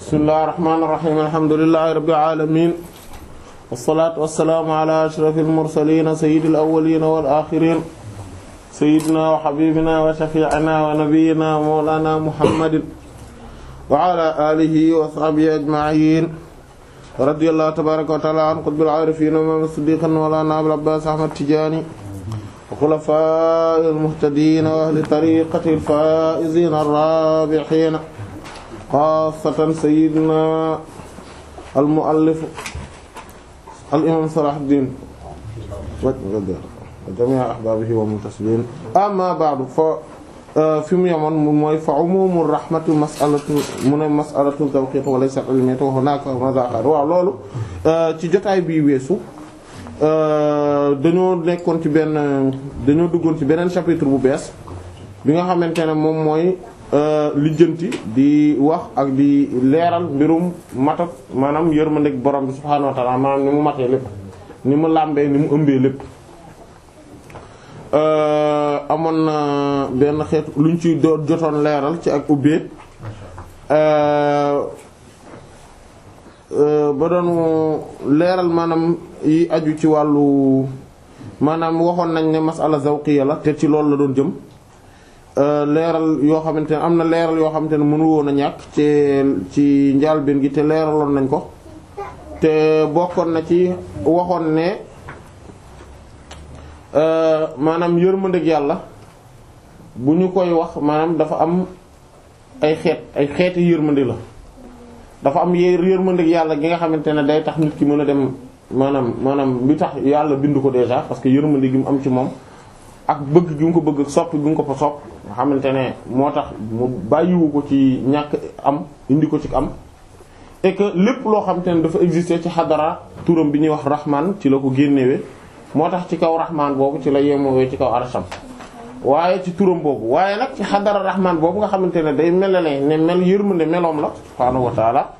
bismillahir rahmanir rahim alhamdulillahi rabbil alamin wassalaatu wassalaamu ala ashrafil mursalin sayyidil awwalin wal akhirin sayyidina wa habibina wa shafi'ina wa nabiyyina mawlana muhammadin wa ala alihi wa sahbihi ajma'in radiyallahu tabaraka wa ta'ala an qutbil arifin imam as-siddiq mawlana abul abbas ahmad tijani wa khulafa'il muhtadin wa ahli tariqati al-fa'izin ar-rabihin xaasatan sayidna al muallif al imam Salahuddin wa jamii ahbaabihi wa muntasibin amma ba'du fa euh, mu mooy fa umumu rahmatu mas'alatu mu ne mas'alatu tawqiq wa laysa ilmiyatu wa hunaka mazahar waaw loolu euh, ci jotaay bii weesu euh, dañoo nekkoon ci benn dañoo duggoon ci beneen chapitre bu bees bi nga xamante ne moom mooy Euh, lijjanti di wax ak di leeral mbirum matak maanaam ma yërmandeeg borom bi subhaanahu wa ta'ala maanaam ni mu matee lépp ni mu làmbee ni mu ëmbee lépp euh, amoon na benn xeet luñ ci doon jotoon leeral ci ak ubbee euh, ba doon leeral maanaam yi aju ci wàllu maanaam waxoon nañ ne masala zawqiya la te ci loolu la doon jëm Euh, leeral yoo xamante ne am na leeral yoo xamante ne mënu woon a ñàkk ci ci njàlbéen gi te leeraloon nañ ko te bokkoon na ci waxoon ne euh, maanaam yërmandeeg yàlla bu ñu koy wax maanaam dafa am ay xeet ay xeeti yërmande la dafa am yërmandeeg yàlla gi nga xamante ne day tax nit ki mën a dem maanaam maanaam bi tax yàlla bindu ko déjà parce que yërmande gi mu am ci moom ak bëgg gi mu ko bëgg sopp gi mu ko fa nga xamante ne moo tax mu bàyyiwu ko ci ñàkk am indi ko ci am et que lépp loo xamante ne dafa exister ci xadara turam bi ñuy wax rahman ci la ko génnewee moo tax ci kaw rahman boobu ci la yemoowee ci kaw arsham waaye ci turam boobu waaye nag ci xadara rahman boobu nga xamante ne day melale ne mel yërmande meloom la subhaanahu wa taala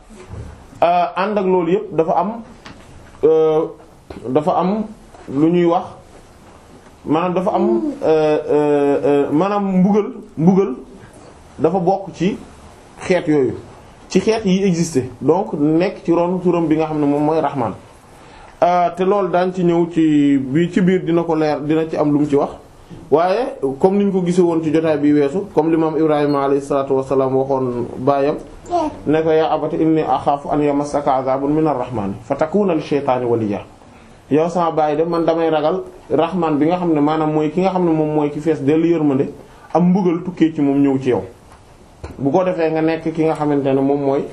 euh, ànd ak loolu yëpp dafa am euh, dafa am lu ñuy wax maanaam dafa am euh, euh, euh, maanaam mbugal mbugal dafa bokk ci xeet yooyu ci xeet yi existé donc nekk ci ron turam bi nga xam ne moom mooy rahman te loolu daan ci ñëw ci bi ci biir dina ko leer dina ci am lu mu ci wax waaye comme ñu ko gise woon ci jotaay bi weesu comme l'imam ibrahima alayhi salatu wasalaam waxoon baayam ne ko yaa abati inni axaafu an yamassaka azabun min ar-rahmani fa takuna li shaytani waliya yow sama baay de man damay ragal rahman bi nga xam ne maanaam mooy ki nga xam ne moom mooy ki fees dellu yërmande am mbugal tukkee ci moom ñëw ci yow bu ko defee nga nekk ki nga xamante ne moom mooy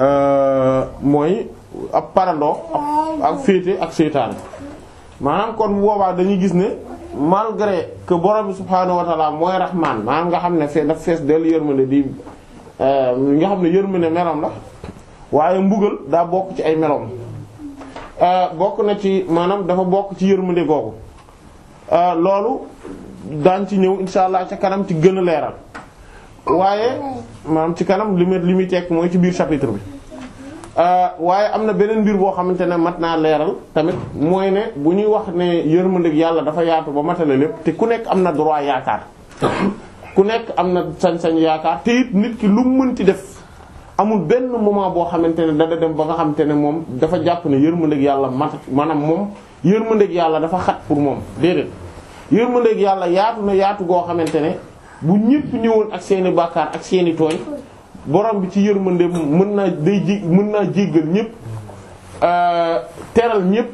euh, mooy ab parandoo ak féete ak seytaane kon boobaa dañuy gis ne malgré que borom bi subhaanahu wa taala mooy nga xam ne fe daf fees dellu yërmande di euh, nga xam ne yërmande melam la waaye mbugal daa bokk ci ay melom Euh, bokk na ci maanaam dafa bokk ci yërmande googu euh, loolu daan ci ñëw insha allah ci kanam ci gën a leeral waaye maanaam ci kanam li muy li muy tekk mooy ci biir chapitre bi euh, waaye am na beneen mbir boo xamante ne mat naa leeral tamit mooy ne bu ñuy wax ne yërmandeeg yàlla dafa yaatu ba matale lépp te ku nekk am na droit yaakaar ku nekk am na sañ-sañ yaakaar te it nit ki lu mu mënti def. amul benn moment boo xamante ne dana dem ba nga xamante ne moom dafa jàpp ne yërmandeeg yàlla mat maanaam moom yërmandeeg yàlla dafa xat pour moom déedéet yërmandeeg yàlla yaatu na yaatu goo xamante ne bu ñépp ñëwoon ak seeni bàkkaar ak seeni tooy borom bi ci yërmande mën naa day ji mën naa jéggal ñépp euh, teral ñépp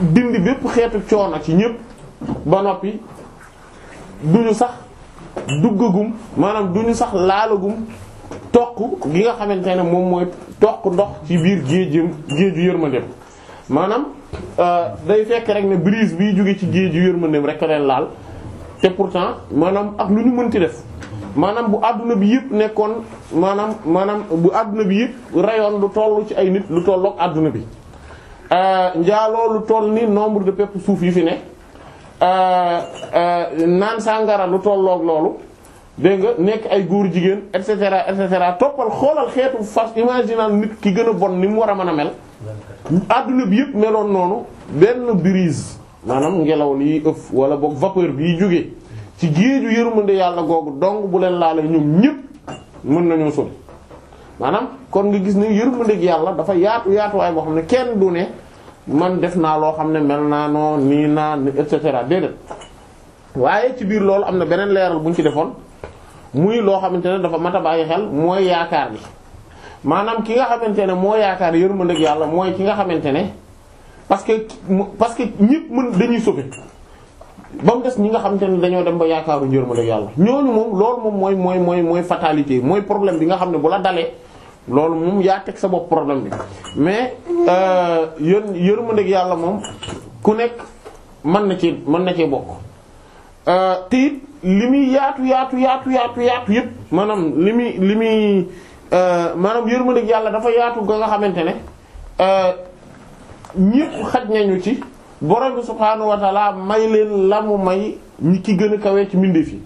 dindi bépp xeetu coono ci ñépp ba noppi duñu sax duggagum maanaam duñu sax laalagum toq gi nga xamante ne moom mooy toq ndox ci biir géejëm géeju yërmandeem maanaam euh, day fekk rek ne brise biy jóge ci géeju yërmandeem rek a leen laal te pourtant maanaam ak lu ñu mënti def maanaam bu àdduna bi yëpp nekkoon maanaam maanaam bu àdduna bi yëpp rayoon lu toll ci ay nit lu tollook àdduna bi euh, njaaloo lu toll ni nombre de pepp suuf yi fi ne euh, naan sàngara lu tollook loolu dégg nga nekk ay góor jigéen et cetera et cetera toppal xoolal xeetu fas imaginal nit ki gën a bon ni mu war a mën a mel. adduna bi yëpp meloon noonu benn brise maanaam ngelaw liy ëff wala boog vapeur biy jógee ci géeju yërmande yàlla googu dong bu leen laalee ñoom ñëpp mën nañoo sori maanaam kon nga gis ne yërmandeeg yàlla dafa yaatu yaatuwaay boo xam ne kenn du ne man def naa loo xam ne mel naa noo nii naa et cetera déedéet waaye ci biir loolu am na beneen leeral bu ñu defoon. muy loo xamante ne dafa mat a bàyyi xel mooy yaakaar bi maanaam ki nga xamante ne moo yaakaar yërmandeeg yàlla mooy ki nga xamante ne parce que parce que ñëpp mën dañuy sauver ba mu xamante ne dañoo dem ba yaakaaru yërmandeeg yàlla ñooñu moom loolu moom mooy mooy mooy mooy fatalité mooy problème bi nga xam ne bu la dalee loolu moom yaa teg sa bopp problème bi mais euh, yër yërmandeeg yàlla moom ku nekk mën na ci mën na cee bokk. Euh, te it li muy yaatu yaatu yaatu yaatu yaatu maanaam li muy li muy euh, maanaam yërmandeeg yàlla dafa yaatu ga nga xamante ne euh, ñëpp xaj nañu ci borom bi subhaanahu wa taala may leen la mu may ñi ki gën a kawee ci mbindeef yi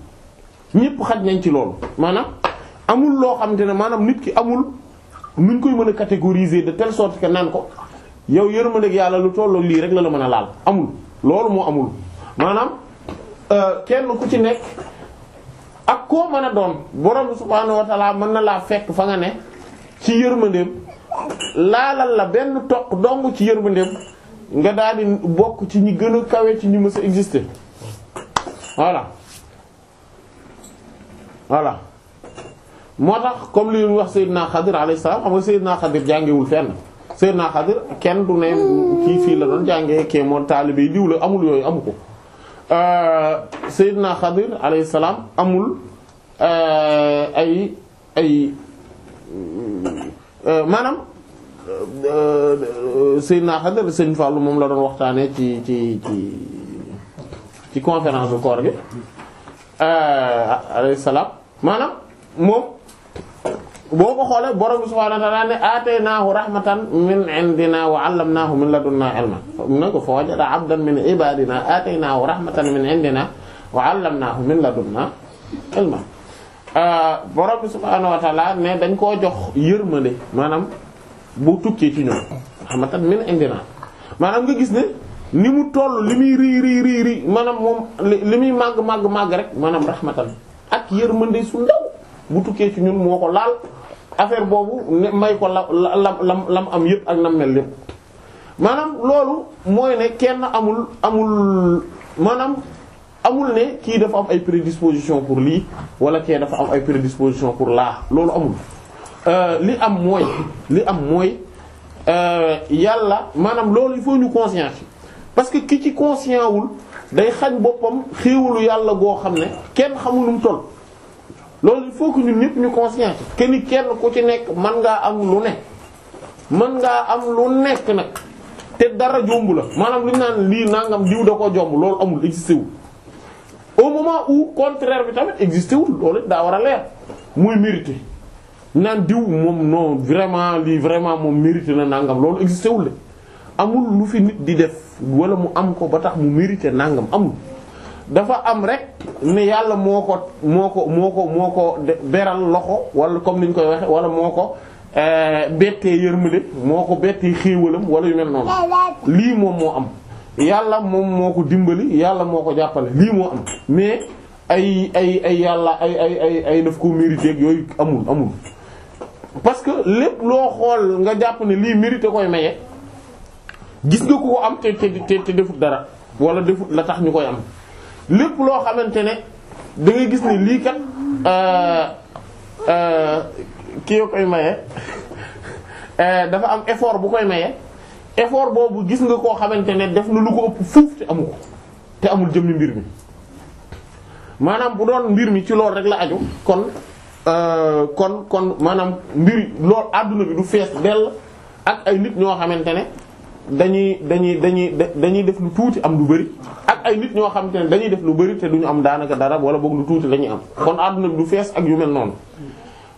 ñëpp xaj nañ ci loolu maanaam amul loo xam xamante ne maanaam nit ki amul nuñ koy mën a catégoriser de telle sorte que naan ko yow yërmandeeg yàlla lu tolloo lii rek la la mën a laal amul loolu moo amul maanaam. Euh, kenn ku ci nekk ak koo mën a doon borom subhaanahu wa mën na laa fekk fa nga ne ci yërmandeem laalal la benn toq dong ci yërmandeem nga daal di bokk ci ñi gën a kawe ci ñi mës a exister voilà voilà moo tax comme li ñu wax Seydina Xadir alayhi salaam xam nga Seydina Xadir jàngewul fenn Seydina Xadir kenn du ne kii fii la doon jànge kee moo taalibe diw la amul yooyu amu ko. Euh, Seydina Xadir alayhi salaam amul euh, ay ay euh, maanaam Seydina Xadir Sëñ Fallou moom la doon waxtaanee ci ci ci ci conférence bu koor gi alayhi salaam maanaam moom. boo ko xoolee borom subhaanahu wa ta'aala ne aataynaahu rahmatan min indinaa wa 'allamnaahu min ladunnaa ilman na ko fa wajada 'abdan min ibaadinaa aataynaahu rahmatan min indinaa wa ah, ne dañ koo jox yërmande maanaam bu tukkee ci ñoom min indinaa maanaam nga gis ne ni mu toll li muy rii rii rii rii moom li muy màgg màgg màgg rek maanaam rahmatan ak yërmande su ndaw bu tukkee ci ñun moo ko laal. affaire boobu may ko la la lam lam am yëpp ak nam mel yëpp maanaam loolu mooy ne kenn amul amul maanaam amul ne kii dafa am ay prédisposition pour lii wala kee dafa am ay prédisposition pour laa loolu amul euh, li am mooy li am mooy euh, yàlla maanaam loolu il faut ñu conscience yi parce que ki ci conscient wul day xañ boppam xéewalu yàlla goo xam ne kenn xamul nu mu loolu il faut que ñun ñëpp ñu conscience que ni kenn ku ci nekk man ngaa am lu ne man ngaa am lu nekk nag te dara jomb la maanaam lu naan lii nangam diw da ko jomb loolu amul existé wul au moment où contraire bi tamit existé wul loolu daa war a leer muy mérité naan diw moom no vraiment lii vraiment moom mérité na nangam loolu existé wul amul lu fi nit di def wala mu am ko ba tax mu mérité nangam amul. dafa am rek ne yàlla moo ko moo ko moo ko moo ko beral loxo wala comme ni ñu koy waxee wala moo ko eh, bettee yërmale moo ko bettee xéewalam wala yu mel noonu lii moom moo am yàlla moom moo ko dimbali yàlla moo ko jàppale lii moo am mais ay ay ay yàlla ay ay ay ay daf ko yooyu amul amul parce que lépp loo xool nga jàpp ne lii mérité koy maye gis nga ku ko am te te te defut dara wala defut la tax ñu koy am lépp loo xamante ne da gis ni lii kat euh, euh, kii yoo koy maye euh, dafa am effort bu koy maye effort boobu gis nga koo xamante ne def na lu ko ëpp fuuf te amu te amul jëmmi mbir mi maanaam bu doon mbir mi ci loolu rek la aju kon kon kon maanaam mbir loolu àdduna bi du fees dell ak ay nit ñoo xamante ne dañuy dañuy dañuy dañuy def lu tuuti am lu bari ak ay nit ñoo xam te ne dañuy def lu bari te ñu am daanaka dara wala boog lu tuuti lañuy am kon àdduna bi du fees ak yu mel noonu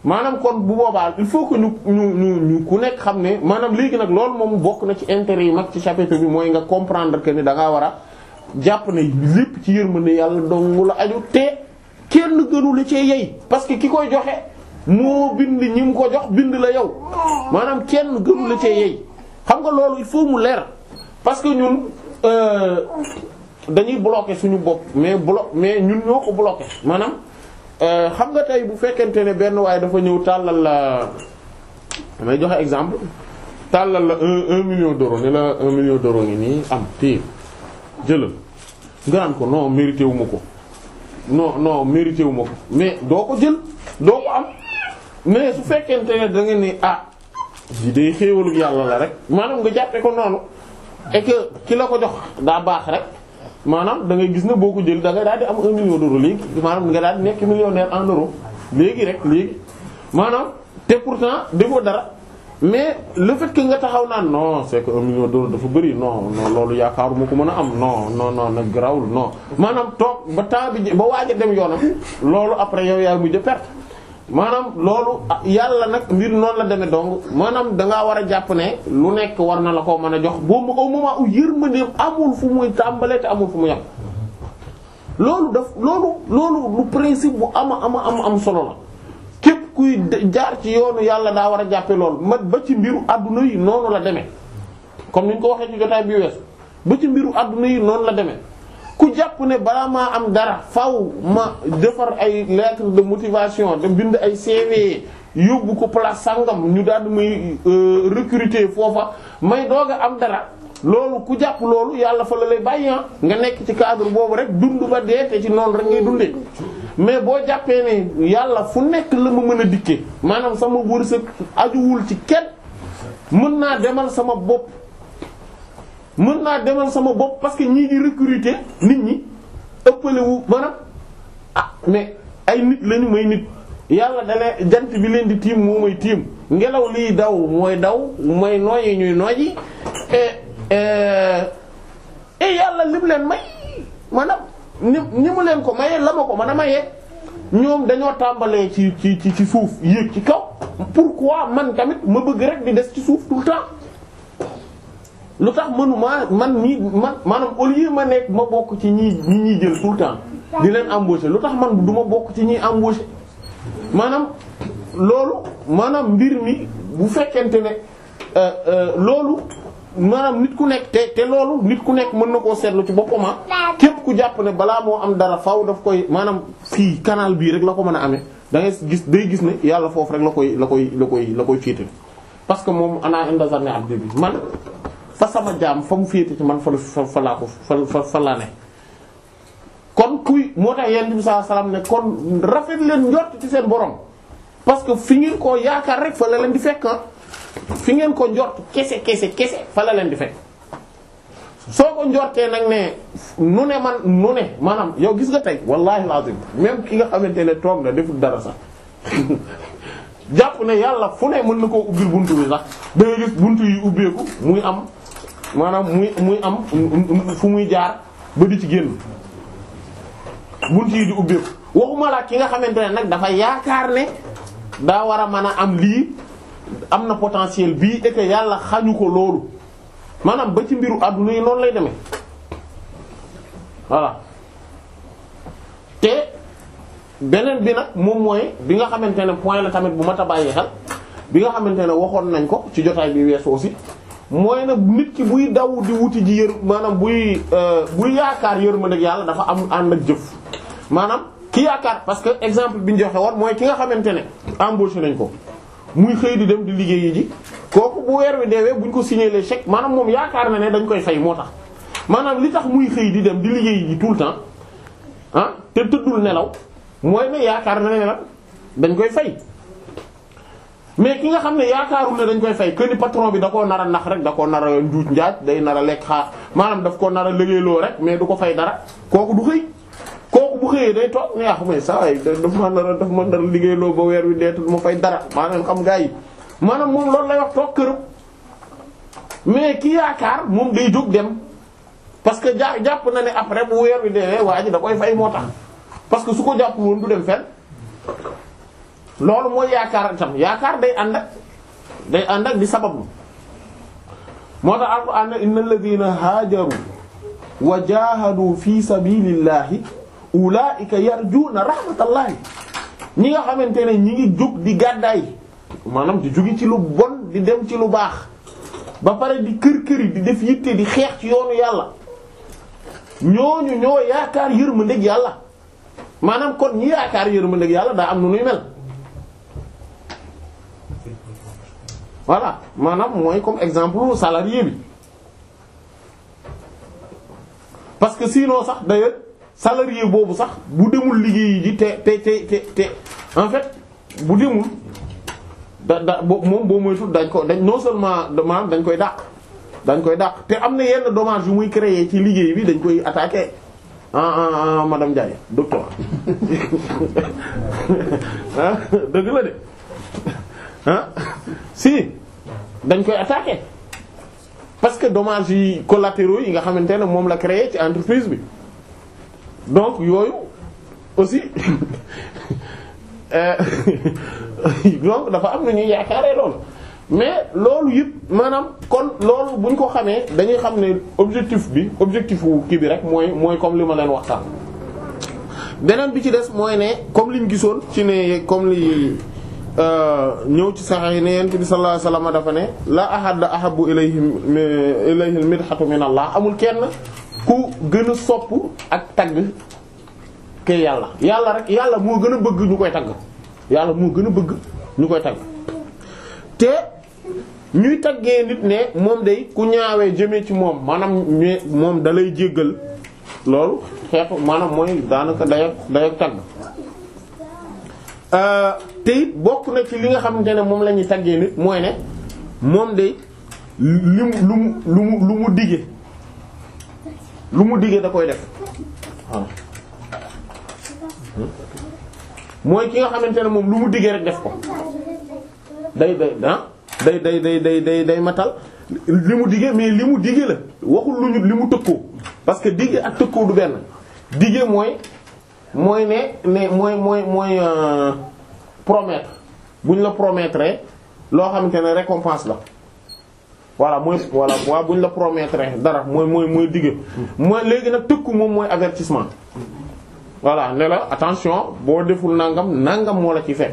maanaam kon bu boobaa il faut que ñu ñu ñu ku nekk xam ne maanaam léegi nag loolu moom bokk na ci intérêt yi mag ci chapitre bi mooy nga comprendre que ni da ngaa war a jàpp ne lépp ci yërmande yàlla dong la aju te kenn gënu la cee yey parce que ki koy joxe moo bind ñi mu ko jox bind la yow maanaam kenn gënu la cee yey. xam nga loolu il faut mu leer parce que ñun euh, dañuy bloquer suñu bopp mais blo mais ñun ñoo ko bloquer maanaam euh, xam nga tey bu fekkente ne benn waaye dafa ñëw tàllal la damay joxe exemple tàllal la un un million d'euros ni la un million d'euros ngi nii am téye jëlal nga naan ko non mérité wu ma ko non non mérité wu ma ko mais doo ko jël doo ko am mais su fekkente ne da ngeen ah. ji day xéewalu yàlla la rek maanaam nga jàppe ko noonu et que ki la ko jox daa baax rek maanaam dangay gis ne boo ko jël da ngay daal di am un million d'euros léegi maanaam nga nekk millionnaire en léegi rek léegi maanaam te pourtant defoo dara mais le fait nga taxaw naan non c'est que un million d'euros dafa bari noo non loolu yaakaaruma ko mën a am non non non nag grawul non maanaam toog ba temps bi ba waaj dem yoonam loolu après yow yaa mujj a maanaam loolu yàlla nag mbir noonu la deme dong maanaam dangaa war a jàpp ne lu nekk war na la ko mën a jox boobu au moment u yërmandeem amul fu muy tàmbalee te amul fu mu yàq loolu daf loolu loolu lu principe bu am ama am am solo la képp kuy jaar ci yoonu yàlla daa war a jàppe loolu ma ba ci mbiru àdduna yi noonu la demee comme ni ñu ko waxee ci jotaay bi weesu ba ci mbiru àdduna yi noonu la demee ku jàpp ne balaa maa am dara faw ma defar ay lettre de motivation da bind ay CV yóbbu ko place sangam ñu daal di may euh, recruter foofa may doog a am dara loolu ku jàpp loolu yàlla fa la lay bàyyi ah. nga nekk ci cadre boobu rek dund ba dee te ci noonu rek ngay dundee mais boo jàppee ne yàlla fu nekk la ma mën a dikkee maanaam sama wërsëg ajuwul ci kenn mën naa demal sama bopp. mën naa demal sama bopp parce que ñii di recruter nit ñi ëppale wu maanaam ah mais ay nit lañu may nit yàlla dane jant bi leen di tiim moo may tiim ngelaw liy daw mooy daw mooy nooyi ñuy nooyi et eh, eh, eh, yàlla lim leen may maanaam ni ni leen ko mayee la ko mën a mayee ñoom dañoo tàmbalee ci ci ci suuf yéeg ci kaw pourquoi man tamit ma bëgg rek di des ci suuf tout temps lu tax manuma man nii man maanaam au lieu ma nekk ma bokk ci ñi ñi ñuy jël tout le temps di leen embaucher lu tax man du ma bokk ci ñuy embaucher maanaam loolu maanaam mbir mi bu fekkente ne euh, euh, loolu maanaam nit ku nekk te te loolu nit ku nekk mën na koo seetlu ci boppam ah. képp ku jàpp ne balaa moo am dara faaw daf koy maanaam fii canal bii rek la ko mën a amee da ngay gis day gis ne yàlla foofu rek la koy la koy la koy la koy féetal parce que moom ana inda zanni abdi bi man ba sama jaam fa mu féete ci man fa la fa laa ko fa fa laa ne kon kuy moo tax yonent bi sallallahu alayhi wasallam ne kon rafet leen njort ci seen borom parce que fi ngeen koo yaakaar rek fa la leen di fekk ah. fi ngeen koo njort kese kese kese fa la leen di fekk soo ko njortee nag ne nu ne man nu ne maanaam yow gis nga tey wallahi lazim même ki nga xamante ne toog na deful dara sax jàpp ne yàlla fu ne mën na koo ubbi bunt bi sax day gis buntu yi ubbeeku muy am maanaam muy muy am fu muy jaar ba di ci génn bunt yi di ubbeeku waxuma laa ki nga xamante ne nag dafa yaakaar ne daa war a mën a am lii am na potentiel bii et que yàlla xañu ko loolu maanaam ba ci mbiru àdduna yi noonu lay demee voilà te beneen bi nag moom mooy bi nga xamante ne point la tamit bu ma ta bàyyi xel bi nga xamante ne waxoon nañ ko ci jotaay bi weesu aussi mooy nag nit ki buy daw di wuti ji yër maanaam buy euh, buy yaakaar ma yërmande yàlla dafa am ànd ak jëf maanaam ki yaakaar parce que exemple bi ñu joxe mooy ki nga xamante ne embauché nañ ko muy xëy di dem di liggéey yi ji kooku bu weer wi deewee buñ ko signé les chèques maanaam moom yaakaar na ne dañ koy fay moo tax maanaam li tax muy xëy di dem di liggéey ji tout le temps ah te tëddul nelaw mooy ne yaakaar na ne la dañ koy fay mais ki nga xam ne yaakaarul ne dañ koy fay que ni patron bi da koo nar a nax rek da koo nara a njuuj njaaj day nara lekk xaar maanaam daf koo nar a liggéeyloo rek mais du ko fay dara kooku du xëy kooku bu xëyee day toog ne ah mais saa waay a daf ma nar liggéeyloo ba weer wi dee du ma fay dara maanaam xam gaa yi maanaam moom loolu lay wax toog këram mais ki yaakaar moom day jóg dem parce que ja jàpp na ne après bu weer wi deewee waa ji da koy fay moo tax parce que su ko jàpp woon du dem fenn. loolu mooy yaakaar itam yaakaar day ànd ak day ànd ak di sabablu moo tax alquran ne innal ladina haajaru wa jahadu fi sabilillahi ulaika yarjuna rahmatallahi ñi nga xamante ne ñi ngi jug di gàddaay maanaam di jugi ci lu bon di dem ci lu baax ba pare di kër këri di def yitte di xeex ci yoonu yàlla ñu ñoo yaakaar yërmandeeg yàlla maanaam kon ñi yaakaar yërmandeeg yàlla daa am nu nuy mel voilà maanaam mooy comme exemple salarié bi parce que sinon sax d'ailleurs salarié boobu sax bu demul liggéey ji te te te te te en fait bu demul da da moom boo moytul dañ ko dañ non seulement dañ koy dàq dañ koy dàq te am na yenn dommage yu muy créer ci liggéey bi dañ koy attaquer ah ah, ah madame Ndiaye docteur la de. si dañ koy attaquer parce que dommages yi collatéraux yi nga xamante ne moom la créer ci entreprise bi donc yooyu aussi euh, donc dafa am na ñuy yaakaaree loolu mais loolu yëpp maanaam kon loolu buñ ko xamee dañuy xam ne objectif bi objectif wu kii bi rek mooy mooy comme li ma leen waxtaan beneen bi ci des mooy ne comme liñ gisoon ci ne comme li Euh, ñëw ci saxex yi ne yent bi sallallahu alayhi wasallam dafa ne la ahad ahabu ilayhi ilayhi al midhatu min allah amul kenn ku gën a sopp ak tagg ke yàlla yàlla rek yàlla moo gën a bëgg ñu koy tagg yàlla moo gën a bëgg ñu koy te ñuy taggee nit ne moom day ku ñaawee jëmee ci moom maanaam moom dalay jéggal loolu xeetu maanaam mooy daanaka dayak dayak tagg Euh, te it bokk na ci li nga xamante ne moom lañuy ñuy taggee nit mooy ne moom de lu mu lu mu lu mu lu mu diggee lu mu diggee da koy def hmm? mooy ki nga xamante ne moom lu mu diggee rek def ko day day ah? day day day day day day matal li mu diggee mais li mu diggee la waxul lu li mu tëkkoo parce que diggee ak tëkkoo du benn diggee mooy. mooy ne ne mooy mooy mooy euh, promettre bu ñu la promettre loo xamante ne récompense la voilà mooy voilà waaw bu la promettre dara mooy mooy mooy digg mooy léegi nag tëkku moom mooy avertissement voilà ne la attention boo deful nangam nangam moo ci fekk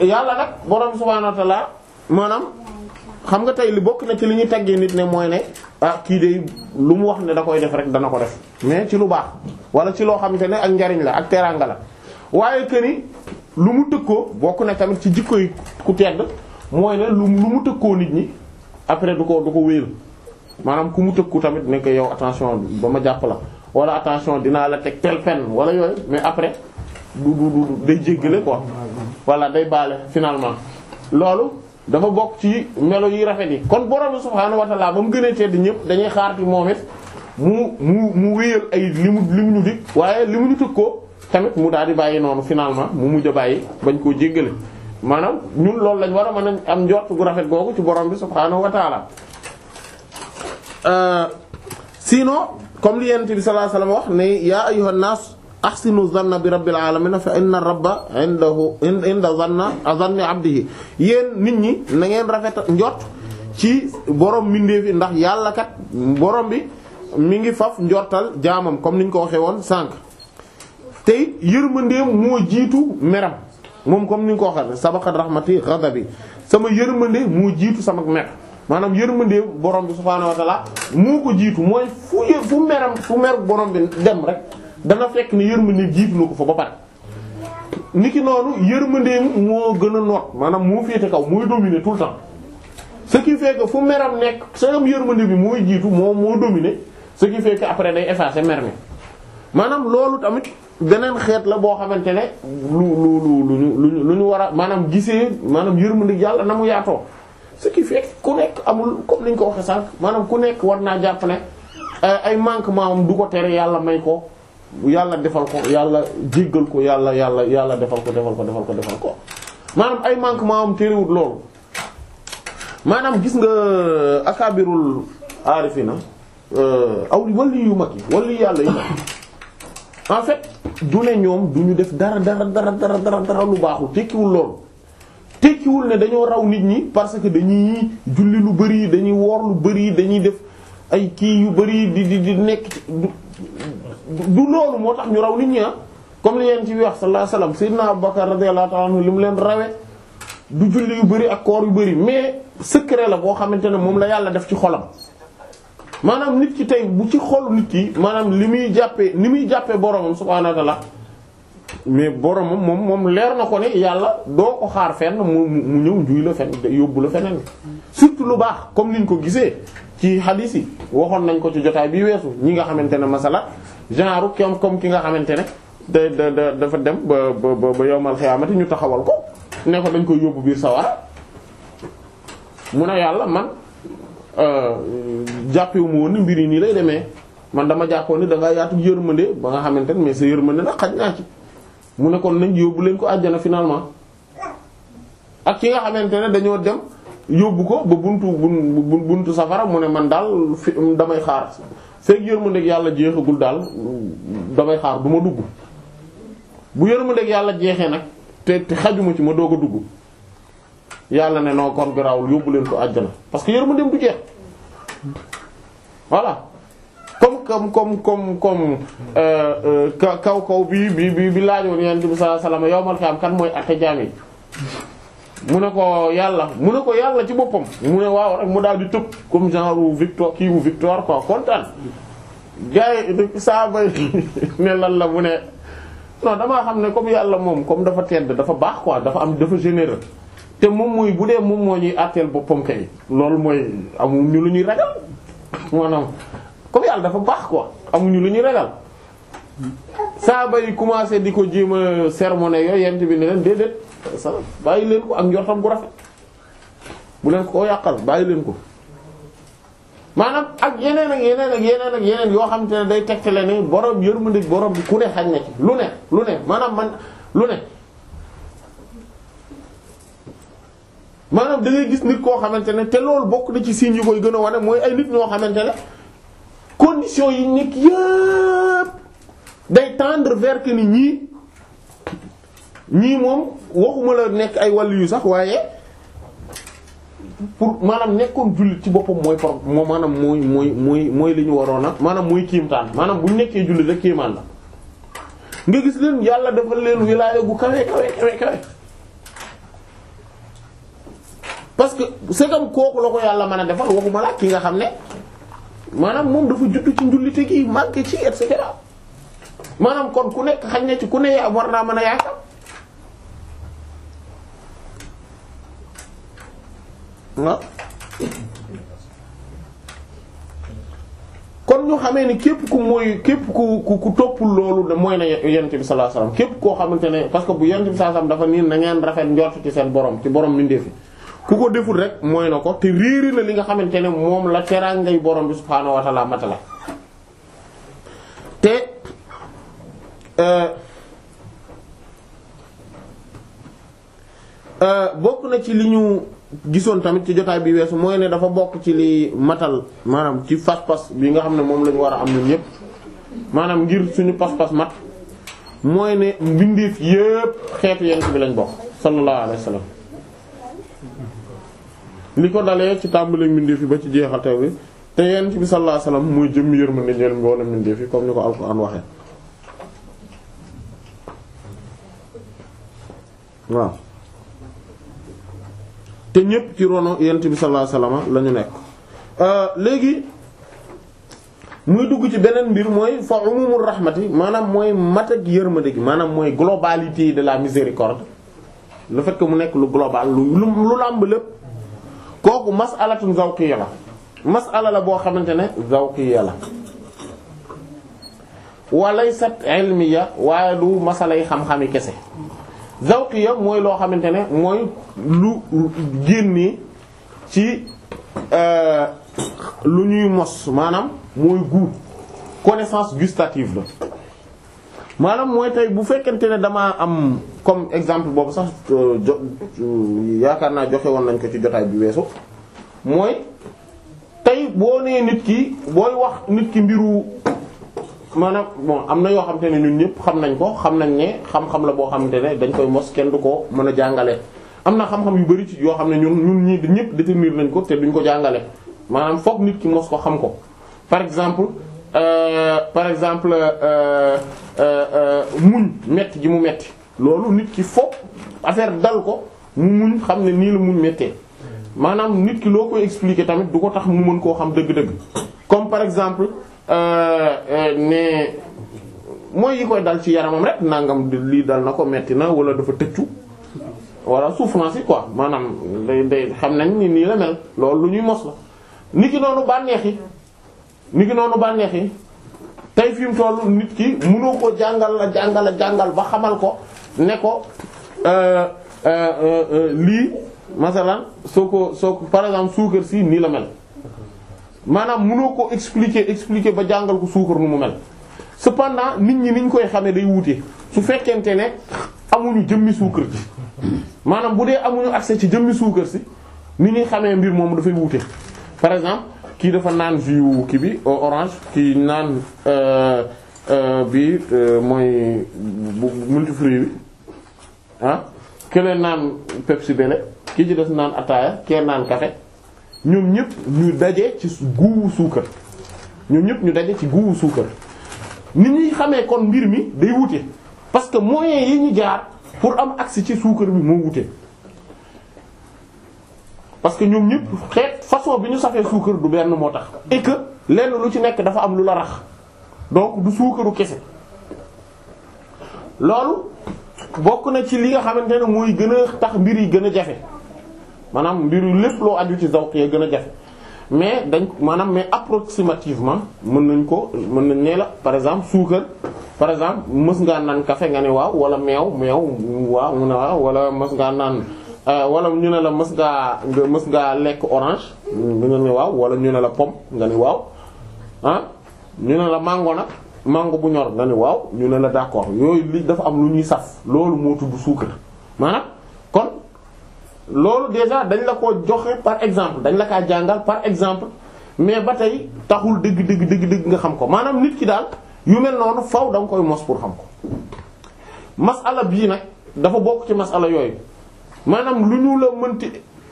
yàlla nag maanaam xam nga tey li bokk na ci li ñuy taggee nit ne mooy ne ah kii de lu mu wax ne da koy def rek dana ko def mais ci lu baax wala ci loo xamante ne ak njariñ la ak teraanga la waaye que ni lu mu tëkkoo bokk na tamit ci jikko ku tedd mooy ne lu lu mu tëkkoo nit ñi après du ko du ko wéyal maanaam ku mu tëkku tamit nekk ko yow attention ba ma jàpp la wala attention dinaa la teg tel pen wala yooyu mais après du du du day jéggale quoi. voilà day baale finalement loolu. dafa bokk ci melo yi rafet yi kon borom bi subhaanahu wa ta'ala ba mu gënee a tedd ñëpp dañuy xaar ci moom it mu mu mu wéyal ay li mu li mu ñu dig waaye li mu ñu tëg ko tamit mu daal di bàyyi noonu finalement mu mujj a bàyyi bañ koo jéggale maanaam ñun loolu lañ war a mën a am njort gu rafet googu ci borom bi subhaanahu wa ta'ala euh, sinon comme li yonent bi sallallahu alayhi wax ne yaa ayyuhan nas ahsinu zanna bi rabbil alamin fa inna rabba indahu a zanna zanni abdihi yéen nit ñi na ngeen rafet njort ci borom mbindeef yi ndax yàlla kat borom bi mu ngi faf njortal jaamam comme niñ ko waxee woon sànq te it yërmandeem moo jiitu meram moom comme ni ñu ko waxee sabaqat rahmati ghadabi sama yërmande moo jiitu sama mer maanaam yërmande borom bi subhaanahu wa ta'ala moo ko jiitu mooy fu fu meram fu mer borom bi dem rek dana fekk ne yërmande jiitu na ko fa ba pare. niki noonu yërmandeem moo gën a noot maanaam moo féete kaw mooy dominer tout le temps ce qui fu meram nekk sagam yërmande bi mooy jiitu moom moo dominer ce qui après day effacer mer mi maanaam loolu tamit beneen xeet la boo xamante ne lu lu lu lu lu ñu war a maanaam gisee maanaam yërmande yàlla na mu yaatoo ce ku nekk amul comme ni ñu ko waxee sànq maanaam ku nekk war naa jàpp ne euh, ay manquement m du ko tere yàlla may ko yàlla defal ko yàlla jéggal ko yàlla yàlla yàlla defal ko defal ko defal ko defal ko maanaam ay manquement am téerewut loolu maanaam gis nga akabirul aarifina euh, aw wali yu mag yi wali yàlla yu mag en fait du ne ñoom du ñu def dara dara dara dara dara lu baaxul tekkiwul loolu tekkiwul ne dañoo raw nit ñi parce que dañuy julli lu bari dañuy woor lu bari dañuy def ay kii yu bari di di di nekk du loolu moo tax ñu raw nit ñi ah. comme li leen ci wax sallallahu alayhi wasallam sayyidina Abubakar radiyallahu ta'ala li mu leen rawet du julli yu bëri ak koor yu bëri mais secret la boo xamante ne moom la yàlla def ci xolam maanaam nit ki tey bu ci xol nit ki maanaam li muy jàppee ni muy jàppee boromam subhaanahu wa ta'ala mais boromam moom moom leer na ko ne yàlla doo ko xaar fenn mu mu ñëw njuy la fenn yóbbu la feneen surtout lu baax comme niñ ko gisee ci xadiis yi waxoon nañ ko ci jotaay bii weesu ñi nga xamante ne masala genre comme comme ki nga xamante ne dafa dem ba ba ba yowmal ñu taxawal ko ne ko dañ koy yóbbu biir sawara mun ne yàlla man euh, jàppewu mu woon ni mbir yi nii lay demee man dama jàppoon ni da ngaa yaatu yërmande ba nga xamante ne mais sa yërmande nag xaj naa ci mu ne kon nañ yóbbu leen ko àjjana finalement ak ki nga xamante ne dañoo dem. yóbbu ko ba buntu buntu safara mu ne man daal fi damay xaar fekk yërmandeeg yàlla jeexagul daal damay xaar du ma dugg bu yërmandeeg yàlla jeexe nag te te xajuma ci ma doog a dugg yàlla ne noo kon garaawul yóbbu leen ko àjjana parce que yërmandeem du jeex voilà kom comme kom comme comme euh, euh, kaw kaw bi bi bi laajoon yonent bi sallallahu alayhi wasallam yowmal qiyaam kan mooy atte jaam yi mu ne ko yàlla mu ne ko yàlla ci boppam mu ne waaw rek mu daal di tëb comme genre victoire kii wu victoire quoi kontaan gars yi ne lan la mu ne non damaa xam ne comme yàlla moom comme dafa tedd dafa baax quoi dafa am dafa généreux te moom mooy bu dee moom moo ñuy àtteel boppam loolu mooy amuñu lu ñuy ragal maanaam comme dafa baax quoi amuñu lu ñuy ragal saa bay di ko jéem a sermonner yooyu yent bi ne leen déedéet. sallam leen ko ak njortam bu rafet bu leen koo yàqal bàyyi leen ko maanaam ak yeneen ak yeneen ak yeneen ak yeneen yoo xam ne day tegtale ne borom yërmandeeg borom bi ku ne xaj na ci lu ne lu ne maanaam man lu ne. maanaam da gis nit koo xamante ne te loolu bokk na ci signes yi koy gën a wane mooy ay nit ñoo xamante ne conditions yi nekk yëpp day tendre vers ni ñii ñii moom waxuma la nekk ay wàllu yu sax waaye pour maanaam nekkoon jullit ci boppam mooy pro moo maanaam mooy mooy mooy mooy li ñu waroon a maanaam mooy kiimtaan maanaam bu ñu nekkee jullit rek gis leen yàlla defal leen wilaaya gu kawe kawe que c'est comme kooku la ko yàlla mën a defal waxuma la ki nga xam ne maanaam moom dafa judd ci njullite gi manqué ci et cetera maanaam kon ku nekk xañ na ci ku ne yaa war naa mën a yaakaar waaw kon ñu xamee ni képp ku mooy képp ku ku ku topp loolu de mooy na yonent bi sallallahu alayhi wasallam képp koo xamante ne parce que bu yonent bi sallallahu dafa nii na ngeen rafet njort ci seen borom ci borom mi ndeefi ku ko deful rek mooy na ko te réeri na li nga xamante ne moom la teraangay borom bi subhaanahu wa ta'ala matala te euh, euh, bokk na ci li ñu gisoon tamit ci jotaay bi weesu mooy ne dafa bokk ci li matal maanaam ci pas-pas bi nga xam ne moom lañu war a am ñun ñépp maanaam ngir suñu pas-pas mat mooy ne mbindeef yépp xeetu yent bi lañ bokk sallallahu alayhi li ko dalee ci tàmbali mbindeef yi ba ci jeexal taw bi te yent bi sallallahu alayhi wasallam mooy jëm yërmande ñeel mboolem mbindeef yi comme ni ko alxuraan waxee waaw te ñépp ci rono yent bi sallallahu alayhi wasallam la ñu nekk euh, léegi muy dugg ci beneen mbir mooy fa umumul rahmati maanaam mooy mat ak yërmande gi maanaam mooy globalité de la miséricorde le lu fekk mu nekk lu global lu làmb lépp kooku mas'alatun zawqiyya la mas'ala la boo xamante ne zawqiyya la walaysat ilmiyya waaye du masalay xam-xami kese zawqiya mooy loo xamante ne mooy lu génnee ci euh, lu ñuy mos maanaam mooy goût connaissance gustative la maanaam mooy tey bu fekkente ne damaa am comme exemple boobu sax euh, jo euh, yaakaar naa joxe woon nañ ko ci jotaay bi weesu mooy tey boo nee nit ki booy wax nit ki mbiru maanaam bon am na yoo xam ne ñun ñëpp xam nañ ko xam nañ ne xam-xam la boo xamante ne dañ koy mos kenn du ko mën a jàngale am na xam-xam yu bari ci yoo xam ne ñun ñun ñii ñëpp détenir nañ ko te ñu ko jàngale maanaam fokk nit ki mos ko xam ko par exemple euh, par exemple euh, euh, euh, muñ metti gi mu metti loolu nit ki fokk affaire dal ko mu muñ xam ne nii la muñ mettee maanaam nit ki loo koy expliquer tamit du ko tax mu mën koo xam dëgg-dëgg comme par exemple Euh, euh, ne mooy yi koy dal ci yaramam rek nangam lii dal na ko metti na wala dafa tëccu wala souffrance yi quoi maanaam day xam nañ ni nii la mel loolu lu ñuy mos la ni ki noonu bànneex yi ni ki noonu bànneex yi tey fi mu toll nit ki mënoo ko jàngal la jàngal la jàngal ba xamal ko ne ko euh, lii masalan soo ko soo par exemple suukar si nii la mel maanaam mënoo ko expliquer expliquer ba jàngal ko suukar nu mu mel cependant nit ñi niñ koy xame day wuute su fekkente ne amuñu jëmmi suukar ji maanaam bu dee amuñu accès ci jëmmi suukar si ni ñuy xamee mbir moom dafay wuute par exemple kii dafa naan jus kii bi euh, orange kii naan euh, euh, bi mooy multifruit bi ah kelee naan Pepsi bele kii ci def naan ataaya kee naan café ñoom ñëpp ñu daje ci guuwu suukar ñoom ñëpp ñu daje ci guuwu suukar nit ñuy xamee kon mbir mi day wute parce que moyens yi ñu jaar pour am accès ci suukar bi moo wute parce que ñoom ñëpp xeet façon bi ñu safee suukar du benn moo tax et que lenn lu ci nekk dafa am lu la rax donc du suukaru kese loolu bokk na ci li nga xamante ne mooy gën a tax mbir yi gën a jafe maanaam mbiru lépp loo aju ci zawqiya gën a jafe mais dañ maanaam mais approximativement mën nañ ko mën nañ nee la par exemple suukar par exemple mës ngaa naan kafe nga ne waaw wala meew meew waaw mu ne waaw wala mës ngaa naan euh, wala ñu ne la mës ngaa mës ngaa lekk orange waaw wala ñu ne la pomme nga ne waaw ah la mango nag mango bu ñor nga ne waaw ñu ne la d'accord yooyu li dafa am lu ñuy saf loolu moo tudd suukar maanaam kon loolu déjà dañ la ko joxe par exemple dañ la kaa jàngal par exemple mais ba tey taxul dëgg dëgg dëgg nga xam ko maanaam nit ki daal yu mel noonu faw danga koy mos pour xam ko masala bii nag dafa bokk ci masala yooyu maanaam lu ñu la mënti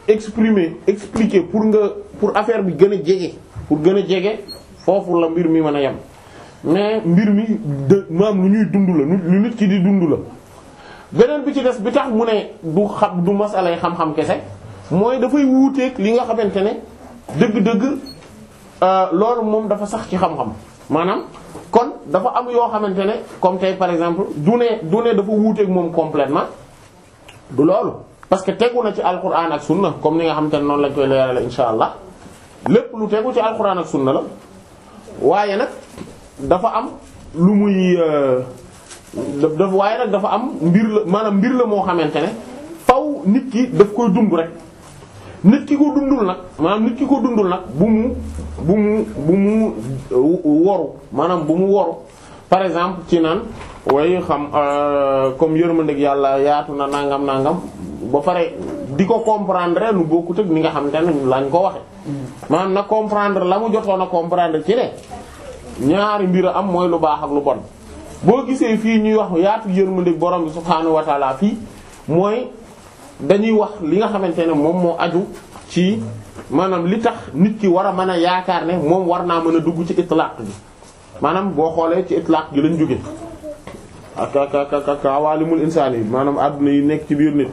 exprimer expliquer pour nga pour affaire bi gën a jege pour gën a jege foofu la mbir mi mën a yem mais mbir mi de maam lu ñuy dund la lu nit ki di dund la beneen bi ci des bi tax mu ne du xam du masalay xam-xam kese mooy dafay wuuteeg li nga xamante ne dëgg-dëgg euh, loolu moom dafa sax ci xam-xam maanaam kon dafa am yoo xamante ne comme tey par exemple du ne du ne dafa wuuteek moom complètement du loolu parce que tegu na ci alquran ak sunna comme ni nga xamante ne noonu lañ koy leerale insha allah lépp lu tegu ci alquran ak sunna la waaye nag dafa am lu muy euh, daf waaye nag dafa am mbir la maanaam mbir la moo xamante ne faw nit ki daf koy dund rek nit ki ko dundul nag maanaam nit ki ko dundul nag bu mu bu mu bu mu uh, woru maanaam bu mu woru par exemple ci naan way xam uh, comme yërmandeeg yàlla yaatu na nangam nangam ba pare di ko comprendre nu bokkut ak ni nga xam te ne lañ ko waxe maanaam na comprendre la mu jotoon a comprendre ci ne ñaari mbir a am mooy lu baax ak lu bon. boo gisee fii ñuy wax yaatu yërmande borom bi subhaanahu wa taala fii mooy dañuy wax li nga xamante ne moom moo aju ci maanaam li tax nit ki war a mën a yaakaar ne moom war naa mën a dugg ci itlaq bi maanaam boo xoolee ci itlaq gi lañ jóge ak ak ak ak yi maanaam àdduna yi nekk ci biir nit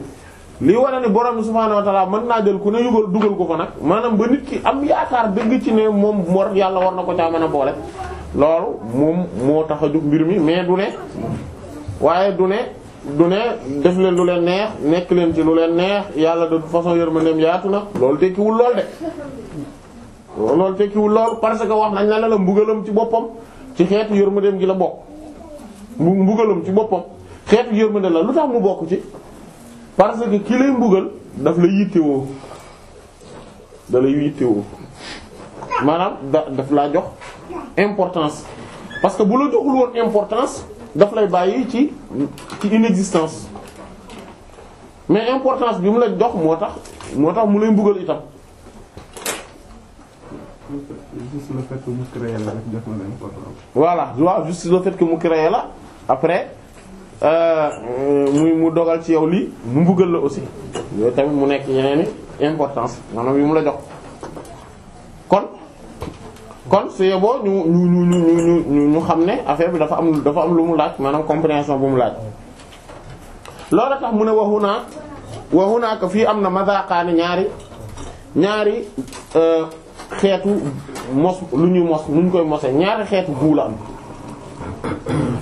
li wara ni borom bi subhaanahu wa mën naa jël ku ne yugal dugal ko ko nag maanaam ba nit ki am yaakaar dëgg ci ne moom mor yàlla war na ko caa mën a boole loolu moom moo tax a jóg mbir mi mais du ne waaye du ne du ne def leen lu leen neex nekk leen ci lu leen neex yàlla de façon yërmandeem yaatu na loolu tekkiwul lool de loolu tekkiwul lool parce que wax nañ la la mbugalam ci boppam ci xeetu yërmandeem gi la bokk mu mbugalam ci boppam xeetu yërmande la lu tax mu bokku ci parce que ki lay mbugal daf la yittewoo da lay yittewoo maanaam da daf laa jox importance parce que bu la joxul woon importance daf lay bàyyi ci ci inexistence mais importance bi mu la jox moo tax moo tax mu lay mbugal itam. juste le fait la rek jox na l'importance. voilà waaw juste le mu créer la après euh, muy mu dogal ci yow lii mu mbugal la aussi yooyu tamit mu nekk yeneen importance maanaam yu mu la jox kon. kon su yeboo ñu ñu ñu ñu ñu ñu xam ne affaire bi dafa am dafa am lu mu laaj maanaam compréhension bu mu laaj loolu tax mu ne waxu naa waxu naa ko fii am na mazaqaani ñaari ñaari euh, xeetu mos lu ñuy mos lu koy mose ñaari xeetu guu la am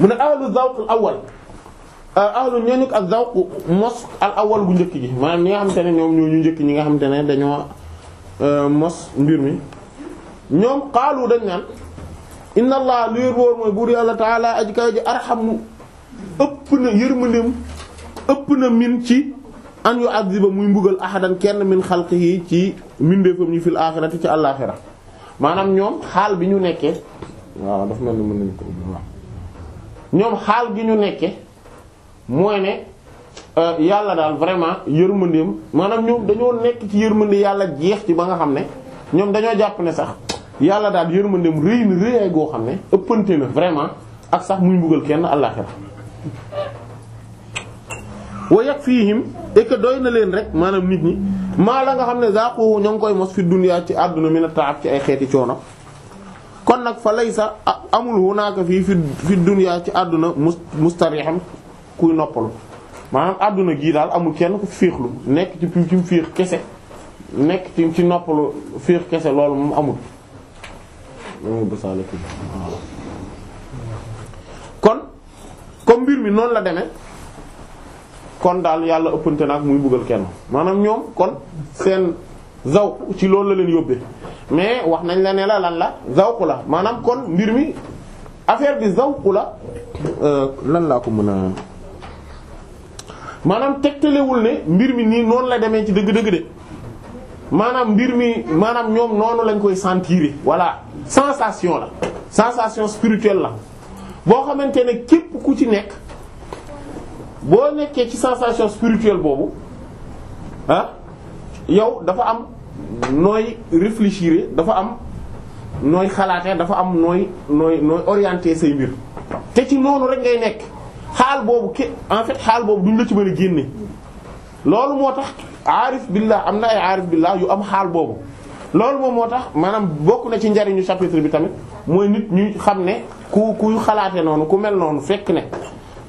mu ne ahlu zawq al awal euh, ahlu ñooñu ak zawq mos al awal gu njëkk gi maanaam ñi nga xamante ne ñoom ñoo ñu njëkk ñi nga xamante ne dañoo euh, mos mbir mi ñoom xaalu dañ naan inna allah luy wóor mooy buur yàlla taala aji kaw ji arxamu ëpp na yërmandeem ëpp na min ci an yu aziba muy mbugal ahadan kenn min xalqihi ci mindeefam ñu fil axirati ci àllaaxira maanaam ñoom xaal bi ñu nekkee waaw daf mel ni mën nañu ko ñoom xaal gi ñu nekke mooy ne euh, yàlla daal vraiment yërmandeem maanaam ñoom dañoo nekk ci yërmande yàlla jeex ci ba nga xam ne ñoom dañoo jàpp ne sax yàlla daal yërmandeem rëy na rëyaay goo xam ne ëppante na vraiment ak sax muy mbugal kenn àllaxira wa yakfihim et que doy na leen rek maanaam nit ñi maa la nga xam ne zaaqu ñoo ngi koy mos fi dunyaa ci àdduna mi na taab ci ay xeeti coono kon nag fa laysa amul hunaaka fii fi fi ci àdduna mus mustariham kuy noppalu maanaam àdduna gii daal amul kenn ku fiixlu nekk ci ci mu fiix kese nekk ci ci noppalu fiix kese loolu moom amul basaale tudd kon comme mbir mi noonu la deme kon daal yàlla ëppante na ak muy bëggal kenn maanaam ñoom kon seen zawq ci loolu la leen yóbbe mais wax nañ la ne la lan la zawq la maanaam kon mbir mi affaire bi zawq la euh, lan laa ko mën a maanaam tegtalewul ne mbir mi nii noonu la demee ci dëgg-dëgg de maanaam mbir mi maanaam ñoom noonu lañ koy sentir voilà sensation la sensation spirituelle la boo xamante ne képp ku ci nekk boo nekkee ci sensation spirituelle boobu ah yow dafa am nooy réfléchir dafa am nooy xalaatee dafa am nooy nooy nooy orienter say mbir te ci noonu rek ngay nekk xaal boobu ke en fait xaal boobu duñ la ci mën a génne loolu moo tax aarif billah am na ay aarif billah yu am xaal boobu loolu moom moo tax maanaam bokk na ci njariñu chapitre bi tamit mooy nit ñuy xam ne ku kuy xalaate noonu ku mel noonu fekk ne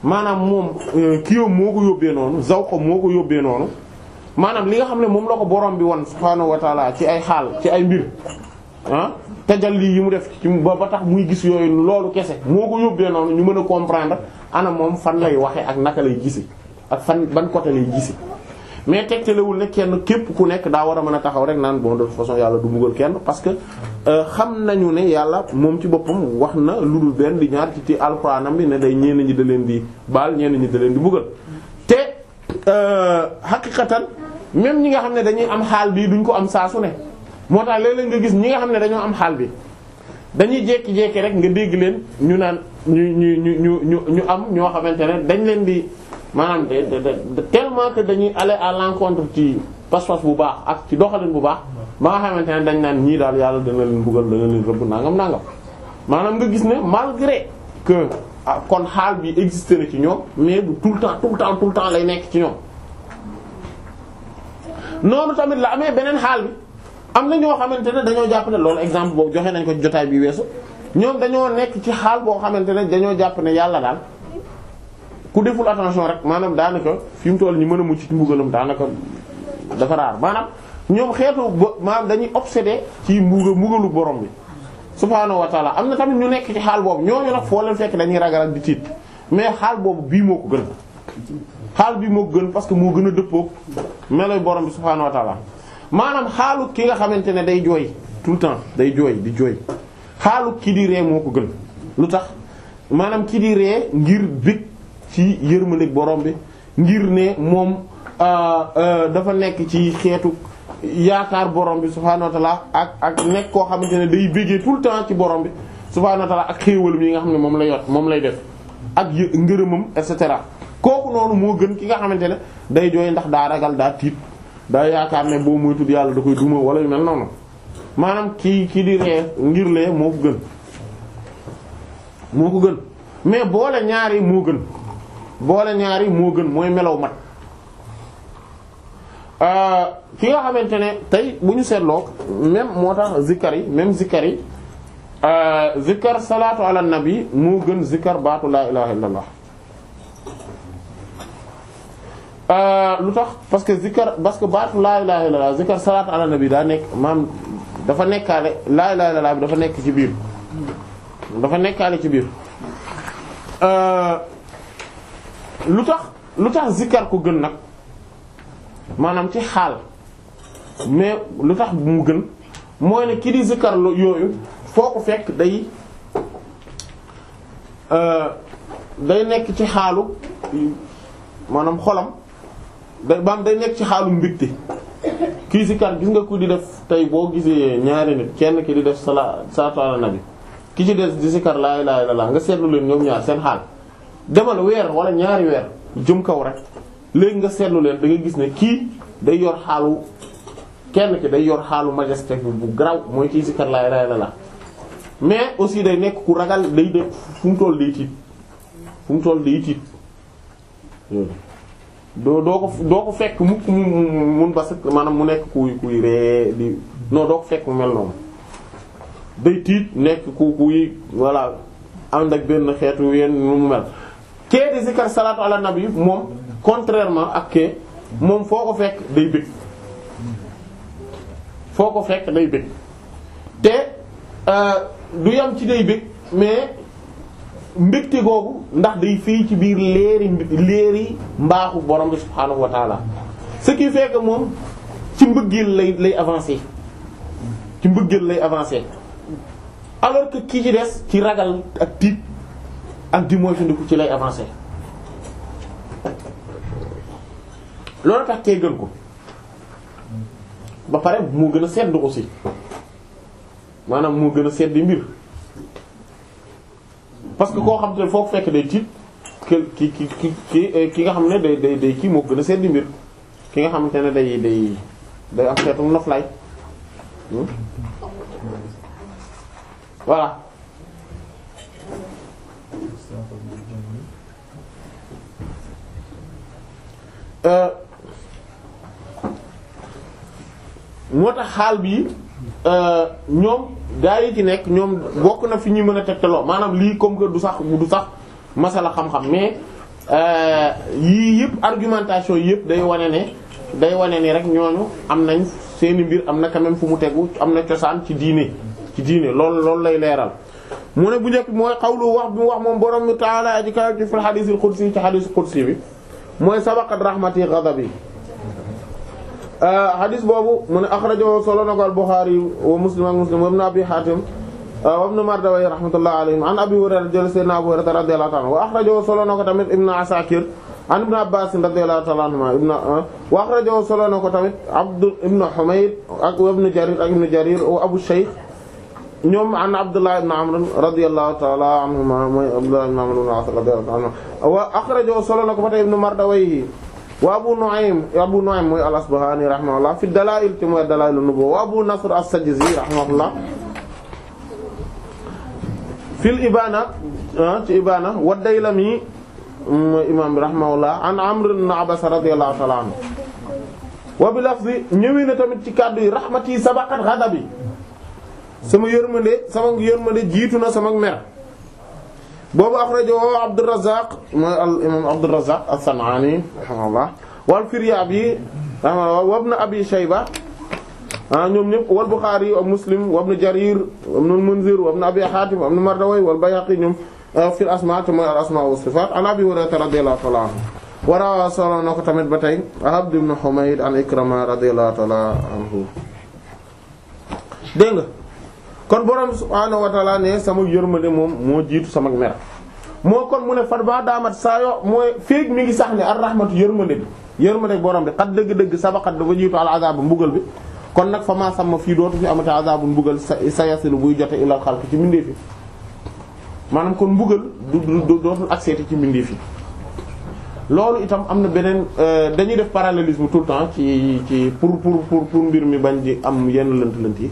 maanaam moom euh, kiiwam moo ko yóbbee noonu zawqam moo ko yóbbee noonu maanaam li nga xam ne moom la ko borom bi won subhaanahu ci ay xaal ci ay mbir ah tajalli yi mu def ci ba ba tax muy gis yooyu loolu kese moo ko yóbbee noonu ñu mën a comprendre ana moom fan lay waxe ak naka lay gisi ak fan ban côté lay gisi mais tegtalewul ne kenn képp ku nekk daa war a mën a taxaw rek naan bon de façon yàlla du buggal kenn parce que euh, xam nañu ne yàlla moom ci boppam wax na lu dul benn di ñaar ci ti alxuraanam bi ne day ñenn ñi da leen di baal ñenn ñi da leen di buggal te euh, xaqiqatan même ñi nga xam ne dañuy am xaal bi duñ ko am saa ne moo tax léeg-léeg nga gis ñi nga xam ne dañoo am xaal bi dañuy jékki-jékki rek nga dégg leen ñu naan ñu ñu ñu ñu ñu am ñoo xamante ne dañ leen di maanaam de de tellement que dañuy aller à l'encontre ci pas-pas bu baax ak ci doxalin bu baax ba nga xamante ne dañ naan ñii daal yàlla dana leen buggal dana leen rëbb nangam nangam maanaam nga gis ne malgré que ah, kon xaal bi existé na ci ñoom mais bu tout le temps tout temps tout le lay nekk ci ñoom noonu tamit la amee beneen xaal bi am na ñoo xamante ne dañoo jàpp ne loolu exemple boobu joxe nañ ko jotaay bi weesu ñoom dañoo nekk ci xaal boo xamante ne dañoo jàpp ne yàlla daal ku deful attention rek maanaam daanaka fi mu toll ñu mën a mucc ci mbugalam daanaka dafa raar maanaam ñoom xeetu ba maanaam dañuy obsédé ci mbuga mbugalu borom bi subhaanahu wa taala am na tamit ñu nekk ci xaal boobu ñooñu nag foo leen fekk dañuy ragal ak di tiit mais xaal boobu bii moo ko gën xaal bii moo ko gën parce que moo gën a dëppoo meloy borom bi subhaanahu wa maanaam xaalu ki nga xamante ne day jooy tout le temps day jooy di jooy xaalu ki di ree moo ko gën ci yërmandeeg borom bi ngir ne moom euh, euh, dafa nekk ci xeetu yaakaar borom bi subhaanahu wa ta'ala ak ak nekk koo xamante ne day béggee tout le temps ci borom bi subhaanahu wa ta'ala ak xéewalum yi nga xam ne moom lay yot moom lay def ak ngërëmam et cetera kooku noonu moo gën ki nga xamante ne day jooy ndax daa ragal daa tiit daa yaakaar ne boo muy tudd yàlla da koy duma wala yu mel noonu maanaam kii kii di ree ngir lee moo ko gën moo ko gën mais boole ñaari moo gën boole ñaari moo gën mooy melaw mat euh, ki nga xamante ne tey bu ñu seetloo même moo tax zikkar yi même zikkar yi euh, zikkar salaatu ala nabi moo gën zikkar baatu laa ilaha illallah euh, lu tax parce que zikkar parce que baatu laa ilaha illallah zikkar salaatu ala nabi daa nekk maam dafa nekkaale laa ilaha illallah bi dafa nekk ci biir dafa nekkaale ci biir. lu tax lu tax zikkar ko gën nag maanaam ci xaal mais lu tax mu gën mooy ne ki di zikkar yooyu foo ko fekk day euh, day nekk ci xaalu maanaam xolam day baam day nekk ci xaalu mbitti kii zikkar gis nga ku di def tey boo gisee ñaari nit kenn ki di def salaa salaatu ala nabi ki ci des di zikkar laa ilaaha illallaah nga seetlu leen ñoom ñaar seen xaal demal weer wala ñaari weer jëm kaw rek léegi nga seetlu leen da nga gis ne kii day yor xaalu kenn ki day yor xaalu majesté bu graw mooy kii si kar laay ray la la mais aussi day nekk ku ragal day def fu mu toll day tiit fu mu toll day tiit doo doo ko doo ko fekk mu mun ba sëkk maanaam mu nekk kuy kuy ree di non doo ko fekk mu mel noonu day tiit nekk ku kuy voilà ànd ak benn xeetu yenn mu mel kee di zikar salaatu ala nabi moom contrairement ak kee moom foo ko fekk day bëgg foo ko fekk day bëgg te euh, du yam ci day bëgg mais mbégte googu ndax day fii ci biir leeri leeri mbaaxu borom bi subhaanahu wa taala ce qui que moom ci mbëggeel lay lay avancer ci mbëggeel lay avancé alors que ki ci des ci ragal ak tiit ak di moytandiku ci lay avancé loolu tax kee gën ko ba pare moo gën a sedd aussi maanaam moo gën a sedd mbir parce que koo xam te foo fekk day tiit ki ki ki eh, ki nga xam ne day day day kii moo gën a sedd mbir ki nga xamante ne day day day am xeetu noflaay hmm? voilà. Euh, moo tax xaal bii euh, ñoom daal yi ci nekk ñoom bokk na fi ñuy mën a tegtaloo maanaam lii comme que du sax du sax masala xam-xam mais euh, yii yëpp argumentation yëpp day wane ne day wane ni rek ñooñu am nañ seeni mbir am na quand même fu mu tegu am na cosaan ci diine ci diine lool loolu lay leeral mu ne bu njëkk mooy xawlu wax bi mu wax moom borom mi taala ji kaw ci fil xadiisul ci xadiisul xudsi bi mooy sabaqat rahmati ghadabi euh, hadis boobu mu ne akhrajahu solo na al Bukhari wa Muslim ak Muslim Abi Hatim euh, wa ibn Mardawayh rahmatullahi alayhim an Abi Hurayra jël sayyidina Abu Hurayra radiyallahu ta'ala wa akhrajahu solo na tamit Ibn Asakir an Ibn Abbas radiyallahu ta'ala anhuma ibn euh, wa akhrajahu solo na tamit Abd ibn Humayd ak Ibn Jarir ak Ibn Jarir wa Abu Shaykh ñoom an Abdullah ibn Amr radiyallahu ta'ala anhuma mooy Abdullah ibn Amr ibn As radiyallahu anhu wa akhrajahu solo na ko fa tey ibn Mardawayhi wa Abu Nu'aym Abu Nu'aym mooy al-Asbahani rahimahullah fi dalaa'il te mooy dalaa'il an-nubuwwa wa Abu Nasr as-Sajzi rahimahullah fil Ibana ah, ci Ibana wa Daylami mooy imaam bi rahimahullah an Amr ibn Abasa radiyallahu ta'ala anhu wa bi lafzi ñëwee na tamit ci kàddu yi rahmati sabaqat ghadabi sama yërmande sama yërmande jiitu na sama mer boobu axrajahu Abdurrazzaq mooy al imaam Abdurrazzaq as-San'aani wal Firyaabi rahimahullah Abi Shayba ah ñoom wal Buxaari wa Muslim wa Jariir wa ibn al Abi Haatim wa ibn wal Bayhaqi ñoom ah, fil asmaa te mooy al asmaa wa sifaat an Abi Hurayrata radiyallahu ta'ala anhu wa rawaa tamit ba tey Abd ibn Humayd an Ikrima radiyallahu ta'ala anhu kon borom subhaanahu wa taala ne sama yërmande moom moo jiitu sama mer moo kon mu ne fat baa daamat saa yo mooy féeg mi ngi sax ne ar rahmatu yërmande bi yërmande borom bi xat dëgg-dëgg sabaqat dafa jiitu al azaabu mbugal bi kon nag fa maa sàmm fii dootu fi amati azaabu mbugal sa sa yasilu buy jote ilal xalqi ci mbindee fi maanaam kon mbugal du dootul accepté ci mbindee fii loolu itam am na beneen euh, dañuy def parallélisme tout le temps ci ci pour pour pour pour mbir mi bañ di am yenn lënt-lënt yi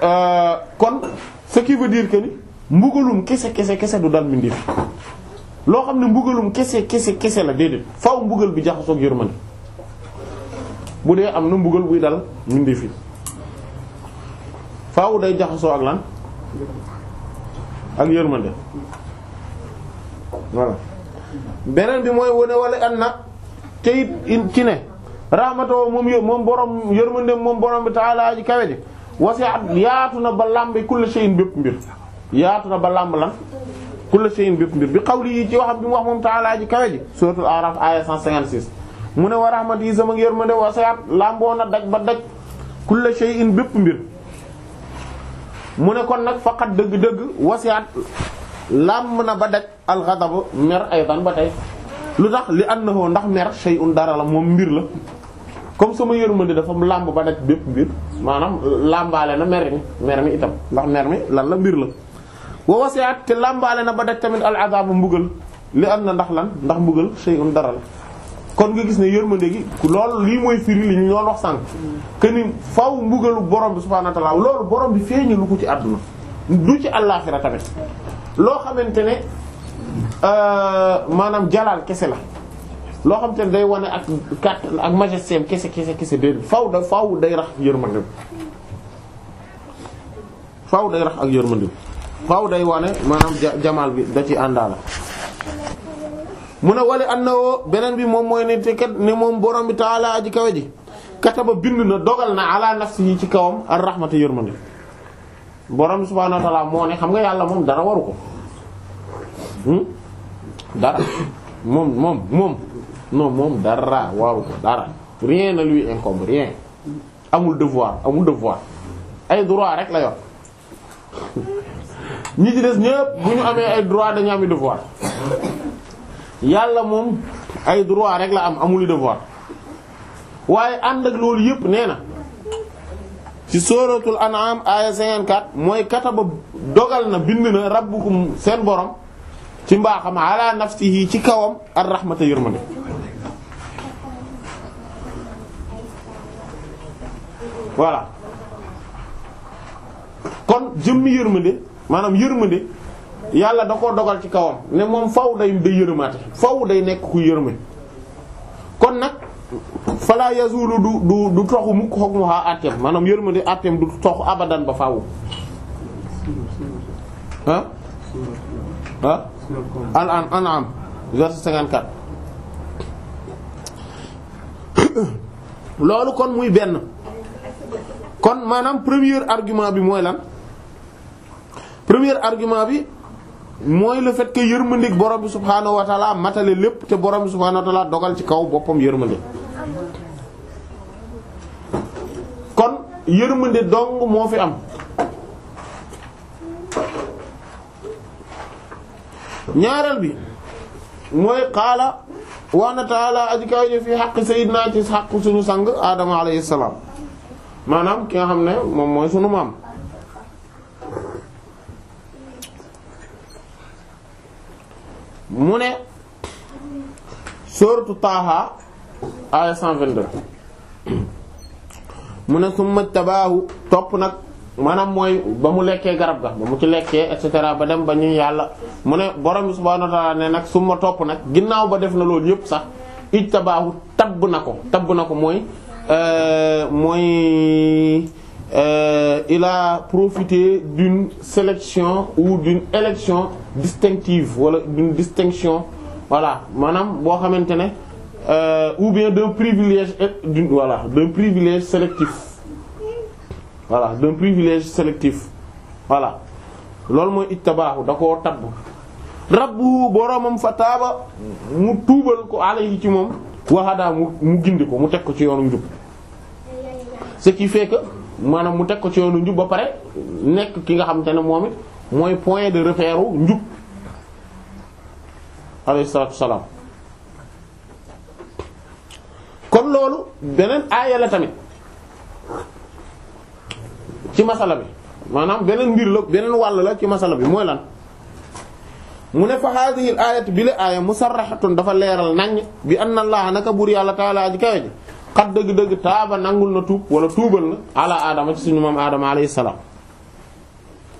Euh, kon ce qui veut dire que ni mbugalum kese kese kese du dal mbindeef loo xam ne mbugalum kese kese kese la déedéet faaw bi jaxasoo ak yërmande bu dee am na mbugal buy dal mbindeef yi faaw day jaxasoo ak lan ak yërmande voilà beneen bi mooy wane wala an na te it ci ne rahmatoo moom moom borom yërmande moom borom bi taala kawe ji wasi'at yaatu na ba làmbi kulla shay'in bépp mbir yaatu na ba làmb lan kulla shay'in bépp mbir bi qawli yi ci waxam bi mu wax moom ta'ala ji kawe ji suratul a'raf aya 156 mu ne wa rahmati sama ngir mu ne wasi'at làmboo na daj ba daj kulla shay'in bépp mbir mu ne kon nag faqat dëgg-dëgg wasi'at làmb na ba daj al-ghadab mer aydan ba tey lu tax li annahu ndax mer shay'un dara la moom mbir la comme sama yërmande dafa làmb ba nekk bépp mbir maanaam euh, làmbaale na mer mi mer mi itam ndax mer mi lan la mbir la wa wasi'at te làmbaale na ba daj tamit al azaabu mbugal li am na ndax lan ndax mbugal shay'un dara kon nga gis ne yërmande gi loolu lii mooy firi li ñu doon wax sànq que faw mbugalu borom bi subhaanahu wa ta'aala loolu borom bi feeñu lu ko ci àdduna du ci àllaaxira tamit loo xamante ne euh, maanaam jalaal kese la loo xam te ne day wane ak kàttan ak majesté kese kese kese déedéet faaw da faaw day rax ak yërmandeem day rax ak yërmandeem wane maanaam jamaal bi da ci àndaala mu ne wale an na woo beneen bi moom mooy ne te kat ne moom borom bi taala aji kawe ji kataba bind na dogal na ala nafsi yi ci kawam ar rahmata yërmande borom subhaanahu wa ta'ala moo ne xam nga yàlla moom dara waru ko hmm? dara moom moom moom non moom dara waaw ko dara rien ne lui incombe rien amul devoir amul devoir ay droit rek la yor ñi ci des ñëpp bu ñu amee ay droit dañu am devoir yàlla moom ay droit rek la am amul devoir waaye ànd ak loolu yëpp nee na ci suratul an'am aya 54 mooy kataba dogal na bind na rabbukum seen borom ci mbaaxam si nafsihi ci kawam ar rahmata yërmande voilà kon jëmmi yërmande maanaam yërmande yàlla da koo dogal ci kawam ne moom faw day day yërmaate faw day nekk ku yërme kon nag fala yazulu du du du toxu mukk xoog mu xaa àtteem maanaam yërmande àtteem du toxu abadan ba faawu al an an am loolu kon muy benn kon maanaam premier argument bi mooy lan premier argument bi mooy le fait que yërmandik borom bi subhaanahu matale lépp te borom bi subhaanahu wa dogal ci kaw boppam yërmande kon yërmande dong moo fi am ñaareel bi mooy qaala wax na taala aji kaw fi xaq sayyidina ci xaq suñu sang Adama alayhi salaam maanaam ki nga xam ne moom mooy sunu maam mu ne sooratu Taaha aaya mu ne summa tabaahu topp nag maanaam mooy ba mu lekkee garab ga ba mu ci lekkee et cetera ba dem ba ñu yàlla mu ne borom bi subhaanahu nag suma topp nag ginnaaw ba def na loolu yépp sax ij tabaahu tabb na ko tabb na ko mooy Euh, mooy euh, il a profité d'une sélection ou d'une élection distinctive wala d'une distinction voilà maanaam boo xamante ne euh, ou bien d'un privilège d'une voilà d'un privilège sélectif voilà d'un privilège sélectif voilà loolu mooy ittabaahu da koo tabb rabbu boromam fa taaba mu tuubal ko alayhi ci moom waxadaa mu mu gindi ko mu teg ko ci yoonu njub ce qui fait que maanaam mu teg ko ci yoonu njub ba pare nekk ki nga xamante ne moom it mooy point de repère u njub alayhi salaatu salaam kon loolu beneen aaya la tamit ci masala bi maanaam beneen mbir la beneen wàll la ci masala bi mooy lan mu ne fa haadihi l ayatu bi la aaya musarrahatun dafa leeral nañ bi anna allaha naka buur yàlla taalaa ji kawe ji xat dëgg-dëgg taaba nangul na tuub wala tuubal na ala aadama ci suñu moom aadama alayhi salaam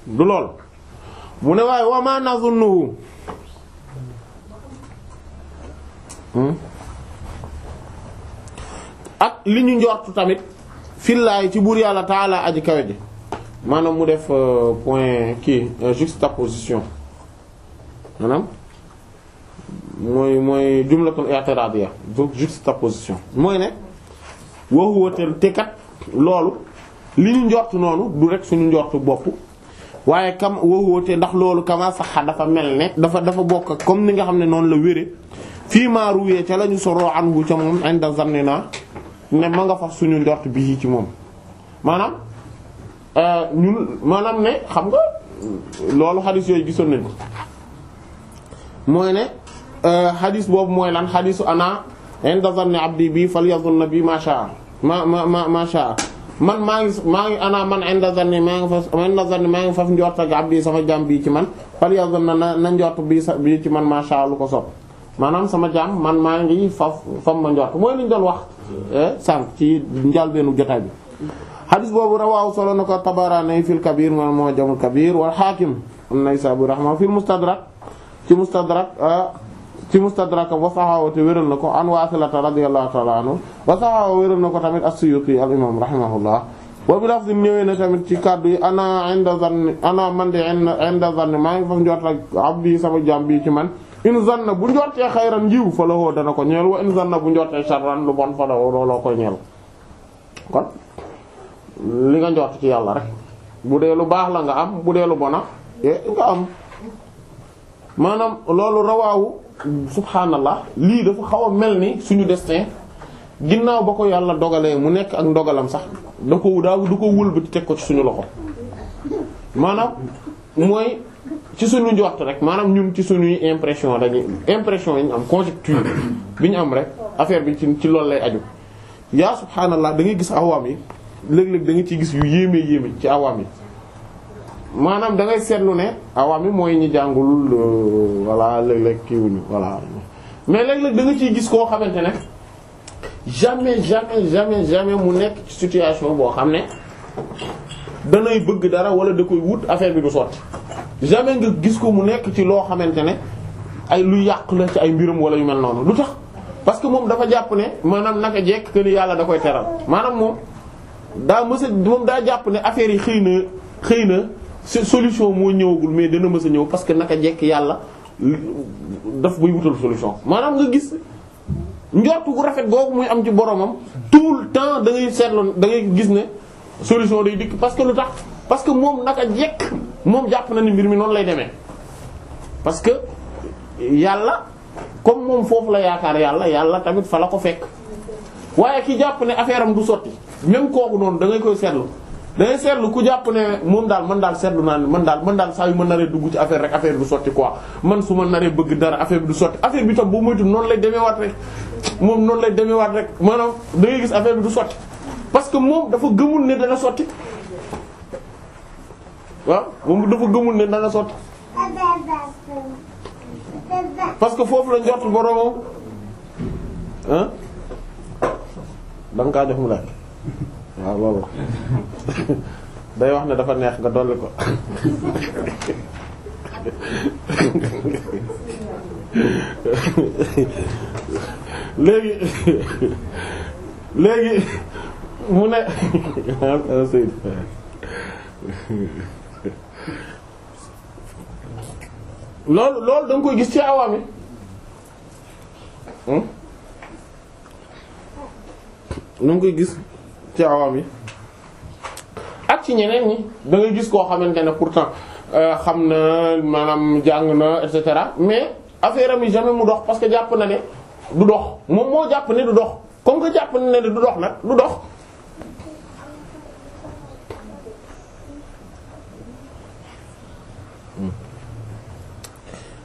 du lool mu ne waaye wa ma nazunnuhu hmm? ak li ñu njortu tamit fillaay ci buur yàlla taalaa aji kawe ji maanaam mu def euh, point kii euh, juxtaposition maanaam mooy mooy jumlatun i'tiradiya donc juxtaposition mooy ne waxuwa te kat loolu li ñu njort noonu du rek suñu njort bopp waaye kam waxuwa te ndax loolu kama saxa dafa mel ne dafa dafa bokk comme ni nga xam ne noonu la wére fii maa ruwee ca lañu ñu soroo anhu ca moom inda zanni naa ne ma nga fa suñu njort bi ci moom maanaam euh, ñun maanaam ne xam nga loolu xadis yooyu gisoon nañ ko mooy ne euh, xadis boobu mooy lan xadisu ana inda zanni abdi bi falyazunna bi ma sha'a ma ma ma ma sha'a man maa ngi maa ngi ana man inda zanni maa ngi fas inda zanni maa ngi fas njort ak abdi sama jaam bii ci man falyazunna na na njort bii sa bii ci man ma sha'a lu ko sopp maanaam sama jaam man maa ngi faf fam ma njort mooy li ñu doon wax eh, sànq ci njàlbeenu jotaay bi xadis boobu rawaaw solo na ko Tabarani fil Kabir man moo jamul Kabir wal Hakim an-Naysaburi rahma fil Mustadrak ci mustadrak ah, ci mustadrak wa saxaawa te wéral na ko an waasilata radiyallahu ta'ala anhu wa saxaawa wéral na ko tamit as-Suyuti al imam rahimahullah wa bi lafzi ñëwee na tamit ci kaddu yi ana inda zanni ana man de inda zanni maa ngi fa njort ak abdi sama jaam bi ci man in zanna bu njortee xayran jiw fa lawoo dana ko ñeel wa in zanna bu njortee sharran lu bon fa looloo koy ñeel kon li nga njort ci yàlla rek bu dee lu baax la nga am bu dee lu bona eh, nga am maanaam loolu rawaawu subhaanallah lii dafa xaw a mel ni suñu destin ginnaaw ba ko yàlla dogalee mu nekk ak ndogalam sax da ko daa du ko wëlbati teg ko ci suñu loxo maanaam mooy ci suñu njort rek maanaam ñun ci suñuy impression dañuy impression yi ñu am conjecture bi ñu am rek affaire bi ci ci loolu lay aju yaa subhaanallah da ngay gis awaam yi léeg-léeg da nga ciy gis yu yéeme yéeme ci awaam yi maanaam dangay ngay seetlu ne awaami mooy ñi jàngul euh, voilà léeg-léeg kii wuñu mais léeg-léeg da ciy gis koo xamante ne jamais jamais jamais mu nekk ci situation boo xam ne danay bëgg dara wala da koy wut affaire bi du sotti jamais nga gis ko mu nekk ci loo xamante ne ay lu yàq la ci ay mbiram wala yu mel noonu lu tax parce que moom dafa jàpp ne maanaam naka jekk que ni yàlla da koy teral maanaam moom daa mësa moom daa jàpp ne affaire yi xëy na xëy na. seen solution moo ñëwagul mais dana mës a ñëw parce que naka jekk yàlla daf buy wutal solution maanaam nga gis njortu gu rafet googu muy am ci boromam tout temps da ngay seetlu da ngay gis ne solution day dikk parce que lu tax parce que moom naka jekk moom jàpp na ni mbir mi noonu lay demee parce que yàlla comme moom foofu la yaakaar yàlla yàlla tamit fa la ko fekk waaye ki jàpp ne affaire am du sotti même kooku noonu da koy seetlu. dangay seetlu ku jàpp ne moom daal man daal seetlu naa ni man daal man daal saa yu ma naree dugg ci affaire rek affaire bi du sotti quoi man su ma naree bëgg dara affaire bi du sotti affaire bi tam bu moytu noonu lay demeewaat rek moom noonu lay demee waat rek maanaam da ngay gis affaire bi du sotti parce que moom dafa gëmul ne dana sotti waaw moom dafa gëmul ne dana sotti parce que foofu la njort boromam ah kaa jox mu laaj waaw loolu day wax ne dafa neex nga dolli ko léegi léegi mu ne loolu loolu da koy gis ci awaam yi hmm? da nga koy gis ci awaam yi ak ci ñeneen ñi da gis koo xamante ne pourtant euh, xam na maanaam jàng na et mais affaire am yi jamais mu dox parce que jàpp na ne du dox moom moo jàpp ne du dox comme que jàpp na ne du dox nag du dox.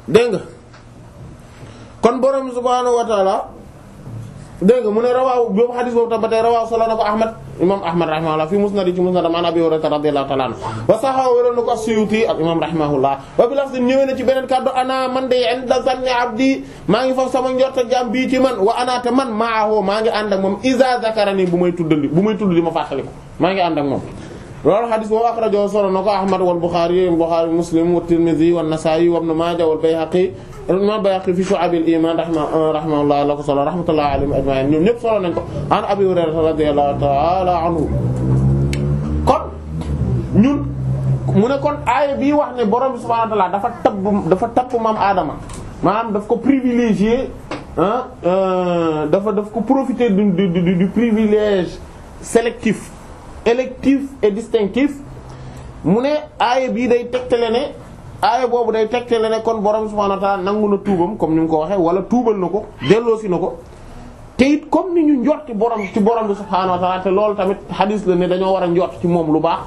dégg kon borom subhaanahu wa dégg nga mu ne rawaaw boobu xadis boobu tam ba tey rawaaw solo na ko Ahmad imam Ahmad rahimahullah fi musnad ci musnad am an Abi Hurayra radiyallahu ta'ala anhu wa saxaw wéroon na ko as-Suyuti ak imam rahimahullah wa ñëwee na ci beneen kàddu ana man de inda zanni abdi maa ngi foofu sama njort ak jaam bii ci man wa anaate man maaho maa ngi ànd ak moom iza zakarani bu may tuddali bu may tudd li ma fàttali ko maa ngi ànd ak moom loolu xadis boobu axrajahu solo na ko Ahmad wal Buxaari wal Buxaari Muslim wa Tirmidhi wa Nasaa'i wa Ibn Maaja wal Bayhaqi imam Bayhaqi fi Shu'abil Iman rahimahullah la ko solo rahmatullahi alayhim ajma'in ñoom ñëpp solo nañ ko an Abi Hurayra radiyallahu ta'ala anhu kon ñun mu ne kon aaya bii wax ne borom bi subhanahu wa ta'ala dafa tabb dafa tabb maam aadama maanaam daf ko privilégié euh, dafa daf ko profiter du du du privilège sélectif électif et distinctif mu ne aaya bii day tegtale ne aaya boobu day tegtale ne kon borom subhaanahu wa ta'aala nangu na tuubam comme ni mu ko waxee wala tuubal na ko delloosi na ko te it comme ni ñu njort ci borom ci borom bi subhaanahu wa ta'aala te loolu tamit hadis la ne dañoo war a njort ci moom lu baax.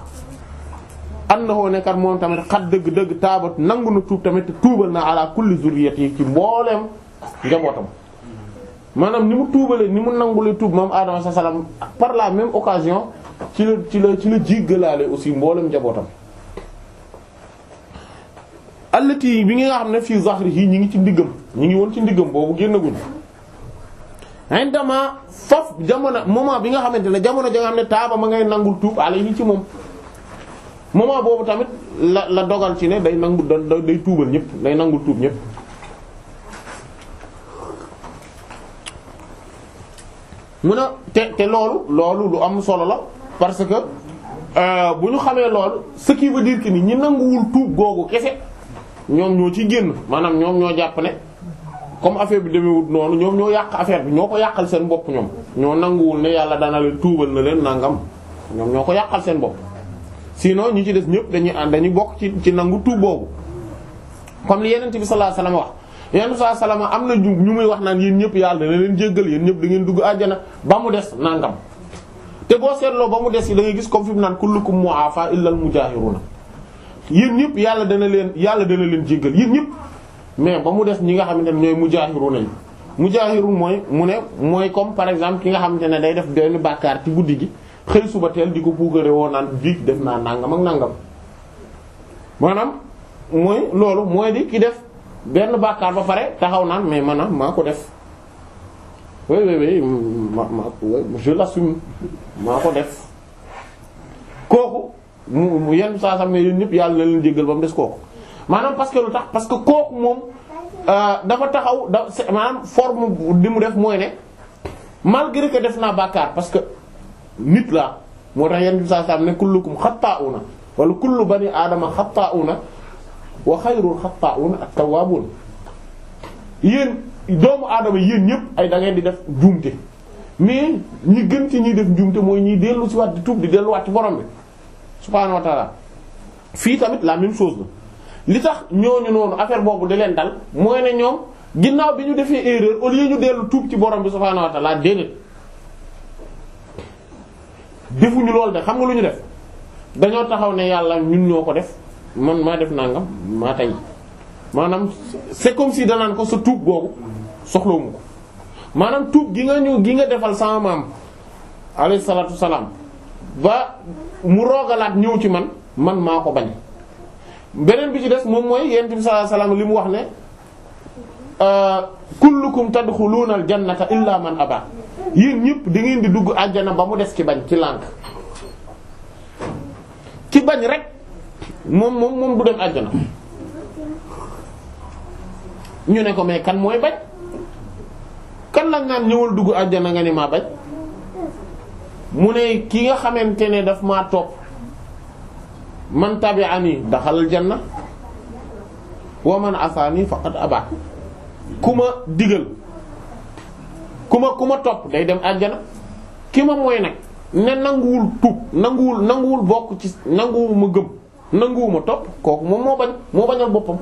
annahu ne kat moom tamit xat dëgg-dëgg taabat nangu na tuub tamit te tuubal na ala kulli zurriyati ci mbooleem njabootam. maanaam ni mu tuubalee ni mu nangulee tuub moom Adama sa salaam par la même occasion. ci la ci la ci la jéggalaale aussi mboolem njabootam allati bi nga xam ne fii zahrihi ñu ngi ci ndiggam ñu ngi woon ci ndiggam boobu génnaguñu indama faf jamono moment bi nga xamante ne jamono ja xam ne taaba ma ngay nangul tuub alayhi ci moom moment boobu tamit la la dogal ci ne day nangu day tuubal ñëpp day nangul tuub ñëpp mu ne te te loolu loolu lu am solo la parce que euh, bu ñu xamee lool ce qui veut dire ni ñi nanguwul tuub googu kese ñoom ñoo ci génn maanaam ñoom ñoo jàpp ne comme affaire bi demewut noonu ñoom ñoo yàq affaire bi ñoo ko yàqal seen bopp ñoom ñoo nanguwul ne yàlla dana leen tuubal na leen nangam ñoom ñoo ko yàqal seen bopp sinon ñi ci des ñëpp dañuy ànd bokk ci ci nangu tuub boobu comme li yeneen bi sa alayhi wasallam wax yeneen sallallahu alayhi wasallam am na ñu ñu muy wax naan yéen ñëpp yàlla dana leen jéggal yéen ñëpp da ngeen dugg àjjana ba mu des nangam te boo seetloo ba mu des yi da ngay gis comme fi mu naan kullukum mu'afa illa al mujahiruna yéen ñëpp yàlla dana leen yàlla dana leen jéggal yéen ñëpp mais ba mu des ñi nga xamante ne ñooy mujahiruna yi mujahirun mooy mu ne mooy comme par exemple ki nga xamante ne day def benn bàkkaar ci guddi gi xëy suba teel di ko puukare woo naan biig def naa nàngam ak nangam maanaam mooy loolu mooy di ki def benn bàkkaar ba pare taxaw naan mais maanaam maa ko def ma ma je l'assume maa ko def kooku yenn saa sax ne yéen ñëpp yàlla na leen jéggal ba mu des kooku maanaam parce que lu tax parce que kooku moom euh, dafa taxaw da maanaam forme li mu def mooy ne malgré que def naa bàkkaar parce que nit la moo tax yenn saa sax ne kullukum xattaa'una wala kullu bani aadama xattaa'una wa xayrul xattaa'una at-tawwaabuun yéen doomu aadama yéen ñëpp ay da ngeen di def juumte. mais ñi gën ci ñuy def njuumte mooy ñuy dellu ci waat di tuub di delluwaat ci borom bi subhaanahu wa fii tamit la même chose la li tax ñooñu noonu affaire boobu di leen dal mooy ne ñoom ginnaaw bi ñu defee erreur au lieu ñu dellu tuub ci borom bi subhaanahu wa ta'ala déedéet defuñu loolu de xam nga lu ñu def dañoo taxaw ne yàlla ñun ñoo ko def man maa def nangam maa tey maanaam c'est comme si danaan ko sa tuub boobu soxlawuma ko maanaam tuub gi nga ñëw gi nga defal sama maam alayhi salaatu salaam ba mu roogalaat ñëw ci man man maa ko bañ beneen bi ci des moom mooy yonent bi sallallahu li mu wax ne euh, kullukum tadxuluuna al jannata illa man aba yéen ñëpp da ngeen di dugg àjjana ba mu des ci bañ ci lànk ci bañ rek moom moom moom du dem àjjana ñu ne ko mais kan mooy bañ kan la naan ñëwal dugg àjjana nga ni maa bañ mu ne ki nga xamante ne daf maa topp man tabi'ani daxalal janna wa man asaani faqad abaa ku ma digal ku ma ku ma topp day dem àjjana ki ma mooy nag ne nanguwul tuub nanguwul nanguwul bokk ci nanguwul ma gëm nanguwul topp kooku moom moo bañ moo bañal boppam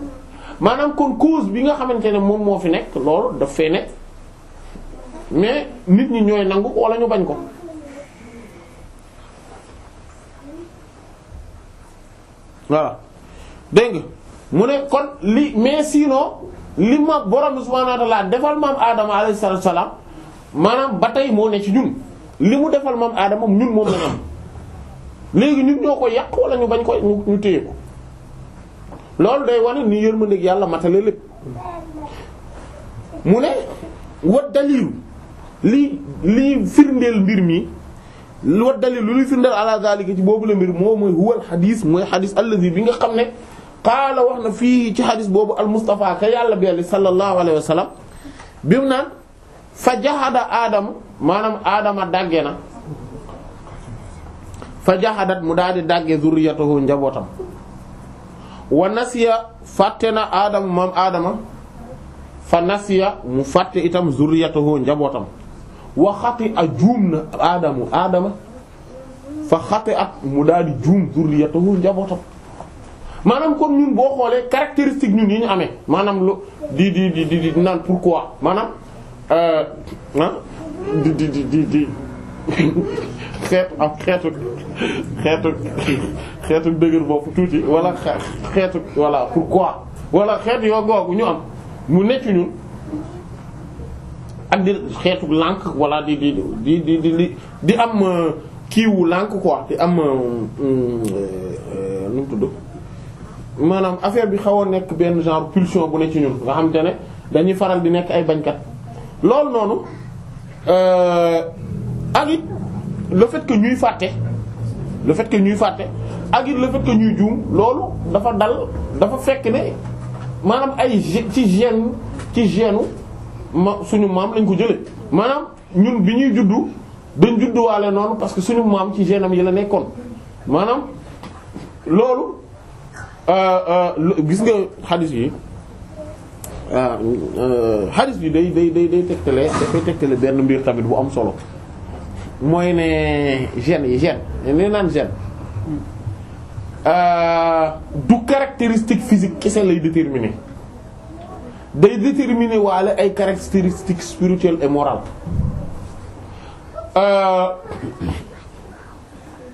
maanaam kon cause bi nga xamante ne moom moo fi nekk loolu daf fee nekk mais nit ñi ñooy nangu wala ñu bañ ko voilà dégg mu ne kon li mais sinon li ma borom subhaanahu wa ta'aala defal maam Adama alayhi salaam maanaam ba tey moo ne ci ñun li mu defal maam Adama ñun moom la am léegi ñun ñoo ko yàq wala ñu bañ ko ñu téye ko loolu day wane ni yërmandeeg yàlla matale lépp mu ne wa daliilu lii lii firndeel mbir mi lu wa lu luy firndeel ala ci boobu la mbir moo mooy huwal xadis mooy xadis allazi bi nga xam ne qaala wax na fii ci xadis boobu al Mustafa ka yàlla belli sallallahu alayhi wa sallam bi mu naan fa jaxada aadama maanaam aadama dàgge na fa jaxadat mu daal di dàgge njabootam wa nasiya fàtte na aadama moom aadama fa nasiya mu fàtte itam zurriyatahu njabootam wa xati a juum na aadamu aadama fa xati at mu daal di juum zurriyatahu njabootam maanaam kon ñun boo xoolee caractéristique ñun yi ñu amee maanaam lu di di di di di naan pourquoi maanaam euh, ah di di di xeet am xeetu ak xeetu xeetu xeetu dëgër boobu tuuti wala xeetu wala pourquoi wala xeet yoo googu ñu am mu nekk ñun. ak di xeetu lànk wala di di di di di di am euh, kiiwu lànk quoi di am euh, euh, nu mu tudd maanaam affaire bi xaw a nekk benn genre pulsion bu ne ci ñun nga xam ne dañuy faral di nekk ay bañkat loolu noonu ak it le fait ñuy fàtte le fait ñuy fàtte ak it le fait ñuy juum loolu dafa dal dafa fekk ne maanaam ay ci gene ci gene ma suñu maam lañ ko jëlee maanaam ñun bi ñuy juddu dañ judduwaale noonu parce que suñu maam ci gènam yi la nekkoon maanaam loolu euh, euh, gis nga xadis yi ah, euh, xadis bi day day day day tegtale dafay tegtale benn mbir tamit bu am solo mooy ne gènes yi gène ne naan gène du caractéristique physique kese lay déterminer day déterminer waale ay caractéristiques spirituelles et morales euh,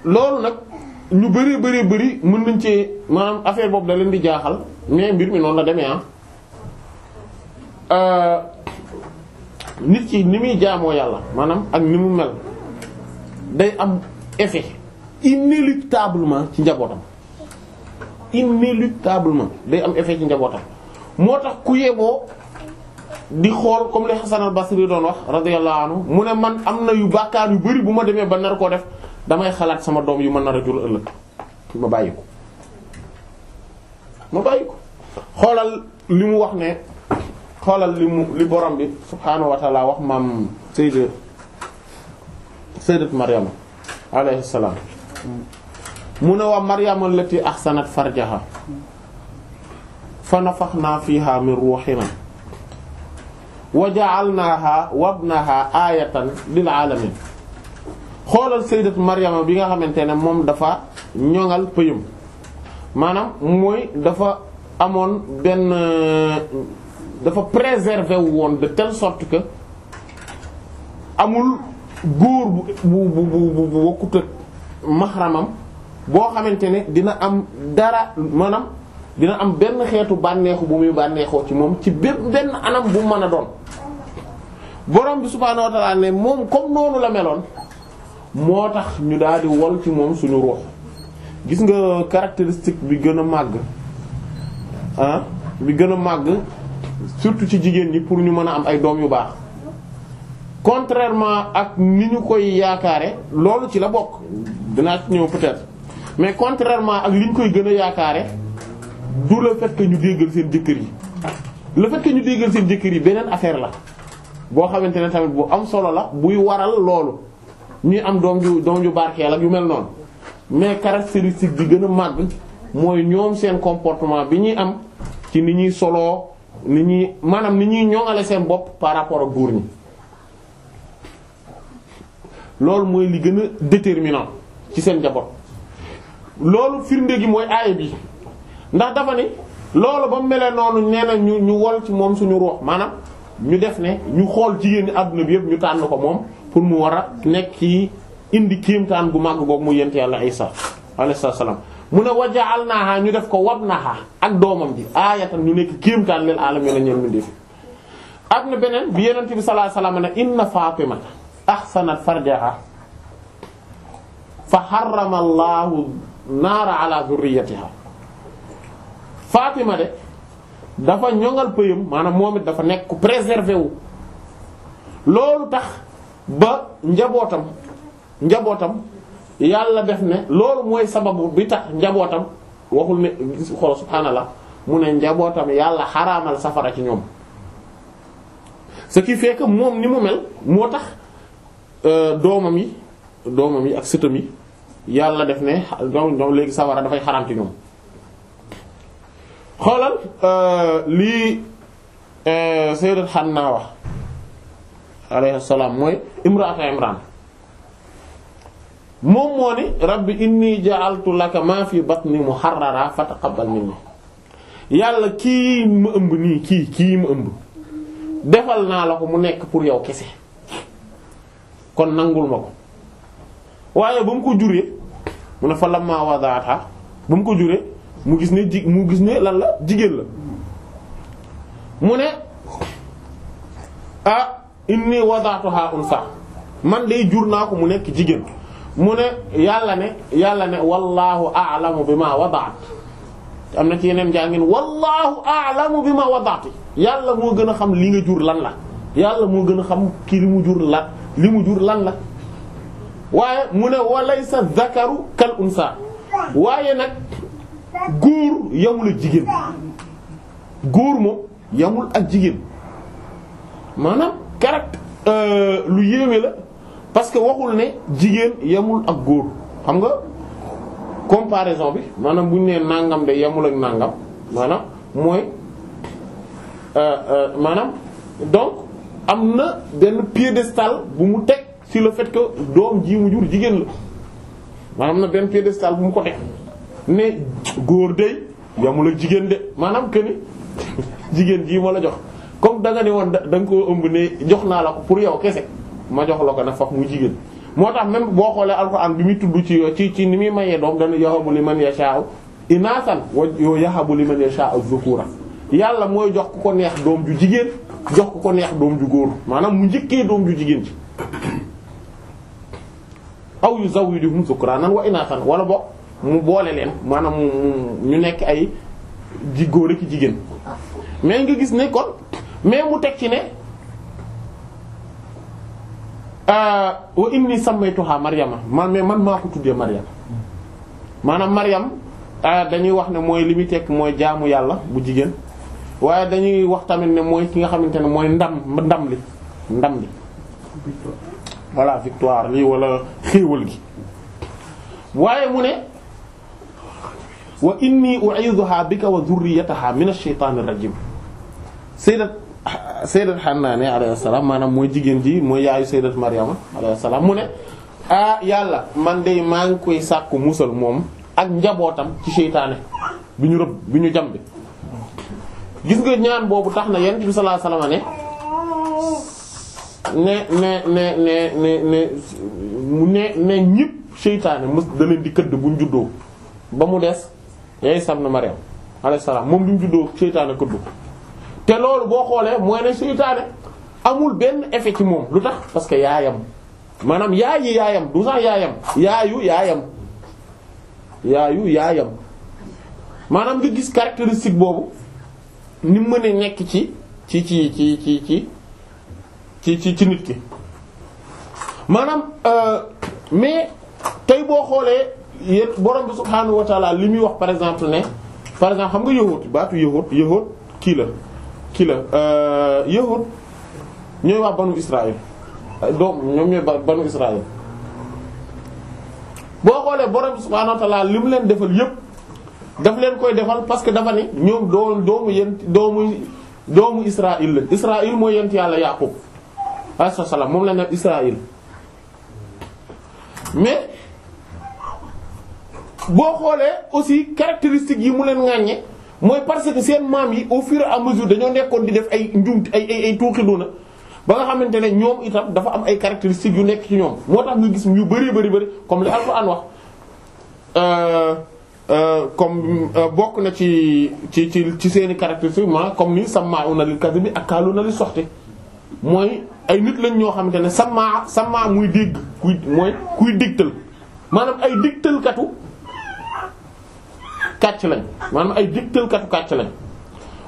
loolu nag ñu bëree bëree bëri mën nañ cee maanaam affaire boobu da leen di jaaxal mais mbir mi noonu la demee ah euh, nit ki ni muy jaamoo yàlla maanaam ak ni mu mel day am effet inéluctablement ci njabootam inéluctablement day am effet ci njabootam. moo tax ku yeboo di xool comme li Hasan al-Basri doon wax radiyallahu anhu mu ne man am na yu bàkkaar yu bari bu ma demee ba nar koo def damay xalaat sama doom yu ma nar a jur ëllëg ma bàyyi ko ma bàyyi ko xoolal li mu wax ne xoolal li mu li borom bi subhaanahu wa ta'ala wax maam Sayyidat Sayyidat Maryam alayhi salaam mu ne waa Maryam allati ahsanat farjaha fa nafaxnaa fiihaa min ruuhinaa wa ja'alnaahaa wa ibnahaa aayatan lil aalamiin xoolal sayyidat Maryama bi nga xamante ne moom dafa ñoŋal pëyam maanaam mooy dafa amoon benn dafa préserver wu woon de telle sorte que amul góor bu bu bu bu wakkut ak boo xamante ne dina am dara maanaam. dina am benn xeetu bànneexu bu muy bànneexoo ci moom ci bépp benn anam bu mën a doon borom bi subhaanahu wa ta'ala ne moom comme noonu la meloon moo tax ñu daal di wol ci moom suñu ruux gis nga caractéristique bi gën a màgg ah bi gën a màgg surtout ci jigéen ñi pour ñu mën a am ay doom yu baax contrairement ak ni ñu koy yaakaare loolu ci la bokk dinaa ci ñëw peut mais contrairement ak li ñu koy gën a yaakaare du le fait que ñu déggal seen jëkkër yi le fait que ñu déggal seen jëkkër yi beneen affaire la boo xamante ne tamit bu am solo la buy waral loolu ñuy am doom ju doom ju barkeel ak yu mel noonu mais caractéristique bi gën a màgg mooy ñoom seen comportement bi ñuy am ci ni ñuy soloo ni ñuy maanaam ni ñuy ñoŋale seen bopp par rapport ak góor ñi loolu mooy li gën a déterminant ci seen njaboot loolu firnde gi mooy aaya bi ndax dafa ni loolu ba mu melee nee na ñu ñu wol ci moom suñu ruux maanaam ñu def ne ñu xool jigéen ñi àdduna bi yëpp ñu tànn ko moom pour mu war a nekk ci indi kiimtaan bu màgg boobu mu yent yàlla Isa alayhi salaam mu ne waja'alnaaha ñu def ko wabnaha ak doomam ji aayatan ñu nekk kiimtaan lil aalamiina ñeen mbindeef yi am na beneen bi Yonent bi sallallahu alayhi na ne inna Faatimata ahsanat farjaha fa harrama Allahu naara ala dhurriyyatiha Fatima de dafa ñoŋal pëyam maanaam moom it dafa nekk ku préserver wu loolu tax ba njabootam njabootam yàlla def ne loolu mooy sababu bi tax njabootam waxul ne xol subhaanallah mu ne njabootam yàlla xaraamal safara ci ñoom ce qui fait que moom ni mu mel moo tax euh, doomam yi doomam yi ak sëtam yi yàlla def ne ñoom léegi safara dafay xaraam ci ñoom xoolal euh, lii euh, sayyidat Hanna wax alayhi salaam mooy imraata Imran moom moo ni rabbi inni ja'altu laka ma fi batni muharrara fataqabbal minni yàlla kii ma ëmb nii kii kii ma ëmb defal naa la ko mu nekk pour yow kese kon nangul ma ko waaye ba mu ko juree mu ne fa lamma wadaata ba mu ko juree mu gis ne ji mu gis ne lan la jigéen la mu ne ah inni wada'tuha unsa man day jur naa ko mu nekk jigéen mu ne yàlla ne yàlla ne wallaahu a'lamu bima wada'at am na ci yeneen jàngin wallaahu a'lamu bima wada'ti yàlla moo gën a xam li nga jur lan la yàlla moo gën a xam ki mu jur la li mu jur lan la waaye mu ne walaysa dhakaru kal unsa waaye nag góor yamul ak jigéen góor moom yamul ak jigéen maanaam karak euh, lu yéeme la parce que waxul ne jigéen yamul ak góor xam nga comparaison bi maanaam bu ñu nee nangam de yamul ak nàngam maanaam mooy euh, euh, maanaam donc am na benn piédestal bu mu teg si le fait que doom ji mu jur jigéen la maanaam na benn piédestal bu mu ko teg. ne góor day yamul jigéen de maanaam que jigéen jii ma la jox comme da nga ne woon da koo ëmb ne jox naa la ko pour yow kese ma jox la ko nag fa mu jigéen. moo tax même boo xoolee alxuraan bi mu tudd ci ci ci ni muy mayee doom dana yahabu liman yasha'u inaasan wa yahabu liman yasha'u dhukura yàlla mooy jox ku ko neex doom ju jigéen jox ku ko neex doom ju góor maanaam mu njëkkee doom ju jigéen ci aw yuzawwijuhum dhukranan wa inaasan wala bokk mu boole leen maanaam ñu nekk ay ji góor ak jigéen mais nga gis ne kon mais mu teg ci ne euh, wa inni sammaytuha Maryama man mais man maa ko tuddee Maryam maanaam Maryam euh, dañuy wax ne mooy li muy tekk mooy jaamu yàlla bu jigéen waaye dañuy wax tamit ne mooy ki nga xamante ne mooy ndam ndam li ndam li voilà victoire lii wala xéewal gi waaye mu ne. wa inni u'iidhuha bika wa dhurriyyataha min ash-shaytaani ar-rajiim sayyidat sayyidat Hannaane alayhi salaam maanaam mooy jigéen ji mooy yaayu sayyidat Maryama alayhi salaam mu ne ah yàlla man de maa ngi koy sàkku musal moom ak njabootam ci seytaane bi ñu rëbb bi ñu jàmbe gis nga ñaan boobu tax na yonent bi sallallahu ne ne ne ne ne ne ne ne ñëpp di këdd bu ñu ba mu des ya Isa na Maryam alayhi salaam moom li mu juddoo seytaane këddu te loolu boo xoolee mooy ne seytaane amul benn effet ci moom lu tax parce que yaayam maanaam yaayi yaayam du sax yaayam yaayu yaayam yaayu yaayam maanaam nga gis caractéristique boobu ni mën a nekk ci ci ci ci ci ci ci ci ci nit ki maanaam euh, mais tey boo xoolee yéen borom bi subhaanahu wa taala li muy wax par exemple ne par exemple xam nga yahut baatu yahut yahut kii la kii la euh, yahut ñooy wax banu Israël doom ñoom ñooy banu Israël boo xoolee borom bi subhaanahu wa li mu leen defal yépp daf leen koy defal parce que dafa ni ñoom doomu yent doomu doomu Israël la Israël mooy yent yàlla Yaqub alayhi salaam moom la ne Israël mais boo xoolee aussi caractéristiques yi mu leen ŋàññe mooy parce que seen maam yi au fur am à mesure dañoo nekkoon di def ay njumti ay ay ay tuuxiduna ba nga xamante ne ñoom itam dafa am ay caractéristiques yu nekk ci ñoom moo tax nga gis yu bari bari bari comme li Alxuraan wax euh, euh, comme euh, bokk na ci ci ci ci seeni caractéristiques ma comme ni sammaa'una lil ak akkaluna lis suhti mooy ay nit lañ ñoo xamante ne sammaa sammaa muy dégg kuy mooy kuy dégtal maanaam ay dégtalkatu kàcc lañ maanaam ay dégtalkatu kàcc lañ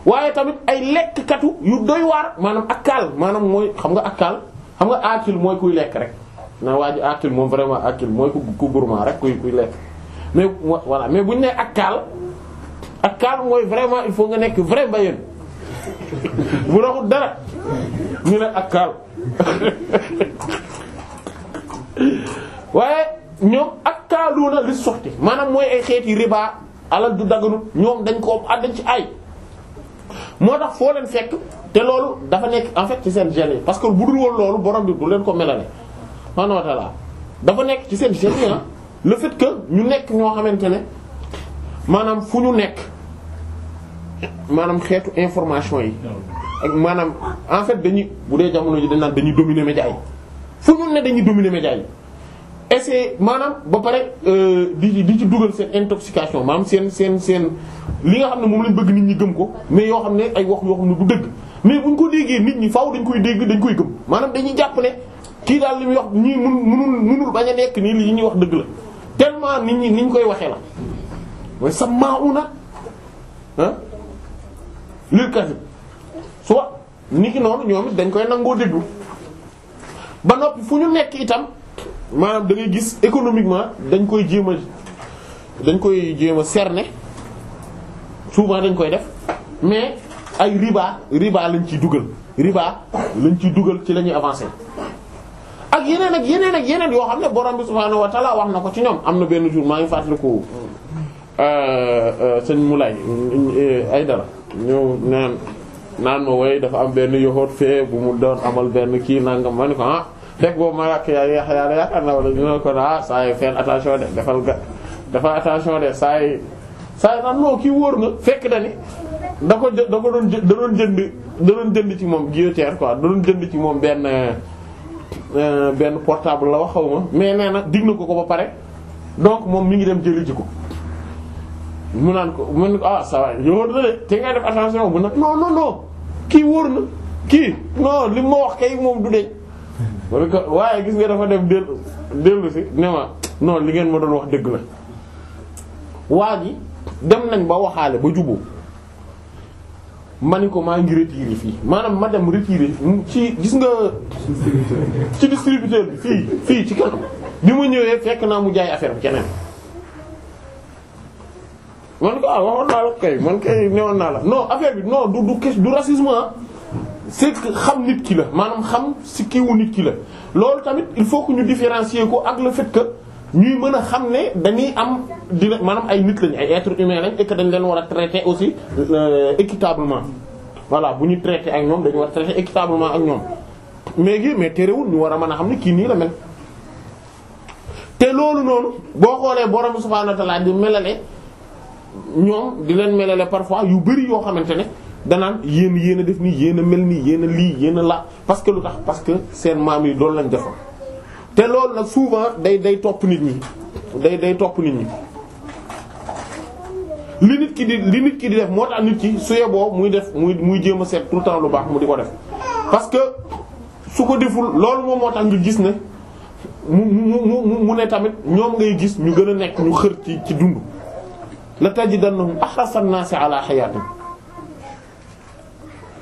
waaye tamit ay lekkkatu yu doy waar maanaam akal maanaam mooy xam nga akal xam nga akil mooy kuy lekk rek na waa ji akil moom vraiment akil mooy ku ku rek kuy kuy lekk mais voilà mais bu ñu nee akal akal mooy vraiment il faut nga nekk vrai mbayeen bu doxul dara ñu ne akal waaye ñoom akaaluuna li soxti maanaam mooy ay xeeti riba alal du daganul ñoom dañ ko am dañ ci ay moo tax foo leen fekk te loolu dafa nekk en fait ci seen gene yi parce que bu dul woon loolu borom bi du leen ko melale subhaanahu wa ta'aala dafa nekk ci seen gene yi ah le fait que ñu nekk ñoo xamante ne maanaam fu ñu nekk maanaam xeetu information yi ak maanaam en fait dañuy bu dee jamono ji dañ naan dañuy domine média yi fu ñu ne dañuy dominer média essayer maanaam ba pare euh, di di ci dugal seen intoxication maanaam seen seen seen li nga xam ne moom lañ bëgg nit ñi gëm ko mais yoo xam ne ay wax yoo xam dëgg mais buñ ko déggee nit ñi faaw dañ koy dégg dañ koy gëm maanaam dañuy jàpp ne kii daal li muy wax ñii mun munul bañ a nekk nii li ñuy wax dëgg tellement nit ñi ni koy waxee la mooy sa maauna ah lil kasib soit nit ki noonu ñoom it dañ koy nangoo déglu ba noppi fu ñu nekk itam maanaam dangay gis économiquement dañ koy jéem a dañ koy jéem a cerner souvent dañ koy def mais ay riba riba lañ ciy dugal ribaa lañ ciy dugal ci la ñuy avancer ak yeneen ak yeneen ak yeneen yoo xam ne borom bi subhaanahu wa talaa wax na ko ci ñoom am na benn jour maa ngi fàttaliku euh, euh, sëñ Moulay ay dara ñëw naan naan ma way dafa am benn yoxoot fee bu mu doon amal benn kii nangam ma ne ko ah fekk boobu ma yàq yaa yàlla na yaakaar naa wala ñu ne ko ah saa yu fenn attention de defal ga defal attention de saa yu saa yu naan non kii wóor na fekk na da ko da ko doon da doon jënd da doon jënd ci moom guillotière ko da doon jënd ci moom benn euh, benn portable la waxaw ma mais nee na digg na ko ko ba pare donc moom mi ngi dem jëli ji ko. mu naan ko mu ne ko ah ça va na de te ngay def attention bu nag non non kii wóor na kii non li ma wax kay moom waaye gis nga dafa dem dellu dellu si ne ma non li ngeen ma doon wax dëgg la waa ji dem nañ ba waxaale ba juboo ma ni ko maa ngi retiré fii maanaam ma dem retiré ci gis nga ci distributeur bi fii fii ci kanam bi ma ñëwee fekk naa mu jaay affaire bi keneen man ko ah waxoon naa la kay man kay newoon naa la non affaire bi non du du du racisme ah. c'est que xam nit ki la maanaam xam si kiwu nit ki la loolu tamit il faut que ñu différencier ko ak le fait que ñuy mën a xam ne dañuy am di maanaam ay nit lañ ay être humain lañ et dañ leen war a traiter aussi euh, équitablement voilà bu ñu traiter ak ñoom dañu war a traiter équitablement ak ñoom mais gi mais ñu war a mën a xam ni kii nii la mel te loolu noonu boo xoolee borom subhaanahu wa ta'aala di melale ñoom di leen melale parfois yu bari yoo xamante ne danaan yéen yéen a def nii yéen a mel nii yéen a lii yéen a la parce que lu tax parce que seen maam yi loolu lañ defoon te loolu nag souvent day day topp nit ñi day day topp nit li nit ki di li nit ki di def moo tax nit ci su yeboo muy def muy muy jéem a seet tout le temps lu baax mu di ko def parce que su ko deful loolu moom moo tax nga gis ne mu mu mu mu ne tamit ñoom ngay gis ñu gën a nekk ñu xër ci ci dund la tajidanhum ahrasan nasi ala hayatin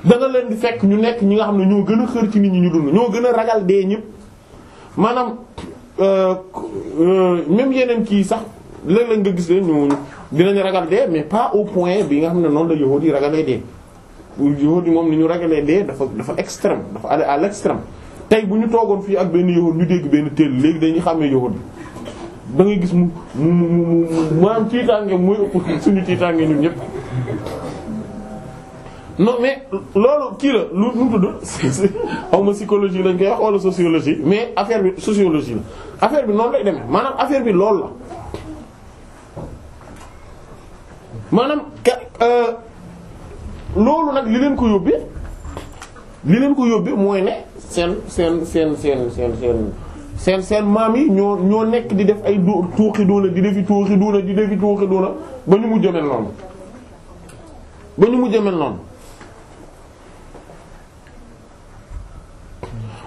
dana leen di fekk ñu nekk ñi nga xam ne ñoo gën a xër ci nit ñi ñu dund ñoo gën a ragal dee ñëpp maanaam euh, euh, même yeneen kii sax léeg-léeg nga gis leen ñu dinañ ragal dee mais pas au point bi nga xam ne noonu la yahuud yi ragalee dee. yahuud moom ni ñu ragalee dee dafa dafa extrême dafa aller à l'extrême tey ñu toogoon fii ak benn yahuud ñu dégg benn teel léegi dañuy xàmmee yahuud da ngay gis mu mu mu mu mooy ëpp suñu tiitaange ñun ñëpp. non mais loolu kii la lu nu mu tudd xaw ma lañ koy wax wala sociologie mais affaire bi sociologie la affaire bi noonu lay demee maanaam affaire bi lool la maanaam euh, loolu nag li leen ko yóbbee li leen ko yóbbee mooy ne seen seen seen seen seen seen seen seen maam yi ñoo ñoo nekk di def ay doo tuuxi doona di defi tuuxi doona di defi tuuxi doona ba ñu mujj mel noonu ba ñu mujj mel noonu.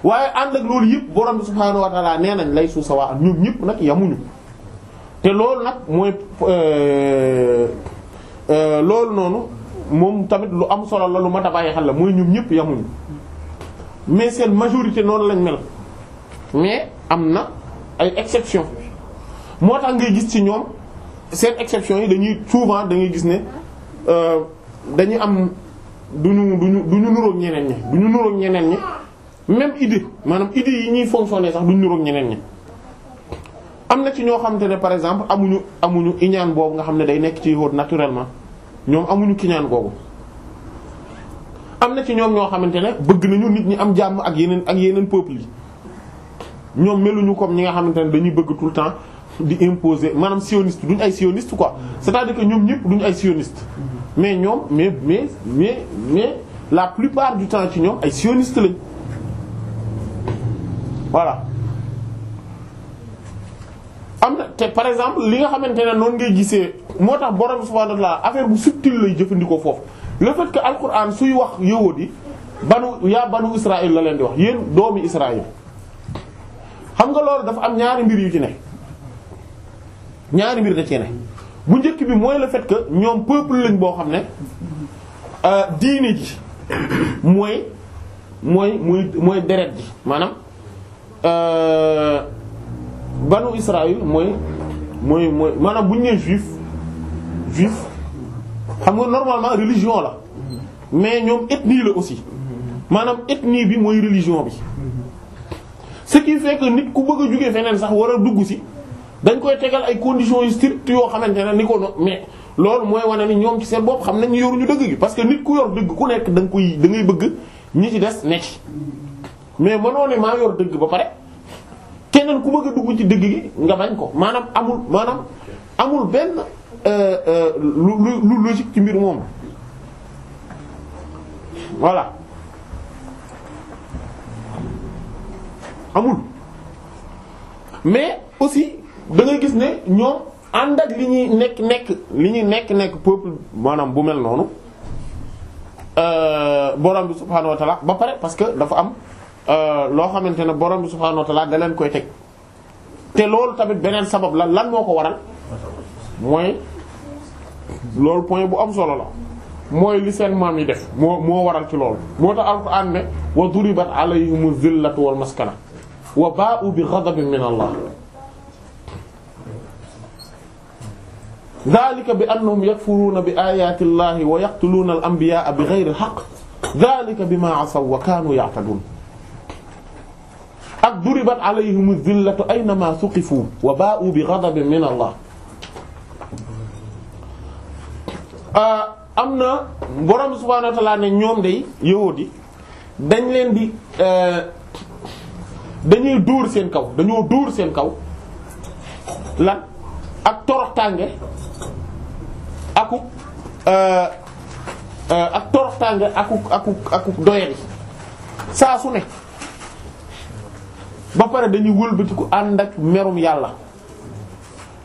waaye ànd ak loolu yëpp borom bi subhaanahu wa ta'ala nee nañ lay suuf sa waa ñoom ñëpp nag yamuñu te loolu nag mooy euh, euh, loolu noonu moom tamit lu am solo la lu mat a bàyyi xel la mooy ñoom ñëpp yamuñu mais seen majorité noonu lañ mel mais am na ay exception moo tax ngay gis ci ñoom seen exception yi dañuy souvent da ngay gis ne euh, dañuy am duñu duñu duñu nuróog ñeneen ñi duñu nuróog ñeneen ñi même idée maanaam idée yi ñuy fonctionner sax du niroog ñeneen ñi am na ci ñoo xamante ne par exemple amuñu amuñu iñaan boobu nga xam ne day nekk ci wóor naturellement ñoom amuñu kiñaan boobu. am na ci ñoom ñoo xamante ne bëgg nañu nit ñi am jàmm ak yeneen ak yeneen peuples yi ñoom meluñu comme ñi nga xamante ne dañuy bëgg tout temps di imposer maanaam sioniste ñu ay sioniste quoi c'est-à-dire que ñoom ñëpp duñ ay sioniste mais ñoom mais mais mais mais la plupart du temps ci ñoom ay sioniste lañ. voilà am na te par exemple li nga xamante ne noonu ngay gisee moo tax borom subhaanahu wa ta'aala affaire bu subtil lay jëfandikoo foofu le fait que alquran suy wax yowoo di banu yaa banu Israël la leen di wax yéen doomi Israël xam nga loolu dafa am ñaari mbir yu ci ne ñaari mbir da ci ne bu njëkk bi mooy le fait que ñoom peuple lañ boo xam ne euh, diine ji mooy mooy mooy mooy deret ji maanaam Euh, banu Israël mooy mooy mooy maanaam bu ñu nee juif juif xam nga normalement religion la mais ñoom ethnie la aussi maanaam ethnie bi mooy religion bi ce qui fait que nit ku bëgg a jugee feneen sax war a dugg si dañ koy tegal ay conditions yu strictes yoo xamante ne ni ko mais loolu mooy wane ni ñoom ci seen bopp xam nañ ñu yoruñu dëgg gi parce que nit ku yor dëgg ku nekk danga koy da ngay bëgg ñi ci des nekk. mais mënoo ne maa yor dëgg ba pare keneen ku bëgg dugg ci dëgg gi nga bañ ko maanaam amul maanaam amul benn euh, euh, lu lu logique ci mbir moom voilà amul mais aussi da gis ne ñoom ànd ak li ñuy nekk nekk li ñuy nekk nekk peuple maanaam bu mel noonu euh, borom bi subhaanahu wa ba pare parce que dafa am. Euh, loo xamante ne borom bi subhaanahu wa ta'aala da koy teg te loolu tamit beneen sabab la lan moo ko waral mooy loolu point bu am solo la mooy li seen maam yi def moo waral ci lool moo tax alxuraan ne wa duribat alayhimu zillatu wal maskana wa baa'u bi ghadabin min allah dhalika bi annahum yakfuruna bi ayati llahi wa yaqtuluna al anbiya'a bi ghayri haqq dhalika bima asaw wa kanu ya'tadun ak duribat alayhimu zillatu aynama suqifu wa baa'u bi ghadabin min Allah ah, am na borom subhaanahu wa ne ñoom day yahuud yi dañ leen di eh, dañuy dóor seen kaw dañoo dóor seen kaw lan ak toroxtaange akuk eh, eh, ak toroxtaange akuk akuk akuk doyari saa su ne. ba pare dañuy wëlbatiku ànd ak merum yàlla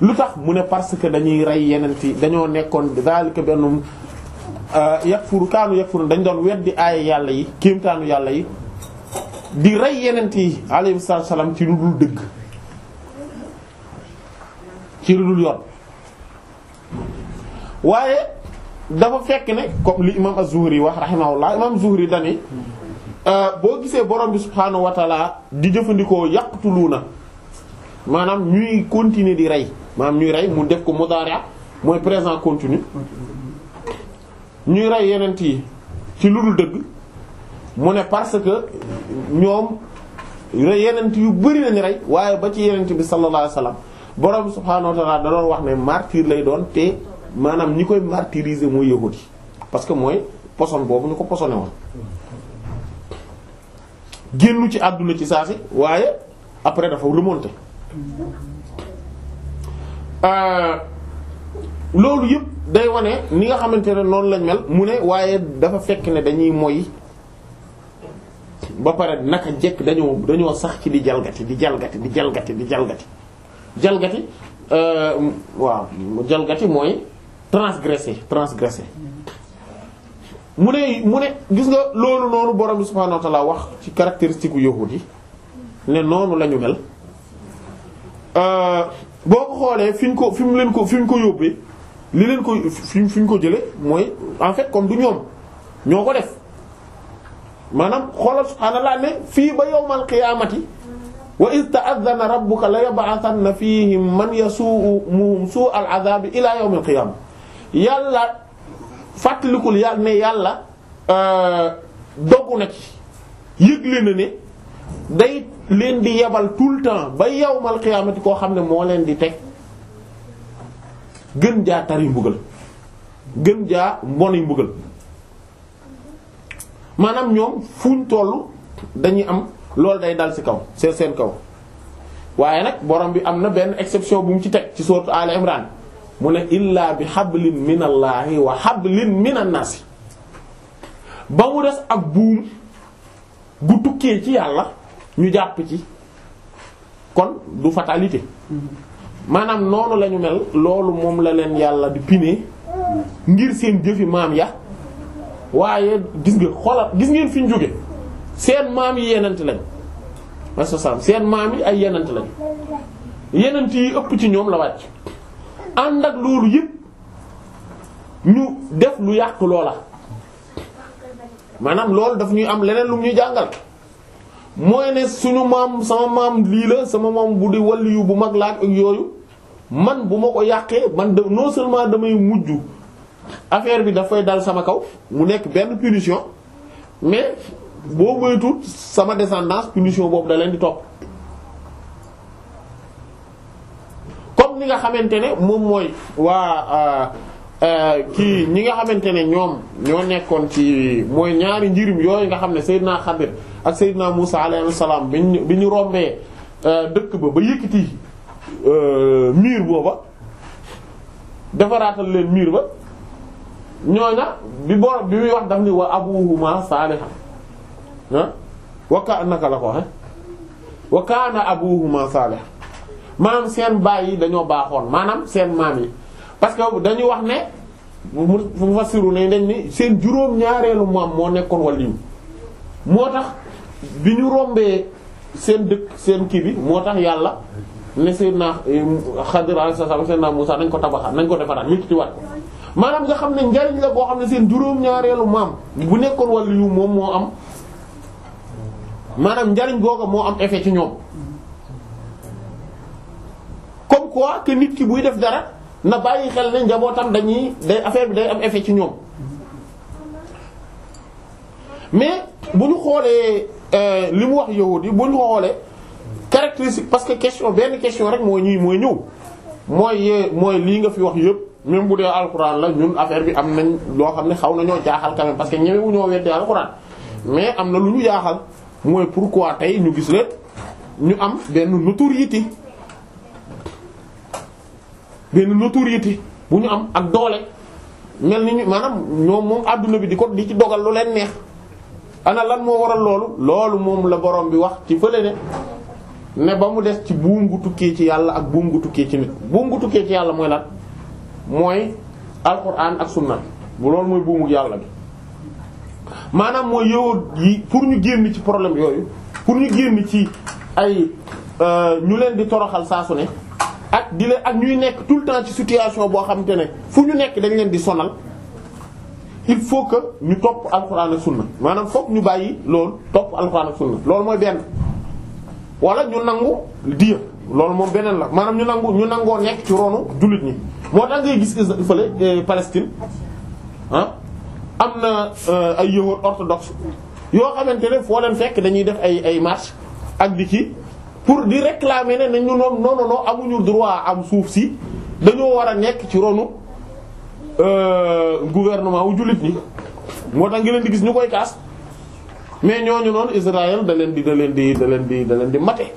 lu tax mu ne parce que dañuy rey yenent yi dañoo nekkoon daalika benn euh, yakfuru kaanu yakfuru dañ doon weddi aaya yàlla yi kéemtaanu yàlla yi di rey yenent yi alayhi salaam ci lu dul dëgg ci lu dul yoon waaye dafa fekk ne comme li imam az-Zuhri wax rahimahullah imam az-Zuhri dani Euh, boo gisee borom bi subhaanahu wa di jëfandikoo na maanaam ñuy continuer di rey maanaam ñuy rey mu def ko mudaari'a mooy présent continu ñuy rey yeneen yi ci lu dul dëgg mu ne parce que ñoom yenent yu bari lañu rey waaye ba ci yenent bi sallallahu alayhi wasallam borom bi subhaanahu wa ta'ala da doon wax ne martyr lay doon te maanaam ñi koy martyriser mooy yahudi parce que mooy poson boobu ñu ko posone woon génnu ci àdduna ci saa si waaye après dafa remonté euh, loolu yëpp day wane ni nga xamante ne noonu lañ mel mu ne waaye dafa fekk ne dañuy moy ba pare naka jekk dañoo dañoo sax ci di jalgati di jalgati di jalgati di jalgati jalgati euh, waaw jalgati mooy transgressé transgressé mu ne mu ne gis nga loolu noonu borom bi subhaanahu wa ta'aala wax ci caractéristique yu yahuud yi ne noonu lañu mel euh, boo ko xoolee fi ñu ko fi mu leen ko fi ñu ko yóbbee li leen ko fi fi ñu ko jële mooy en fait comme du ñoom ñoo ko def maanaam xoolal subhaanallaah ne fii ba yawmal qiyaamati wa iz ta'adhana rabbuka la yab'athanna fiihim man yasu'uhum su'al 'adhaabi ilaa yawmil qiyaamah yàlla fàttalikul yàlla ne yàlla euh, doggu na ci yëgle na ne day leen di yebal tout le temps ba yawmal qiyaamati koo xam ne moo leen di teg gën jaa tari mbugal gën jaa mboni mbugal maanaam ñoom fuñ toll dañuy am lool day dal ci kaw seen seen kaw waaye nag borom bi am na benn exception bu mu ci teg ci sourate Al Imran mu ne illaa bi hablin minallaahi wa hablin minan naasi ba mu des ak buur gu tukkee ci yàlla ñu jàpp ci kon du fatalité maanaam noonu lañu mel loolu moom la leen yàlla di piner ngir seen jëfi maam ya waaye gis nga xoolal gis ngeen fi ñu jóge seen maam yi yenent lañ wa sosam seen maam yi ay yenent lañ yenent yi ëpp ci ñoom la wàcc ànd ak loolu yëpp ñu def lu yàq loola maanaam loolu daf ñuy am leneen lu ñuy jàngal mooy ne suñu maam sama maam lii la sama maam bu di waliyu bu mag laaj ak yooyu man bu ma ko yàqee man de non seulement damay mujj affaire bi dafay dal sama kaw mu nekk benn punition mais boo moytuwul sama descendance punition boobu da leen di topp. comme ni nga xamante ne moom mooy waa euh, euh, kii ñi nga xamante ne ñoom ñoo nekkoon ci mooy ñaari njirim yooyu nga xam ne Seydina Xadir ak Seydina Musa alayhi salaam bi ñu bi rombee euh, dëkk ba ba yëkkati miir booba defaraatal leen miir ba ñooña bi borom bi muy wax daf ni wa abuhuma saalihan ah wa kaanaka la ko waxe wa kaana abuhuma saalihan maanaam seen baay yi dañoo baaxoon maanaam seen maam yi parce que dañuy wax ne mu mu fassiru dañ ni seen juróom-ñaareelu maam moo nekkoon waliyu moo tax bi ñu rombee seen dëkk seen kii bi moo tax yàlla ne Seydina eh, Xadir alayhi salaam Seydina Muusaa nañ ko tabaxaat nañ ko defaraat multiplier ko maanaam xam ne njariñ la boo xam ne seen juróom maam bu nekkoon waliyu moom moo am maanaam njariñ googa moo am effet ci ñoom comme quoi que nit ki buy def dara na bàyyi xel ne njabootam dañuy day affaire bi day am effet ci ñoom mais bu ñu xoolee euh, li mu wax yahudi yi bu ñu xoolee caractéristique parce que question benn question rek mooy ñuy mooy ñëw mooy mooy lii nga fi wax yëpp même bu dee alxuraan la ñun affaire bi am nañ loo xam ne xaw na ñoo jaaxal quand même parce que ñeme wu ñoo weddee alxuraan mais am na lu ñu yaaxal mooy pour quoi tey ñu gis la ñu am benn notoriété benn notoriété bu ñu am ak doole mel ni ñu maanaam ñoom moom adduna bi di ko li ci dogal lu leen neex ana lan moo waral loolu loolu moom la borom bi wax ci fële ne ne ba mu des ci buum gu tukkee ci yàlla ak buum gu tukkee ci nit buum gu tukkee ci yàlla mooy lan mooy alquran ak sunna bu loolu mooy buumu yàlla bi maanaam mooy yëwoo yi pour ñu génn ci problème yooyu pour ñu génn ci ay euh, ñu leen di toroxal saa su ne ak di leen ak ñuy nekk tout le temps ci situation boo xamante ne fu ñu nekk dañ leen di sonal il faut que ñu topp alxuraan ak sunna maanaam fokk ñu bàyyi loolu topp alxuraan ak sunna loolu mooy benn wala ñu nangu diir loolu moom beneen la maanaam ñu nangu ñu nangoo nekk ci ronu jullit ñi moo tax ngay gis fële eh, Palestine ah am na eh, ay yëwoon orthodoxe yoo xamante ne foo leen fekk dañuy def ay ay marche ak di ci pour di réclamer ne nañ ñu noom non non non amuñu droit am suuf si dañoo war a nekk ci ronu euh, gouvernement wu jullit ñi moo tax ngi leen di gis ñu koy kaas mais ñooñu noonu Israël da leen di da leen di da leen di da leen di mate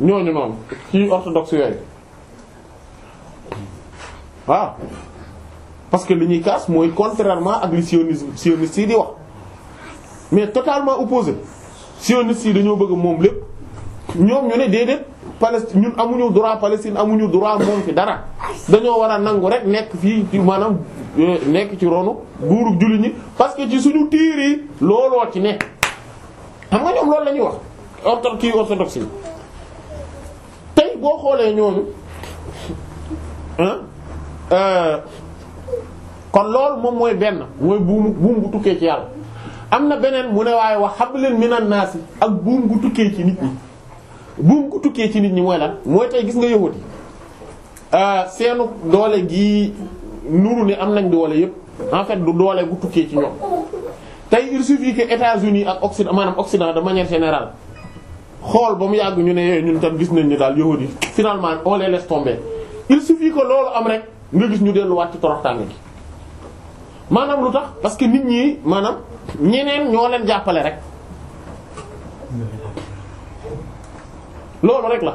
ñooñu noonu ci orthodoxe yooyu waaw ah. parce que li ñuy kaas mooy contrairement ak li sionisme sioniste yi di wax mais totalement opposé sioniste yi dañoo bëgg moom lépp ñoom ñu ne déedéet Palestine ñun amuñu droit Palestine amuñu droit moom fi dara dañoo war a nangu rek nekk fii ci maanaam euh, nekk ci ronu buuru jullit ñi parce que ci suñu tiir yi looloo ci nekk xam nga ñoom loolu la wax ortho kii orthodoxe tey boo xoolee ñooñu euh, kon loolu moom mooy benn mooy buum buum bu tukkee ci yàlla am na beneen mu ne waaye wax hablan minan si ak buum bu tukkee ci nit ñi. bu ko ci nit ñi mooy lan mooy tey gis nga yahut yi euh, seenu doole gi nuru ne am nañ doole yépp en fait du doole gu tukkee ci ñoom tey il suffit que États-Unis ak Occident maanaam Occident de manière générale xool ba mu yàgg ñu ne yooyu ñun tam gis nañ ni daal yahut yi finalement on les laisse tomber il suffit que loolu am rek nga gis ñu delluwaat ci toroxtaange gi maanaam lu tax parce que nit ñi maanaam ñeneen ñoo leen jàppale rek. loolu rek la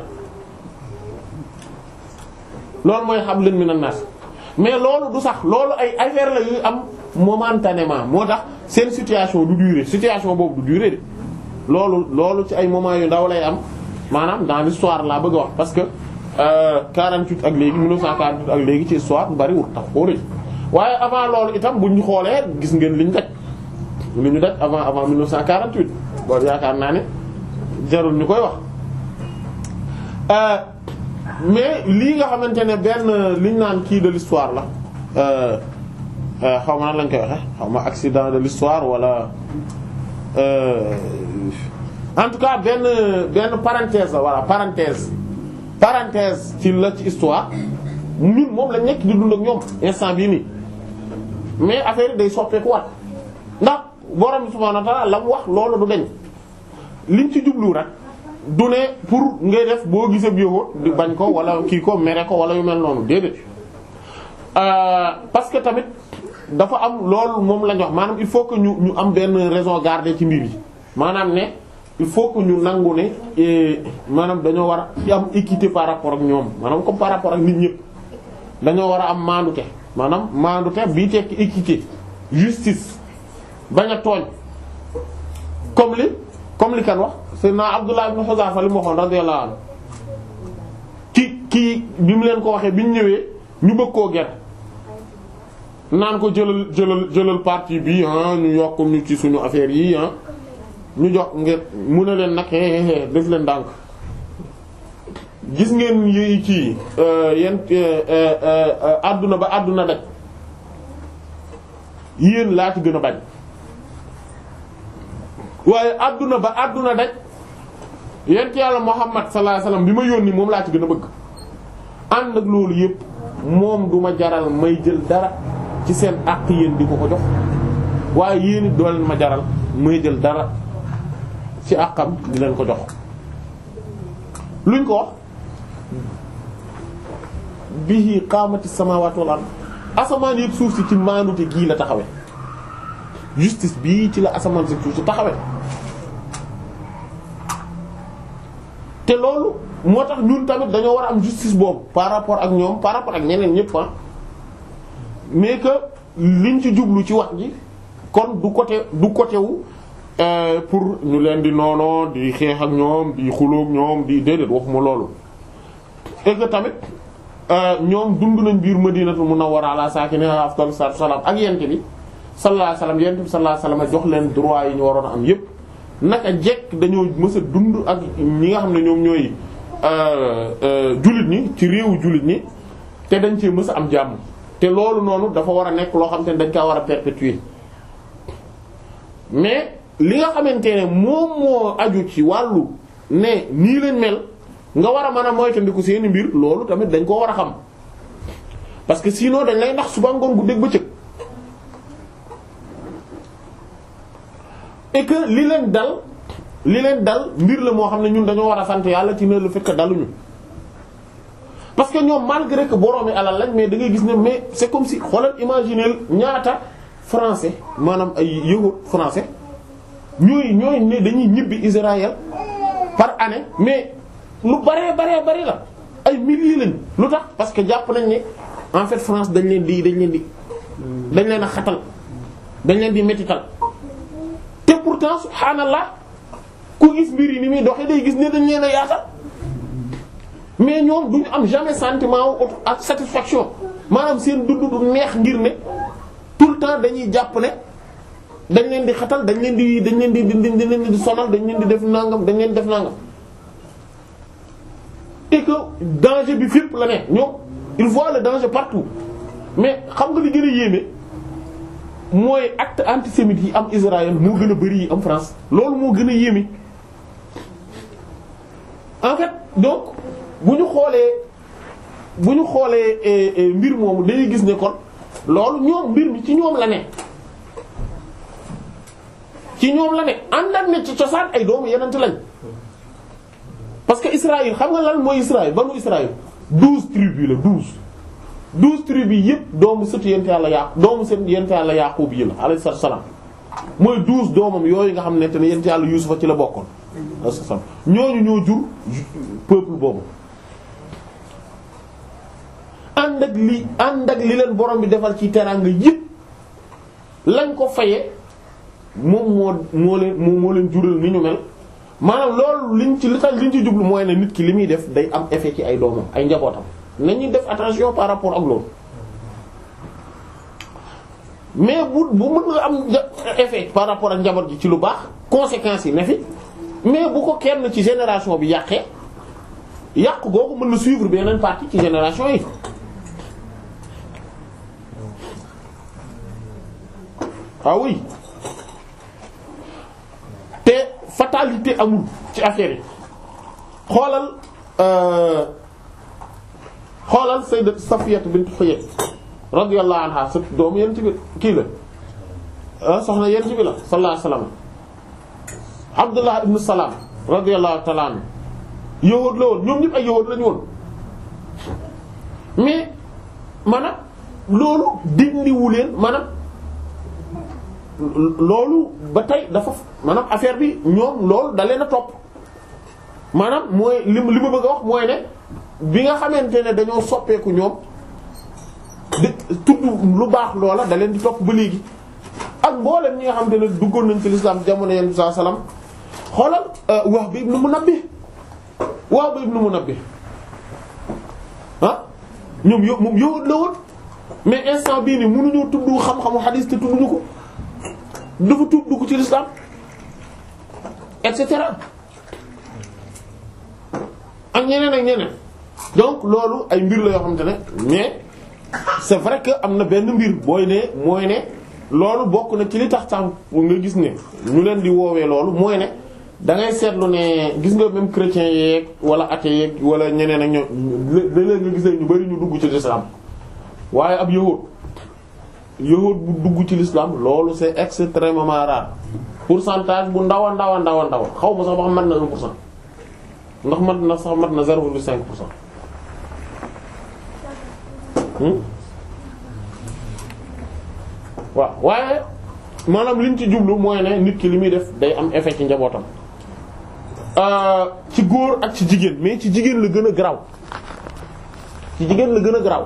loolu mooy xam leen mi na naas mais loolu du sax loolu ay affaire la yuy am momentanément moo tax seen situation du durer situation boobu du durer de loolu loolu ci ay moment yu ndaw lay am maanaam dans l'histoire laa bëgg a wax parce que 48 euh, ak léegi 1948 ak léegi ci histoire bu bari wut tax xóoréji waaye avant loolu itam buñ ñu xoolee gis ngeen li ñu daj li ñu daj avant avant 1948 boobu yaakaar naa ne jarul ñu koy wax Euh, mais lii nga xamante ne benn liñ naan kii de l'histoire la euh, euh, xaw ma nan lañ koy waxe xaw ma accident de l'histoire wala en tout cas benn benn parenthèse la voilà parenthèse parenthèse ci la ci histoire ñun moom lañ nekk di dund ak ñoom instant bii nii mais affaire yi day soppeekuwaat ndax borom subhaanahu wa la mu wax loolu du deñ liñ ci jublu rek. du ne pour ngay def boo gisee bi yowóot di bañ ko wala kii ko mere ko wala yu mel noonu déedéet euh, parce que tamit dafa am loolu moom lañ wax maanaam il faut que ñu ñu am benn raison garder ci mbir yi maanaam ne il faut que ñu nangu ne eh, maanaam dañoo war a am équité par rapport ak ñoom maanaam comme par rapport ak nit ñëpp dañoo war a am maandute maanaam maandute bi tekki équité justice bañ a tooñ comme li comme li kan wax Seydina Abdullah ibn Hudhafa li mu waxoon radiyallahu anhu ki kii bi mu leen ko waxee bi ñu ñëwee ñu bëgg koo ger naan ko jëlal jëlal jëlal parti bi ah ñu yokk ñu ci suñu affaire yi ah. ñu jox ngeen mu ne leen nag xeexexe def leen dànk gis ngeen yi kii euh, yéen euh, euh, àdduna ba àdduna daj yéen laa ci gën a bañ waaye àdduna ba àdduna daj yent yàlla Muhammad sallallahu alayhi wasallam bi ma yónni moom laa ci gën a bëgg ànd ak loolu yépp moom du ma jaral may jël dara ci seen àq yéen di ko ko waaye yéen it ma jaral may jël dara ci àqam di leen ko jox luñ ko wax bihi qaamati samaawaati wal ard asamaan yépp suuf si ci maanute gii la taxawe justice bi ci la asamaan si su taxawee te loolu moo tax ñun tamit dañoo war a am justice boobu par rapport ak ñoom par rapport ak ñeneen ñëpp fa ah. mais que liñ ci jublu ci wax ji kon du côté du côté wu euh, pour ñu leen di noonoo di xeex ak ñoom di xulook ñoom di déedéet waxuma loolu et que tamit euh, ñoom dund nañ biir Madinatul Munawwara ala saakinihaa afdalu salaatu wa salaam ak yent bi sallallahu alayhi wasallam yonent bi sallallahu jox leen droit yi ñu waroon a am yépp naka jekk dañoo mës dund ak ñi nga xam ne ñoom ñooy euh, euh, jullit ñi ci réewu jullit ñi te dañ cee mës am jàmm te loolu noonu dafa war a nekk loo xam te ne dañ kaa war a perpétuer mais li nga xamante ne moom ci wàllu ne nii lañ mel nga war a mën a moytandiku seeni mbir loolu tamit dañ koo war a xam parce que sinon dañ lay ndax suba ngoon gu dégg bëccëg et que li leen dal li leen dal mbir la moo xam ne ñun dañoo war a sant yàlla ci ne lu fekk que daluñu parce que ñoom malgré que boroomi alal lañ mais da gis ne mais c'est comme si xoolal imaginer ñaata français maanaam ay yahud français ñooy ñooy ne dañuy ñibbi Israël par année mais lu baree baree bari la ay milliers lañ lu tax parce que jàpp nañ ne en fait France dañ leen di dañ leen di dañ leen a xatal dañ leen di métital te pourtant subhaanallah ku gis mbir yi ni muy doxee day gis ne dañ leen a mais ñoom duñu am jamais sentiment wu ak satisfaction maanaam seen dund du neex ngir ne tout le temps dañuy jàpp ne dañ leen di xatal dañ leen di dañ leen di dañ leen di sonal dañ leen di def nangam dañ leen def nangam et que danger bi fépp la ne ñoom il voit le danger partout mais xam nga li gën a yéeme mooy acte antisémite yi am Israël moo gën a bari yi am France loolu moo gën a yéeme en fait donc bu ñu xoolee bu ñu xoolee eh, eh, mbir moomu dañuy gis ne kon loolu ñoom mbir mi ci ñoom la ne ci ñoom la ne ànd ak ne ci cosaan ay doomu yenent lañ parce que Israël xam nga lan mooy Israël banu Israël douze tribus la douze douze tribus yëpp doomu sët yent yàlla yaqu doomu sët yent yàlla yaqub yi la alayhi salaam mooy douze doomam yooyu nga xam ne te ne yent yàlla yusufa ci la bokkoon alayhi salaam ñooñu ñoo jur peuple boobu ànd ak li ànd ak li leen borom bi defal ci teraanga yëpp lañ ko faye moom moo moo leen moom moo leen jural ni ñu mel maanaam loolu liñ ci li tax liñ ci jublu mooy na nit ki li muy def day am effet ci ay doomam ay njabootam nañuy def attention par rapport ak loolu mais bu bu mën nga am effet par rapport ak njaboot ji ci lu baax conséquences yi ne fi mais bu ko kenn ci génération bi yàqee yàq googu mën na suivre beneen partie ci génération yi ah te fatalité amul ci affaire yi xoolal. Euh, xoolal sayyidat Safiyat bint Huyay radiyallahu anha sa doomu yent bi kii la ah, soxna yent bi la sallallahu alayhi wasallam Abdullah ibn Salam radiyallahu ta'ala anhu la woon ñoom ñëpp ay yahuud lañu woon mais maanaam loolu dindiwu leen maanaam loolu ba tey dafa maanaam affaire bi ñoom loolu da leen a topp maanaam mooy li li wax mooy ne bi nga xamante ne dañoo soppeeku ñoom di tudd lu baax loola da leen di topp ba léegi ak mboolem ñi nga xamante ne duggoon nañ ci lislaam jamono yenn bi sallallahu alayhi wasallam xoolal euh, Wahb ibn Munabbih lu mu Munabbih ah ñoom yo moom yowut la mais instant bii ni mënuñoo tudd xam-xamu xadiis te tudduñu ko dafa tuub dugg ci lislaam et cetera ak ñeneen ak ñeneen donc loolu ay mbir la yoo xamante ne mais c'est vrai que am na benn mbir booy ne mooy ne loolu bokk na ci li tax sànq nga gis ne ñu leen di woowee loolu mooy ne da seetlu ne gis nga même chrétien yeeg wala ate yeeg wala ñeneen ak ñoom léeg-léeg nga gis ñu bari ñu dugg ci l'islam waaye ab yahud yahud bu dugg ci l'islam loolu c'est extrêmement rare pourcentage bu ndaw a ndawa a ndaw a ndaw xaw ma sax ba xam mat na 1 pour cent ndax mat na sax mat na 0,5 pour Hmm? waaw waaye maanaam liñ ci jublu mooy ne nit ki li muy def day am effet ci njabootam euh, ci góor ak ci jigéen mais ci jigéen la gën a garaaw ci jigéen la gën a garaaw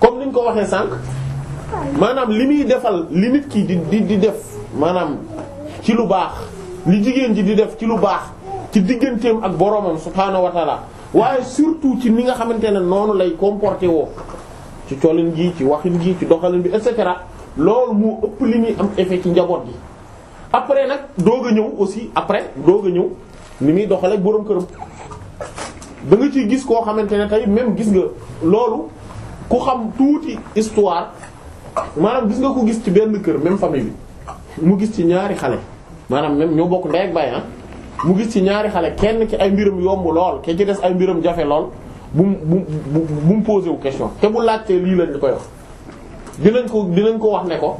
comme niñ ko waxee sànq maanaam li muy defal li nit ki di di di def maanaam ci lu baax li jigéen ji di def ci lu baax ci digganteem ak boroomam subhaanahu wa waaye surtout ci ni nga xamante ne noonu lay comporté woo ci colin gi ci waxin gi ci doxalin bi et cetera loolu mu ëpp li muy am effet ci njaboot gi après nag doog a ñëw aussi après doog a ñëw ni muy doxalee boroom këram da nga ci gis koo xamante ne tey même gis nga loolu ku xam tuuti histoire maanaam gis nga ko gis ci benn kër même famille bi mu gis ci ñaari xale maanaam même ñoo bokk ndey ak baay ah mu gis ci ñaari xale kenn ki ay mbiram yomb lool ke ci des ay mbiram jafe lool bu mu bu bu mu posé wu question te bu laajtee lii lañ koy wax dinañ ko dinañ ko wax ne ko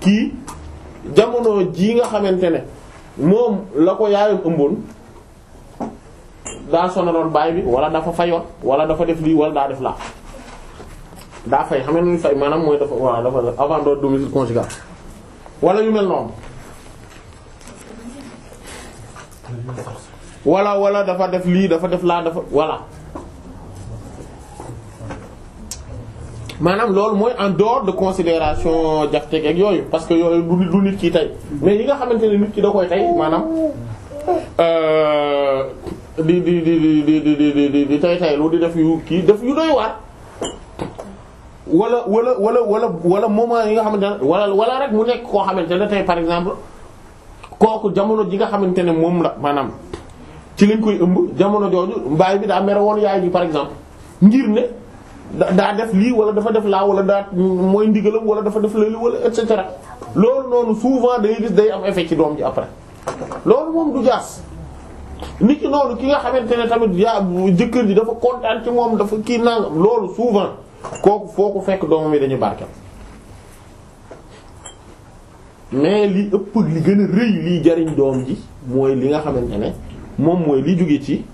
kii jamono jii nga xamante ne moom la ko yaayam ëmboon daa sonaloon baay bi wala dafa fayoon wala dafa def lii wala daa def laa daa fay xam nga fay maanaam mooy dafa waaw dafa abandon domicile conjugal wala yu mel noonu. wala wala dafa def lii dafa def laa dafa voilà maanaam loolu mooy en dehors de considération jaxteeg ak yooyu parce que yooyu du nit ki tey mais yi nga xamante ne nit ki da koy tey maanaam euh, di di di di di di di di tey teylu di def yu kii def yu doy waar wala wala wala wala wala moment yi nga xamante ne wala wala rek mu nekk koo xamante ne tey par exemple kooku jamono ji nga xamante ne moom la maanaam ci lañ koy ëmb jamono jooju baay bi daa mere woon yaay bi par exemple ngir ne daa def lii wala dafa def laa wala daa mooy ndigalam wala dafa def lëli wala et cetera loolu noonu souvent day gis day am effet ci doom ji après loolu moom du jaas nit ki noonu ki nga xamante ne tamit yaa jëkkër ji dafa kontaan ci moom dafa kii nangam loolu souvent kooku foo ko fekk doomam yi dañuy barkeel mais li ëpp li gën a rëy liy jariñ doom ji mooy li nga xamante ne moom mooy li jóge ci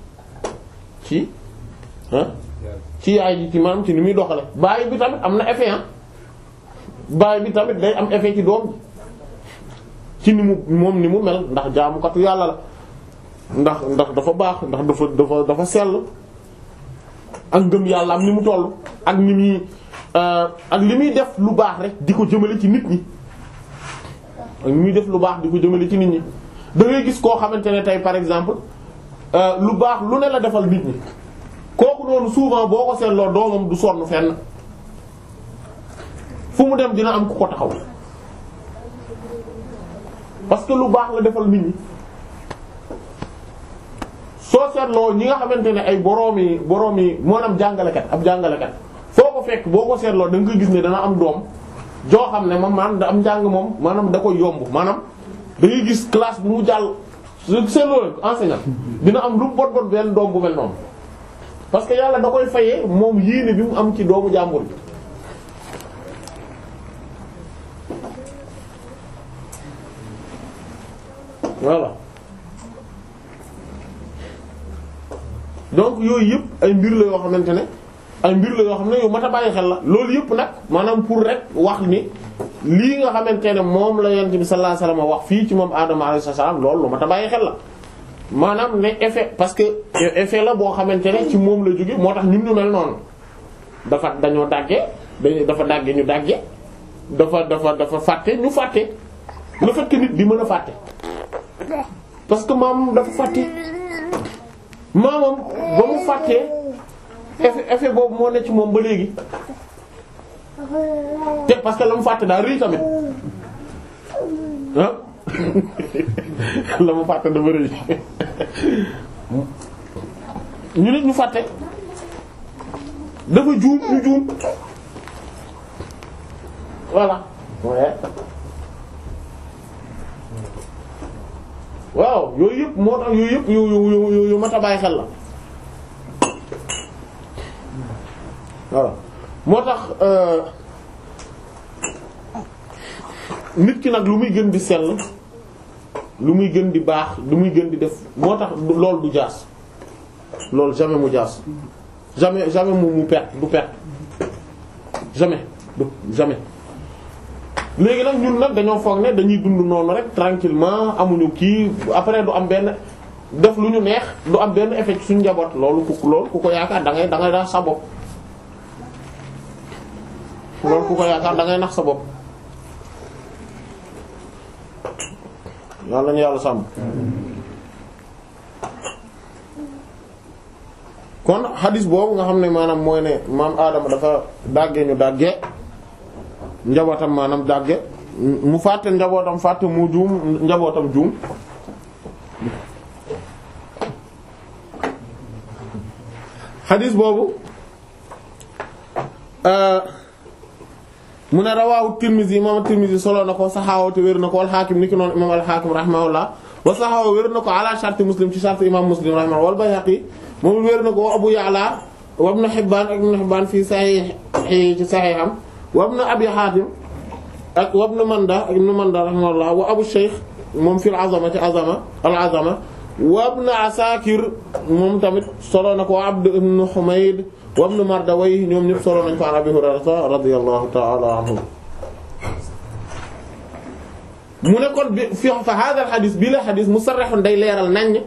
ci ah ci yaay ji ci maam ci ni muy doxale baay bi tamit am na effet ah baay bi tamit day am effet ci doom ji ci ni mu moom ni mu mel ndax jaamukatu yàlla la ndax ndax dafa baax ndax dafa dafa dafa sell ak ngëm yàlla am ni mu toll ak ni muy euh, ak li muy def lu baax rek di ko jëmale ci nit ñi ñuy def lu baax di ko jëmale ci nit ñi da gis koo xamante ne tey par exemple euh, lu baax lu ne la defal nit ñi kooku noonu souvent boo ko seetloo doomam du sonn fenn fu mu dem dina am ku ko taxaw parce que lu baax la defal nit ñi soo seetloo ñi nga xamante ne ay boroomi boroomi maanaam jàngalekat ab jàngalekat foo ko fekk boo ko seetloo da nga gis ne dana am doom. joo xam ne moom maanaam da am njàng moom maanaam da koy yomb maanaam da ngay gis classe bu mu jàll c'est loolu enseignant dina am lu benn doom bu mel que yàlla da ko fayee moom yéene bi mu am ci doomu jàmbur yooyu yëpp ay mbir la yoo xamante ne ay mbir la yoo xam ne yow mat a bàyyi xel la loolu yëpp nag maanaam pour rek wax ni lii nga xamante ne moom la yonent bi sallallahu alayhi wasallam wax fii ci moom Adama alayhi salaam loolu lu la maanaam ne effet parce que effet la boo xamante ne ci moom la jóge moo tax ñun ñu mel noonu dafa dañoo dàgge dañu dafa dàgge ñu dàgge dafa dafa dafa fàtte ñu fàtte le fait que nit di mën a fàtte parce que maam dafa fàtte maamam ba mu fàttee effet effet boobu moo ne ci moom ba léegi te parce que la mu fàtte daa rëy tamit ah la mu fàtte dafa rëy ñu nit ñu fàtte dafa juum ñu juum voilà waaw yooyu yëpp moo tax yooyu yëpp yu yu yu mat a bàyyi xel la waaw moo tax euh, nit ki nag lu muy gën di sell lu muy gën di baax lu muy gën di def moo tax loolu du jaas loolu jamais mu jaas jamais jamais mu mu perte du perte jamais du jamais léegi nag ñun nag dañoo foog ne dañuy dund noonu rek tranquillement amuñu kii après du am benn def lu ñu neex du am benn effet ci suñu njaboot loolu ku loolu ku ko yaakaar da ngay da ngay daa sa loolu ku ko yaakaar da nax sa bopp yàlla nañu yàlla sàmm kon xadis boobu nga xam ne maanaam mooy ne maam aadama dafa dàgge ñu dàgge njabootam maanaam dàgge mu fàtte njabootam fàtte mu juum njabootam juum xadis boobu euh, mu ne rawaahu Tirmizi moom Tirmizi solo na ko saxaawa te na ko wal Xaakim ni ki noonu imaam al Xaakim rahimahullah wa saxaawa wér na ko ala sharti Muslim ci sharti imaam Muslim rahimahullah wal Bayhaqi na ko wa Abu Ya'la wa Ibn Hibbaan ak Ibn Hibbaan saxiix ci wa Ibn Abi Xaatim ak wa Ibn Manda ak Ibn Manda rahimahullah wa Abu Shaykh moom fil azama ci azama al azama wa ibn Asakir moom tamit solo na ko Abd ibn Humayd wa ibn Mardawayh ñoom ñëpp solo nañ ko an Abi Hurayrata radiyallahu ta'ala anhu mu ne kon bi fi hada al hadith bi la hadith musarrahun day leeral nañ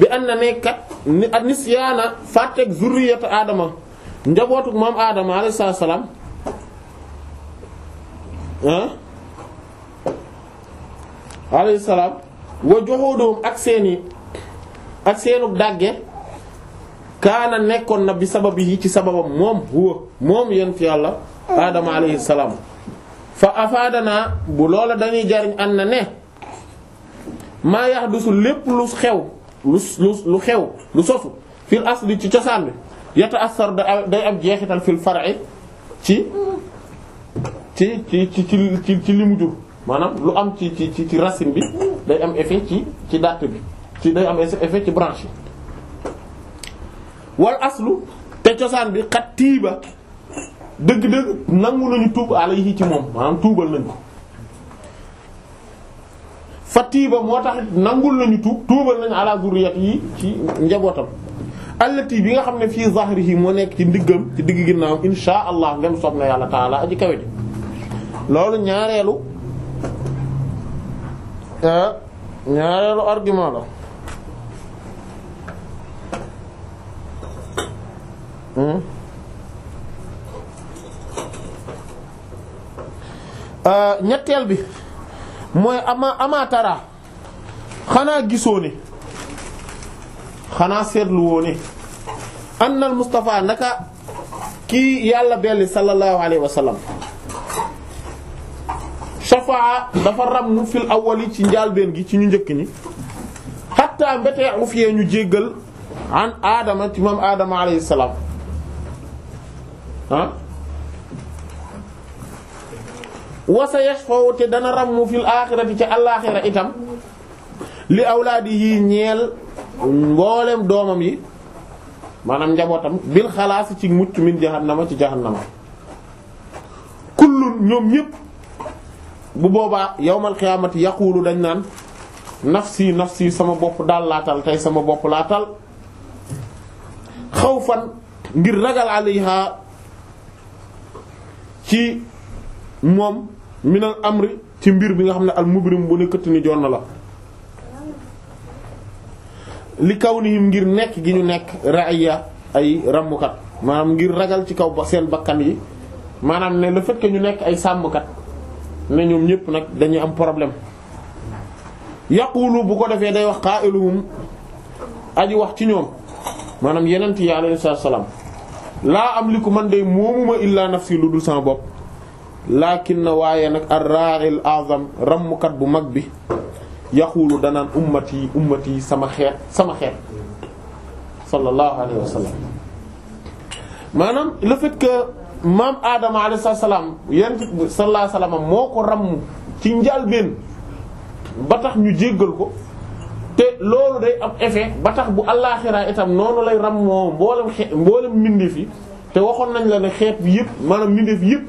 bi an na nisyaana fàtteeg zurriyata Adama njabootu maam Adama alayhi salaam ah alayhi salaam wa juhudum ak seeni ak seenug dàgge kaana nekkoon na bi sabab yi ci sababam moom huwa moom yent yàlla aadama alayhi salaam fa afaadanaa bu loola dañuy jariñ an na ne maa yax dusu lépp lu xew lu xew lu sosu fil asli ci cosaan bi yata asar day am jeexital fil far'i ci ci ci ci ci ci jur maanaam lu am ci ci ci bi day am effet ci ci dàtt bi ci day am effet ci branche yi wal aslu te cosaan bi xat tiiba dëgg-dëgg nangu lañu nañu tuub alayhi ci moom maanaam tuubal nañ ko fa tiiba moo tax nangul lañu tuub tuubal nañu ala zurriyat yi ci njabootam allati bi nga xam ne fii yi moo nekk ci ndiggam ci digg ginnaawam insha allah ngeen soob na yàlla taala aji kawe ji loolu ñaareelu ah, ñaareelu argument la Euh, ñetteel bi mooy ama amatara xanaa gisoo ne xanaa seetluwoo ne annal Mustafa naka kii yàlla belli sallallahu alayhi wa sallam shafaa dafa ram fil awwali ci njaalbeen gi ci ñu njëkk ni xatta mbétee u fiyee ñu jéggal an aadama ci moom aadama alayhi salaam ah wasa yashfa'u te dana ràmmu fil aaxirati ca alaaxira itam li awlaadi yi ñeel mboolem doomam yi maanaam njabootam bil xalaas ci mucc min jahannama ci jahannama kullun ñoom ñépp bu boobaa yawmal xiyaamati yaqulu dañ naan nafsi nafsi sama bopp daal laatal tey sama bopp laatal xawfan ngir ragal alayha ci moom minal amri ci mbir bi nga xam ne al mubrim bu nekkati ni jonna la li kaw nii ngir nekk gi ñu nekk raaya ay ràmmkat maanaam ngir ragal ci kaw ba seen bakkan yi maanaam ne le fait ñu nekk ay sàmmkat ne ñoom ñëpp nag dañuy am problème yaqulu bu ko defee day wax qa'iluhum aji wax ci ñoom maanaam yenent yi alayhi salaam laa am liku man day moomuma illaa nafsi lu dul sama bopp laakin na waaye nag ar-ra'il azam rammukat bu mag bi yaxulu danaan ummati ummati sama xeet sama xeet sallallahu alayhi wa maanaam le fait maam Adama alayhi salaam yan sallallahu alayhi moo ko ramm ci njàlbéen ba tax ñu jéggal ko te loolu day ab effet ba tax bu allaaxiraa itam noonu lay ram moo mboolem xe mboolem mbindeef yi te waxoon nañ la ne xeet bi yëpp maanaam mbindeef yëpp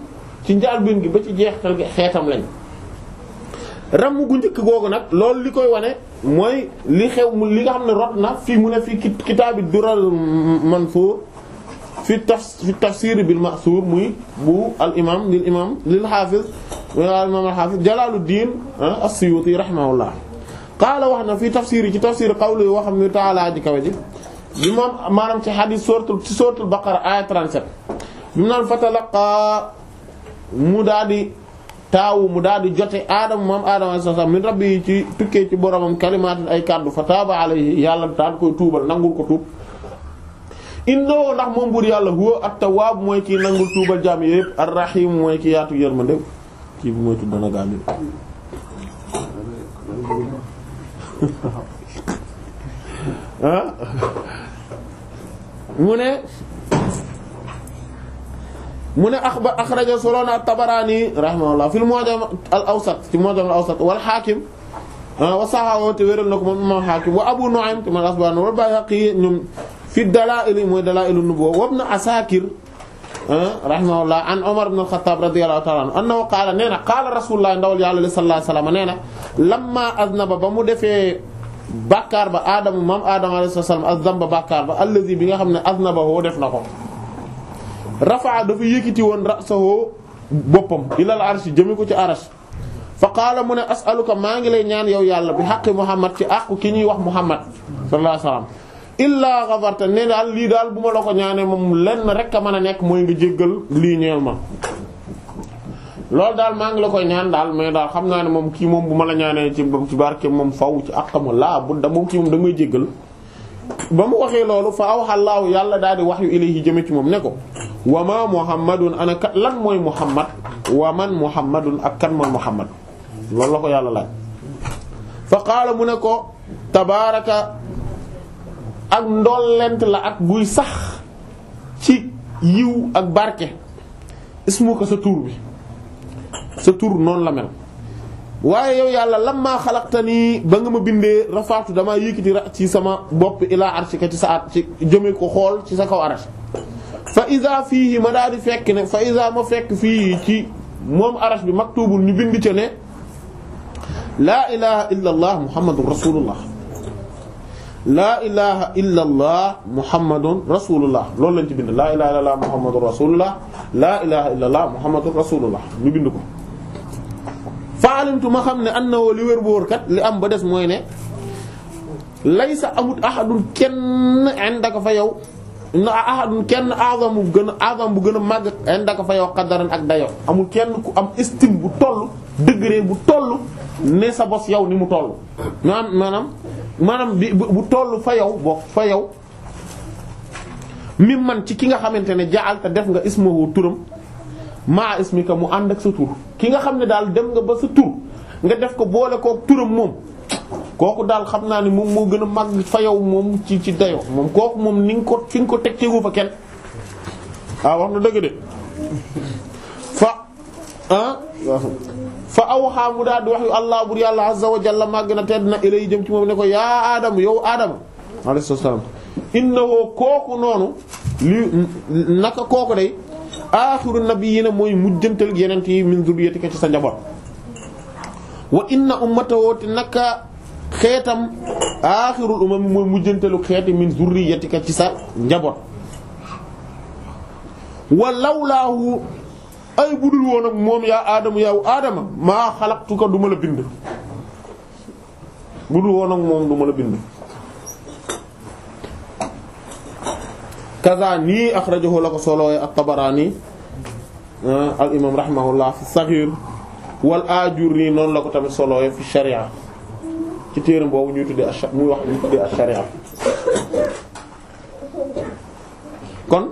ci njaalbeen gi ba ci jeextal gi xeetam lañ ramm gu njëkk googu nag loolu li koy wane mooy li xew li nga xam ne rot na fii mu ne fii kitaabi dural mansuur fi taf fi tafsir bil ma'sur muy bu al imam lil imam lil xaafiz al imam al xaafiz jalaaluddin ah, as-suyuti qaala wax na fii tafsir yi ci tafsir qawli yoo xam ne taalaa ji kawe ji bi moom maanaam ci xadis suratul ci suratul baqara aya 37 bi mu naan fatalaqa mu daal di taawu mu daal di jote aadama moom aadama sasa min rabbi ci tukkee ci boromam kalimaatin ay kàddu fa taaba alayhi yàlla daal koy tuubal nangul ko tuub innahu ndax moom buur yàlla huwa at-tawwaab mooy kii nangul tuubal jaam yépp ar mooy kii yaatu yërmande kii bi mooy tudd dana gaam mu ne mu ne axba axraja soloona tabaraani rahimahullah fil mu'jam al awsat ci mu'jam al awsat wal xaakim ah, wa saxaawo te wéral na ko moom imaam xaakim wa abu nu'aym te man asbahani wal bayhaqi ñoom fi dalaa'il mooy dalaa'ilun nubuwwa wa ibn asakir rahimahullah an Omar ibn al-Khattab radiyallahu ta'ala anhu annahu qaala nee na qaala rasulullah ndawal yàlla li sallallahu nee na lamma aznaba ba mu defee bàkkaar ba aadama maam aadama alayhi wasallam azdamba bàkkaar ba allazi bi nga xam ne aznaba woo def na ko rafaa dafa yëkkati woon ra'sahu boppam ilal arsh jëmi ko ci arsh fa qaala mu ne as'aluka maa ngi lay ñaan yow yàlla bi haqqi Muhammad ci àqu ki ñuy wax Muhammad sallallahu alayhi illaa xafarta ne daal lii daal bu ma la ko ñaanee moom lenn rek a mën a nekk mooy nga jéggal lii ñeel ma loolu daal maa ngi la koy ñaan daal mais daal xam naa ne moom kii moom bu ma la ñaanee ci ci barke moom faw ci àqama laa bu da moom kii moom da ba mu waxee loolu fa aw awxallaahu yàlla daal di wax yu yi jëme ci moom ne ko wa ma muhammadun ana kat lan mooy muhammad wa man muhammadun ak kan mooy muhammad loolu la ko yàlla laaj fa qaala mu ne ko tabaraka ak ndollent la ak guy sax ci yiw ak barke ismu ko sa tur bi sa tur noonu la mel waaye yow yàlla lamma xalaqtani ba nga ma bindee rafaatu dama yëkkati ra ci sama bopp ilaa arshika ci sa at ci jëme ko xool ci sa kaw arash fa iza fiihi ma daal di fekk ne fa iza ma fekk fii ci moom arash bi maktubul ñu bind ca ne laa ilaha illa allah muhammadur rasulullah laa ilaha illa allah muhammadun rasulullah loolu lañ ci bind laa ilaha illa allah muhammadun rasulullah laa ilaha illa allah muhammadun rasulullah ñu bind ko faalimtu ma xam ne annahu li wér bu wóor kat li am ba des mooy ne laysa amut ahadun kenn indaka fa yow na ahadun kenn azam bu gën a azam bu gën a màgg indaka fa yow qadaran ak dayo amul kenn ku am estime bu toll degré bu tollu ne sa bos yow ni mu toll maanaam maanaam maanaam bi bu toll fa yow boo fa yow mi man ci ki nga xamante ne jaal te def nga ismahu turam maa ismika mu ànd ak sa tur ki nga xam ne daal dem nga ba sa tur nga def ko boole koog turam moom kooku daal xam naa ne moom moo gën a màgg fa yow moom ci ci dayoo moom kooku moom ni nga ko fi nga ko teg tegu fa kenn ah wax na dëgg de fa ah fa awxaa mu daal di wax yu allah bur yàlla azza wa jalla màgg na tedd na ilay jëm ci moom ne ko yaa Adama yow Adama alayhi salaam innahu kooku noonu li naka kooku day aaxiru nabiyina mooy mujjantal yeneen yi min zurriyatika ci sa njaboot wa inna ummatahu naka xeetam aaxirul umam mooy mujjantalu xeeti min zurriyatika ci sa njaboot walaw laahu ay budul woon ak moom yaa aadama yaw aadama maa xalaqtuka du ma la bind budul woon ak moom du la bind kaza nii axrajahu la ko solowee at-Tabarani al ah, imam rahimahullah fi saghir wal ajurri noonu la ko tamit solowee fi sharia ci téeram boobu ñuy tuddee ash muy wax ñuy tuddee ash-sharia kon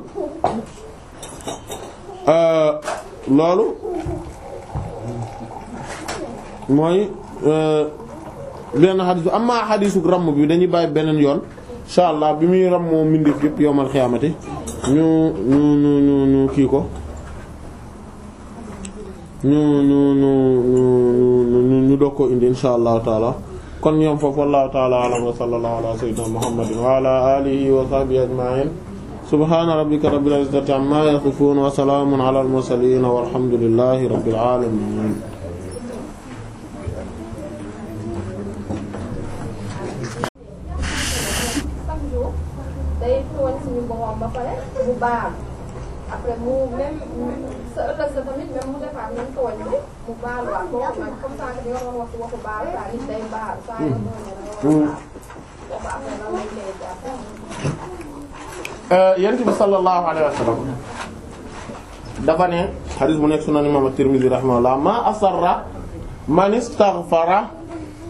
euh, loolu mooy euh, benn xadis bi amma xadisu ramm bi dañuy bàyyi beneen yoon insha allah bi muy ram moo mbindeef yëpp yowmal xiyaamati ñu ñu ñu ñu ñu kii ko ñu ñu ñu indi insha allahu taala kon ñoom foofu wallahu ta'ala a'lam wa sallallahu ala sayyidina wa ala wa sahbihi ajma'in subhana rabbika rabbil izzati al mursalin walhamdulillahi rabbil alamin après mu même sa ëllëg sa tamit même mu defaat même tooñ waxu baal ne hmm. hmm. euh, yonent bi sallallahu alayhi wa sallam dafa ne xadis bu nekk sunan imam at ma asarra man istaghfara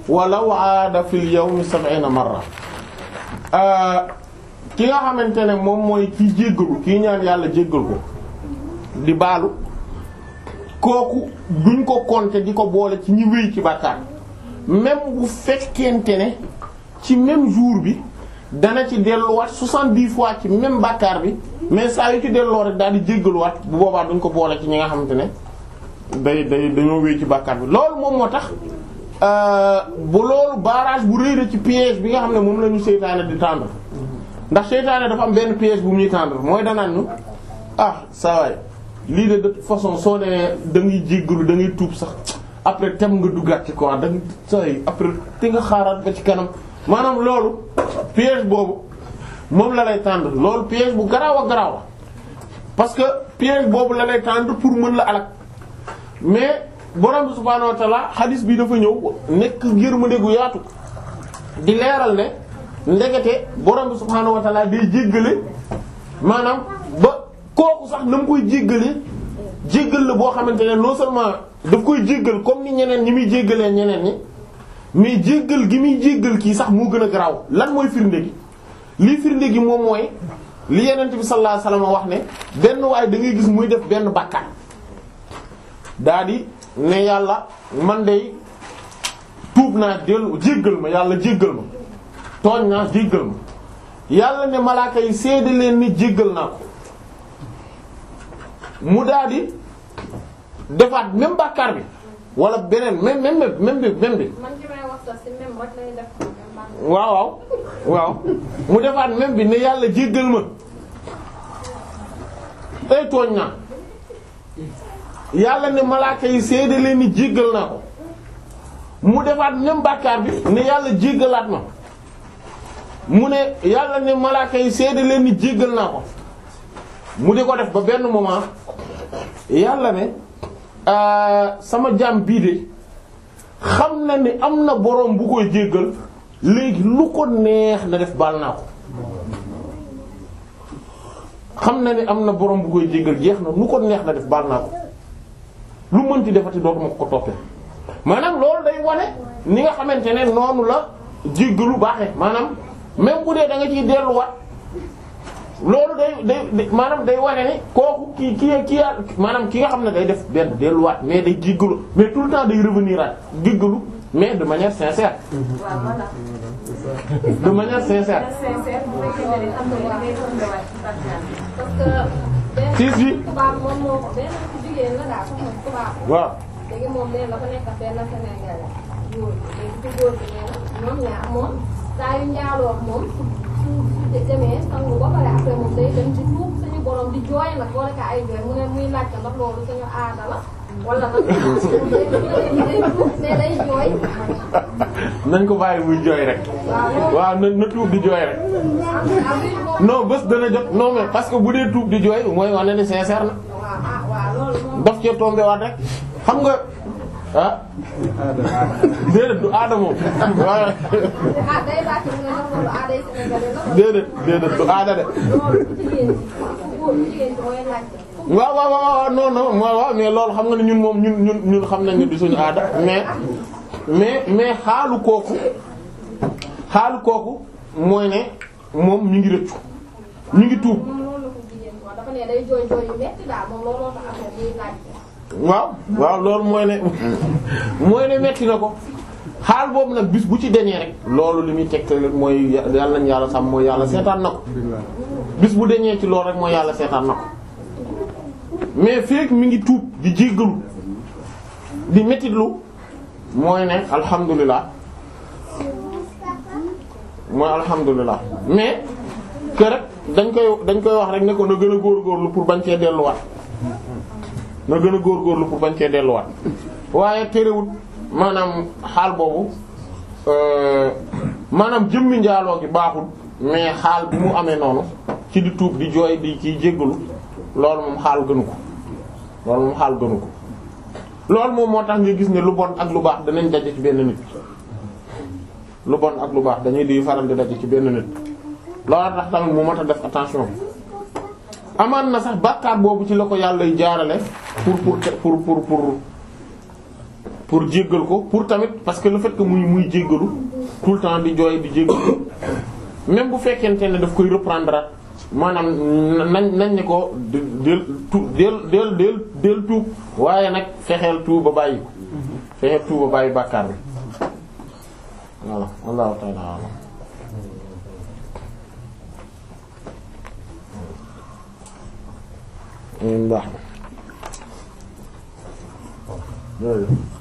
walaw aada fil yawmi sab'ina euh, ki nga xamante ne moom mooy ki ñaan yàlla jéggal di baalu kooku duñ ko compter di ko boole ci ñi wéy ci bàkkaar même bu fekkente ne ci même jour bi dana ci delluwaat soixante-dix fois ci même bàkkaar bi mais saa yu ci delloo rek daal di jéggaluwaat bu boobaa duñ ko boole ci ñi nga xamante ne day day dañoo wéy ci bàkkaar bi loolu moom moo tax euh, bu loolu barrage bu réy ci piège bi nga xam ne moom la ñu seytaane di tendre ndax seytaane dafa am benn piège bu muy tendre mooy danaan ñu ah saa waay lii de de toute façon soo nee da ngay jéggalu da tuub sax après tem nga duggaat ci quoi da nga say après te nga xaaraat ba ci kanam maanaam loolu piège boobu moom la lay tànd loolu piège bu garaaw a garaaw parce que piège boobu la lay tànd pour mën la alak mais borom bi subhaanahu wa ta'ala xadis bi dafa ñëw nekk yërmande gu yaatu di leeral ne ndegete borom bi subhaanahu day jéggale maanaam kooku sax na mu koy jéggalee jéggal la boo xamante ne non seulement daf koy jéggal comme ni ñeneen ñi muy jéggalee ñeneen ñi mais jéggal gi muy jéggal kii sax moo gën a garaaw lan mooy firnde gi lii firnde gi moom mooy li yenent bi sallallahu alayhi wasallam wax ne benn waaye da ngay gis muy def benn bàkkaar daadi di ne yàlla man dey tuub naa dellu jéggal ma yàlla jéggal ma tooñ naa jéggal ma yàlla ne malaaka yi seede leen ni jéggal naa ko mu daal defaat même bàkkaar bi wala beneen même même bi même bi. waaw waaw mu defaat même bi ne yàlla jéggal ma ay tooñ naa yàlla ne malaaka yi seede leen ni jéggal naa ko mu defaat même bàkkaar bi ne yàlla jéggalaat ma mu ne yàlla ne malaaka yi seede leen ni jéggal naa ko. mu de ko def ba benn moment yàlla ne euh, sama jaam bii de xam na ni am na boroom bu koy jéggal léegi lu ko neex na def baal naa ko xam na ni am na boroom bu koy jéggal jeex na lu ko neex na def baal naa ko lu mënti defati dootuma ko toppee maanaam loolu day wane ni nga xamante ne noonu la lu baaxe maanaam même bu dee danga nga ciy delluwaat loolu day day maanaam day wane ni kooku ki ki ki maanaam ki nga xam ne day def benn delluwaat mais day jéggalu mais tout day revenir at mais de manière sincère. de manière sincère. si si. waaw. demee nañ ko bàyyi muy jooy rek waaw na na tuub di jooy rek no bés dana jot non mais parce que bu dee tuub di jooy mooy wax ne ni na daf ca tombé rek xam nga ah. déedéet du aada moom waaye. déedéet déedéet du aada de. waaw waaw waaw non waaw mais loolu xam nga ne ñun moom ñun xam nañ ne du suñu aada mais mais mais xaalu kooku xaalu kooku mooy ne moom ñu ngi rëccu ñu ngi tuub. waaw waaw loolu mooy ne mooy ne metti na ko xaal boobu nag bis bu ci deñee rek loolu li muy tegte rek mooy yàlla nañ yàlla sàmm mooy yàlla seetaan na ko bis bu deñee ci loolu rek mooy yàlla seetaan na ko mais fekk mi ngi tuub di jéggalu di mettitlu mooy ne alhamdulilah mooy alhamdulilah mais que rek dañ koy dañ koy wax rek ne a gën a góor góorgóorlu pour bañ cee delluwaat na gën a góor góorlu pour bañ cee delluwaat waaye terewul maanaam xaal boobu euh, maanaam jëmmi njaaloo gi baaxul mais xaal bu mu amee noonu ci di tuub di jooy di ciy jéggalu loolu moom xaal gënu ko loolu moom xaal gënu ko loolu moom moo tax nga gis ne lu bon ak lu baax danañ daje ci benn nit lu bon ak lu baax dañuy di faral di daje ci benn nit loolu tax tamit mu mat a def attention amaan na sax bàkkaar boobu ci la ko yàlla jaarale pour pour pour pour pour pour ko pour tamit parce que le fait que muy muy jéggalu tout le temps di jooy di jéggalu même bu fekkente ne daf koy reprendre maanaam nañ nañ ne ko del tu del del del del tuub waaye nag fexeel tuub ba bàyyi ko mhm. fexeel tuub ba bàyyi bàkkaar bi voilà baax na